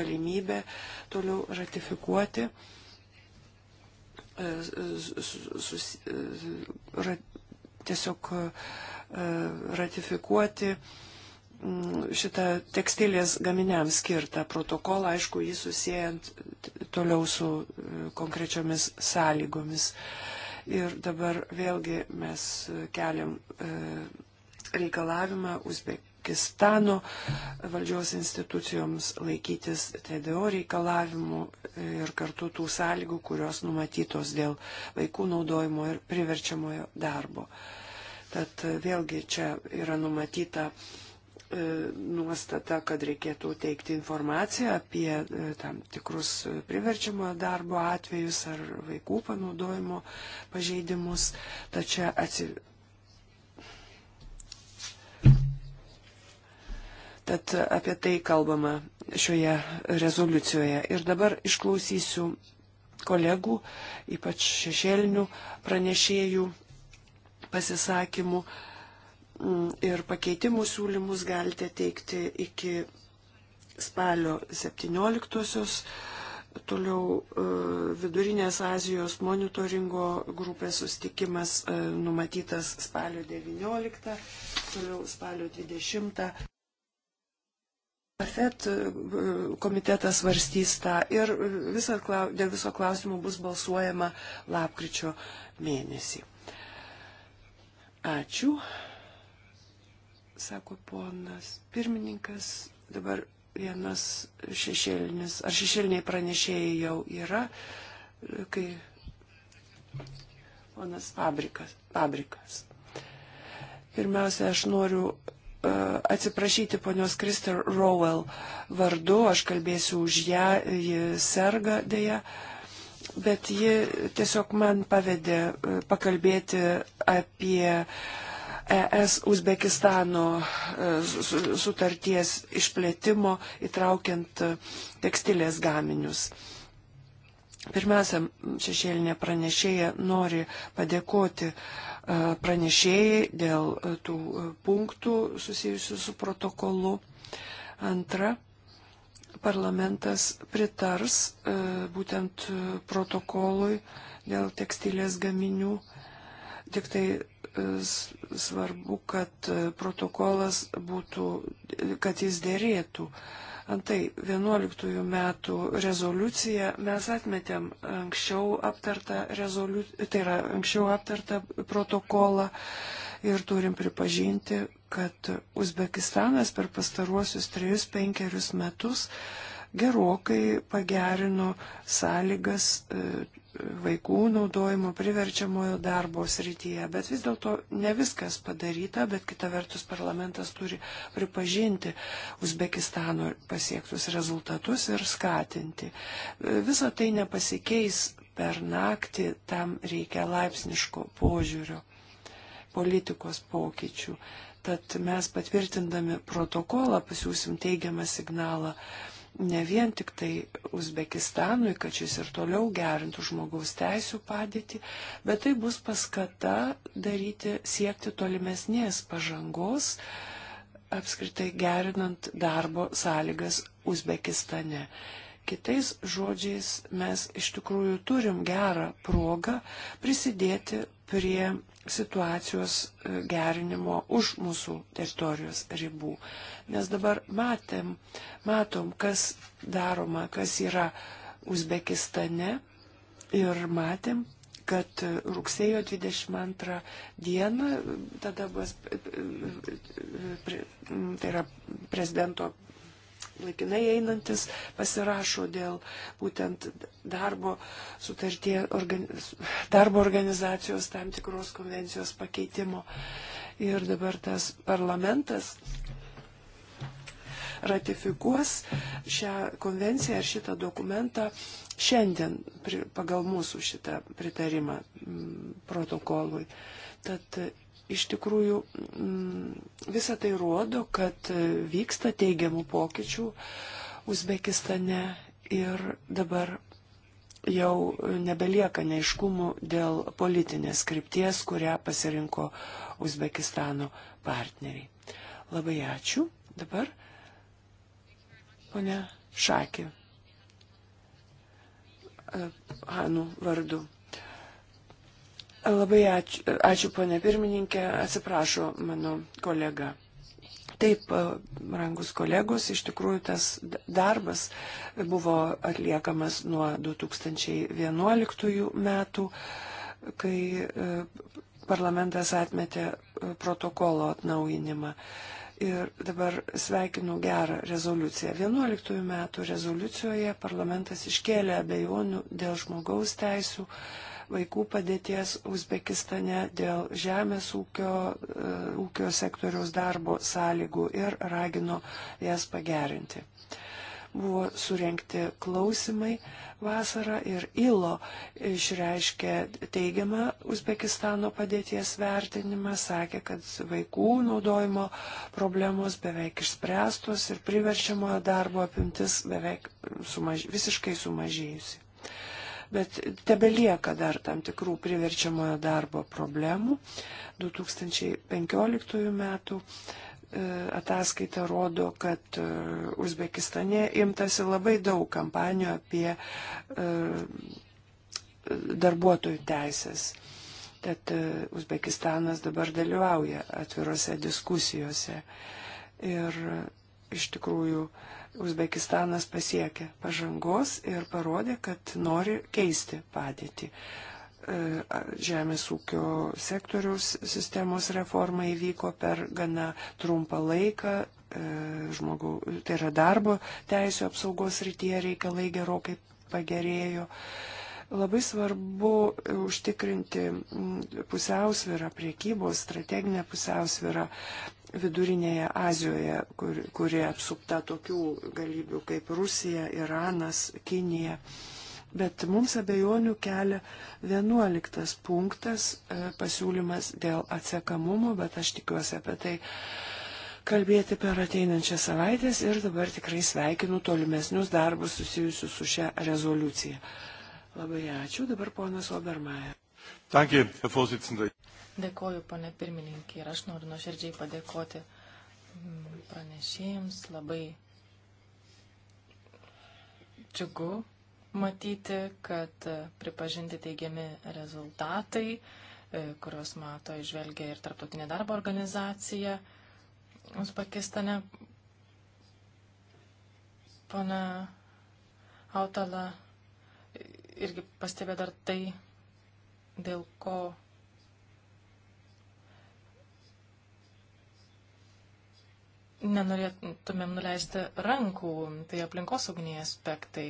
galimybė toliau ratifikuoti sus, tiesiog e, e, ratifikuoti mm, šitą tekstilės gaminiams skirtą protokolą, aišku, jį susijęjant toliau su e, konkrečiomis sąlygomis. Ir dabar vėlgi mes keliam reikalavimą Uzbekistano valdžios institucijoms laikytis TDO reikalavimų ir kartu tų sąlygų, kurios numatytos dėl vaikų naudojimo ir priverčiamojo darbo. Uh, Tad e, vėlgi čia yra numatyta e, nuostata, kad reikėtų teikti informaciją apie e, tam tikrus priverčiamo darbo atvejus ar vaikų panaudojimo pažeidimus. Tačiau atsi... Tad apie tai kalbama šioje rezoliucijoje. Ir dabar išklausysiu kolegų, ypač šešėlinių pranešėjų pasisakymų mm, ir pakeitimų siūlymus galite teikti iki spalio 17-osios. Toliau e, Vidurinės Azijos monitoringo grupės sustikimas e, numatytas spalio 19, toliau spalio 20. Afet e, komitetas varstys tą ir viso, dėl viso klausimo bus balsuojama lapkričio mėnesį. Ačiū, sako ponas pirmininkas. Dabar vienas šešėlinis, ar šešėliniai pranešėjai jau yra, kai ponas fabrikas. fabrikas. Pirmiausia, aš noriu e, atsiprašyti ponios Krister Rowell vardu, aš kalbėsiu už ją, ji serga dėja. Uh, bet ji tiesiog man pavedė e, pakalbėti apie ES Uzbekistano e, sutarties išplėtimo įtraukiant e, tekstilės gaminius. Pirmiausia, šešėlinė pranešėja nori padėkoti pranešėjai dėl tų punktų susijusių su protokolu. Antra, parlamentas pritars e, būtent protokolui dėl tekstilės gaminių. Tik tai e, svarbu, kad e, protokolas būtų, kad jis dėrėtų. Antai 11 metų rezoliuciją mes atmetėm anksčiau aptartą rezoliuciją, tai yra anksčiau aptartą protokolą. E, ir turim pripažinti, kad Uzbekistanas per pastaruosius 3-5 metus gerokai pagerino sąlygas e, vaikų naudojimo priverčiamojo darbo srityje, bet vis dėlto ne viskas padaryta, bet kita vertus parlamentas turi pripažinti Uzbekistano pasiektus rezultatus ir skatinti. E, visa tai nepasikeis per naktį, tam reikia laipsniško požiūrio politikos pokyčių. Tad mes patvirtindami protokolą pasiūsim teigiamą signalą ne vien tik tai Uzbekistanui, kad šis ir toliau gerintų žmogaus teisų padėtį, bet tai bus paskata daryti, siekti tolimesnės pažangos, apskritai gerinant darbo sąlygas Uzbekistane. Kitais žodžiais mes iš tikrųjų turim gerą progą prisidėti prie situacijos gerinimo už mūsų teritorijos ribų. Nes dabar matėm, matom, kas daroma, kas yra Uzbekistane ir matėm, kad rugsėjo 22 dieną, tada bus, tai yra prezidento laikinai einantis pasirašo dėl būtent darbo sutartie, organ, darbo organizacijos tam tikros konvencijos pakeitimo. Ir dabar tas parlamentas ratifikuos šią konvenciją ir šitą dokumentą šiandien pagal mūsų šitą pritarimą protokolui. Tad iš tikrųjų mm, visą tai rodo, kad vyksta teigiamų pokyčių Uzbekistane ir dabar jau nebelieka neiškumų dėl politinės skripties, kurią pasirinko Uzbekistano partneriai. Labai ačiū. Dabar, ponia Šakė, Hanų vardu. Labai ačiū, ačiū ponė pirmininkė, atsiprašo mano kolega. Taip, e, rangus kolegos, iš tikrųjų tas darbas buvo atliekamas nuo 2011 metų, kai e, parlamentas atmetė e, protokolo atnaujinimą. Ir dabar sveikinu gerą rezoliuciją. 11 metų rezoliucijoje parlamentas iškėlė abejonių dėl žmogaus teisų vaikų padėties Uzbekistane, dėl žemės ūkio, e, ūkio sektoriaus darbo sąlygų ir ragino jas pagerinti. Buvo surenkti klausimai vasarą ir ILO išreiškė teigiamą Uzbekistano padėties vertinimą, sakė, kad vaikų naudojimo problemos beveik išspręstos ir priverčiamojo darbo apimtis beveik sumaž... visiškai sumažėjusi bet tebelieka dar tam tikrų priverčiamojo darbo problemų. 2015 metų e, ataskaita rodo, kad e, Uzbekistane imtasi labai daug kampanijų apie e, darbuotojų teisės. Tad Uzbekistanas dabar dalyvauja atvirose diskusijose. Ir iš tikrųjų uh, Uzbekistanas pasiekė pažangos ir parodė, kad nori keisti padėtį. E, žemės ūkio sektoriaus sistemos reforma įvyko per gana trumpą laiką, e, žmogų, tai yra darbo teisų apsaugos rytyje reikalai gerokai pagerėjo. E, Labai svarbu e, užtikrinti pusiausvyrą, priekybos strateginę pusiausvyrą vidurinėje Azijoje, kur, kuri apsupta tokių galybių kaip Rusija, Iranas, Kinija. Bet mums abejonių kelia 11 punktas e, pasiūlymas dėl atsekamumo, bet aš tikiuosi apie tai kalbėti per ateinančią savaitę ir dabar tikrai sveikinu tolimesnius darbus susijusius su šia rezoliucija. Labai ačiū. Dabar ponas Obermaja. Tankė, Herr Dėkoju, pane pirmininkė, ir aš noriu nuoširdžiai padėkoti mm, pranešėjams. Labai džiugu matyti, kad e, pripažinti teigiami rezultatai, e, kuriuos mato išvelgia ir Tarptautinė darbo organizacija Uzbekistane. Pana Autala irgi pastebė dar tai, dėl ko nenorėtumėm nuleisti rankų, tai aplinkosauginiai aspektai.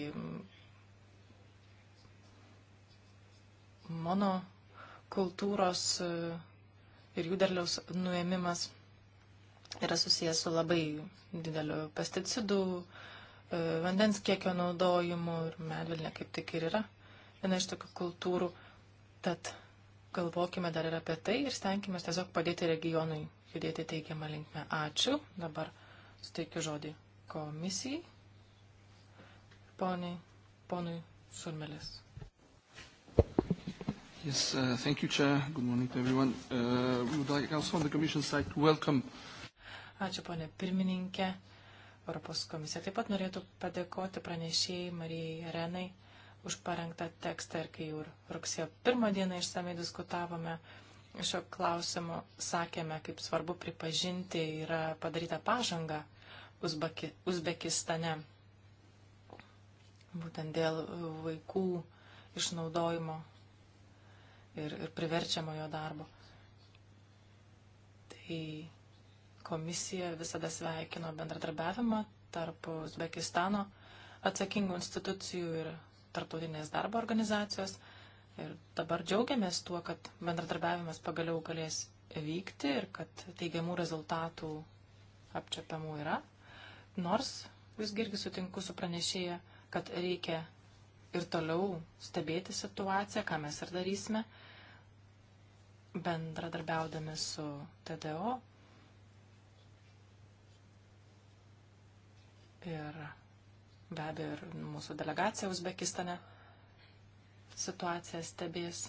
Mono kultūros ir jų derliaus nuėmimas yra susijęs su labai dideliu pesticidų, e, vandens kiekio naudojimu ir medvilnė kaip tik ir yra viena iš tokių kultūrų. Tad galvokime dar ir apie tai ir stenkime tiesiog padėti regionui judėti teigiamą linkmę. Ačiū. Dabar suteikiu žodį komisijai. Poniai, ponui Surmelis. Yes, uh, thank you, Chair. Good morning to everyone. Uh, we would like also on the Commission side to welcome. Ačiū, ponė pirmininkė. Europos komisija taip pat norėtų padėkoti pranešėjai Marijai Renai už parengtą tekstą ir kai jau rugsėjo pirmą dieną išsamei diskutavome šio klausimo, sakėme, kaip svarbu pripažinti yra padaryta pažanga Uzbaki, Uzbekistane. Būtent dėl vaikų išnaudojimo ir, ir priverčiamojo darbo. Tai komisija visada sveikino bendradarbiavimą tarp Uzbekistano atsakingų institucijų ir tarptautinės darbo organizacijos. Ir dabar džiaugiamės tuo, kad bendradarbiavimas pagaliau galės vykti ir kad teigiamų rezultatų apčiapiamų yra. Nors visgi irgi sutinku su pranešėja, kad reikia ir toliau stebėti situaciją, ką mes ir darysime, bendradarbiaudami su TDO. Ir be abejo ir mūsų delegacija Uzbekistane situaciją stebės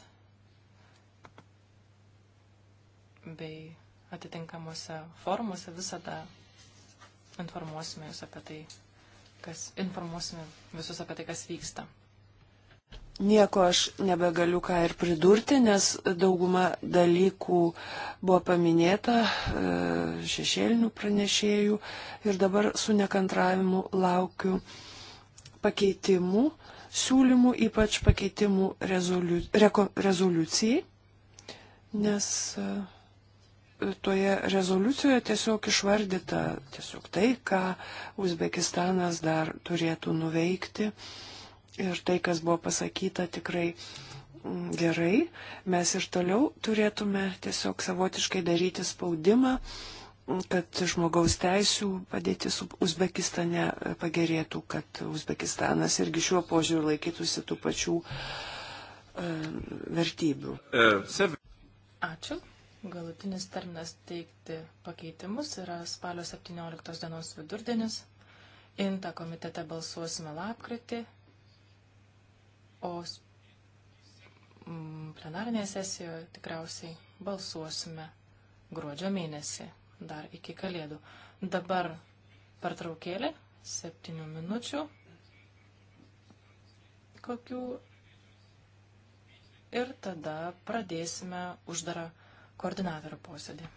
bei atitinkamuose formuose visada informuosime jūs apie tai, kas, informuosime visus apie tai, kas vyksta. Nieko aš nebegaliu ką ir pridurti, nes dauguma dalykų buvo paminėta e, šešėlinių pranešėjų ir dabar su nekantravimu laukiu pakeitimų, siūlymų, ypač pakeitimų rezoliu, reko, rezoliucijai, nes e, toje rezoliucijoje tiesiog išvardyta tiesiog tai, ką Uzbekistanas dar turėtų nuveikti ir tai, kas buvo pasakyta tikrai mm, gerai, mes ir toliau turėtume tiesiog savotiškai daryti spaudimą kad žmogaus teisų padėtis Uzbekistane e, pagerėtų, kad Uzbekistanas irgi šiuo požiūriu laikytųsi tų pačių e, vertybių. E, Ačiū. Galutinis terminas teikti pakeitimus yra spalio 17 dienos vidurdienis. Inta komitete balsuosime lapkritį, o plenarinėje sesijoje tikriausiai balsuosime gruodžio mėnesį dar iki kalėdų. Dabar pertraukėlė, septynių minučių. Kokių. Ir tada pradėsime uždarą koordinatorių posėdį.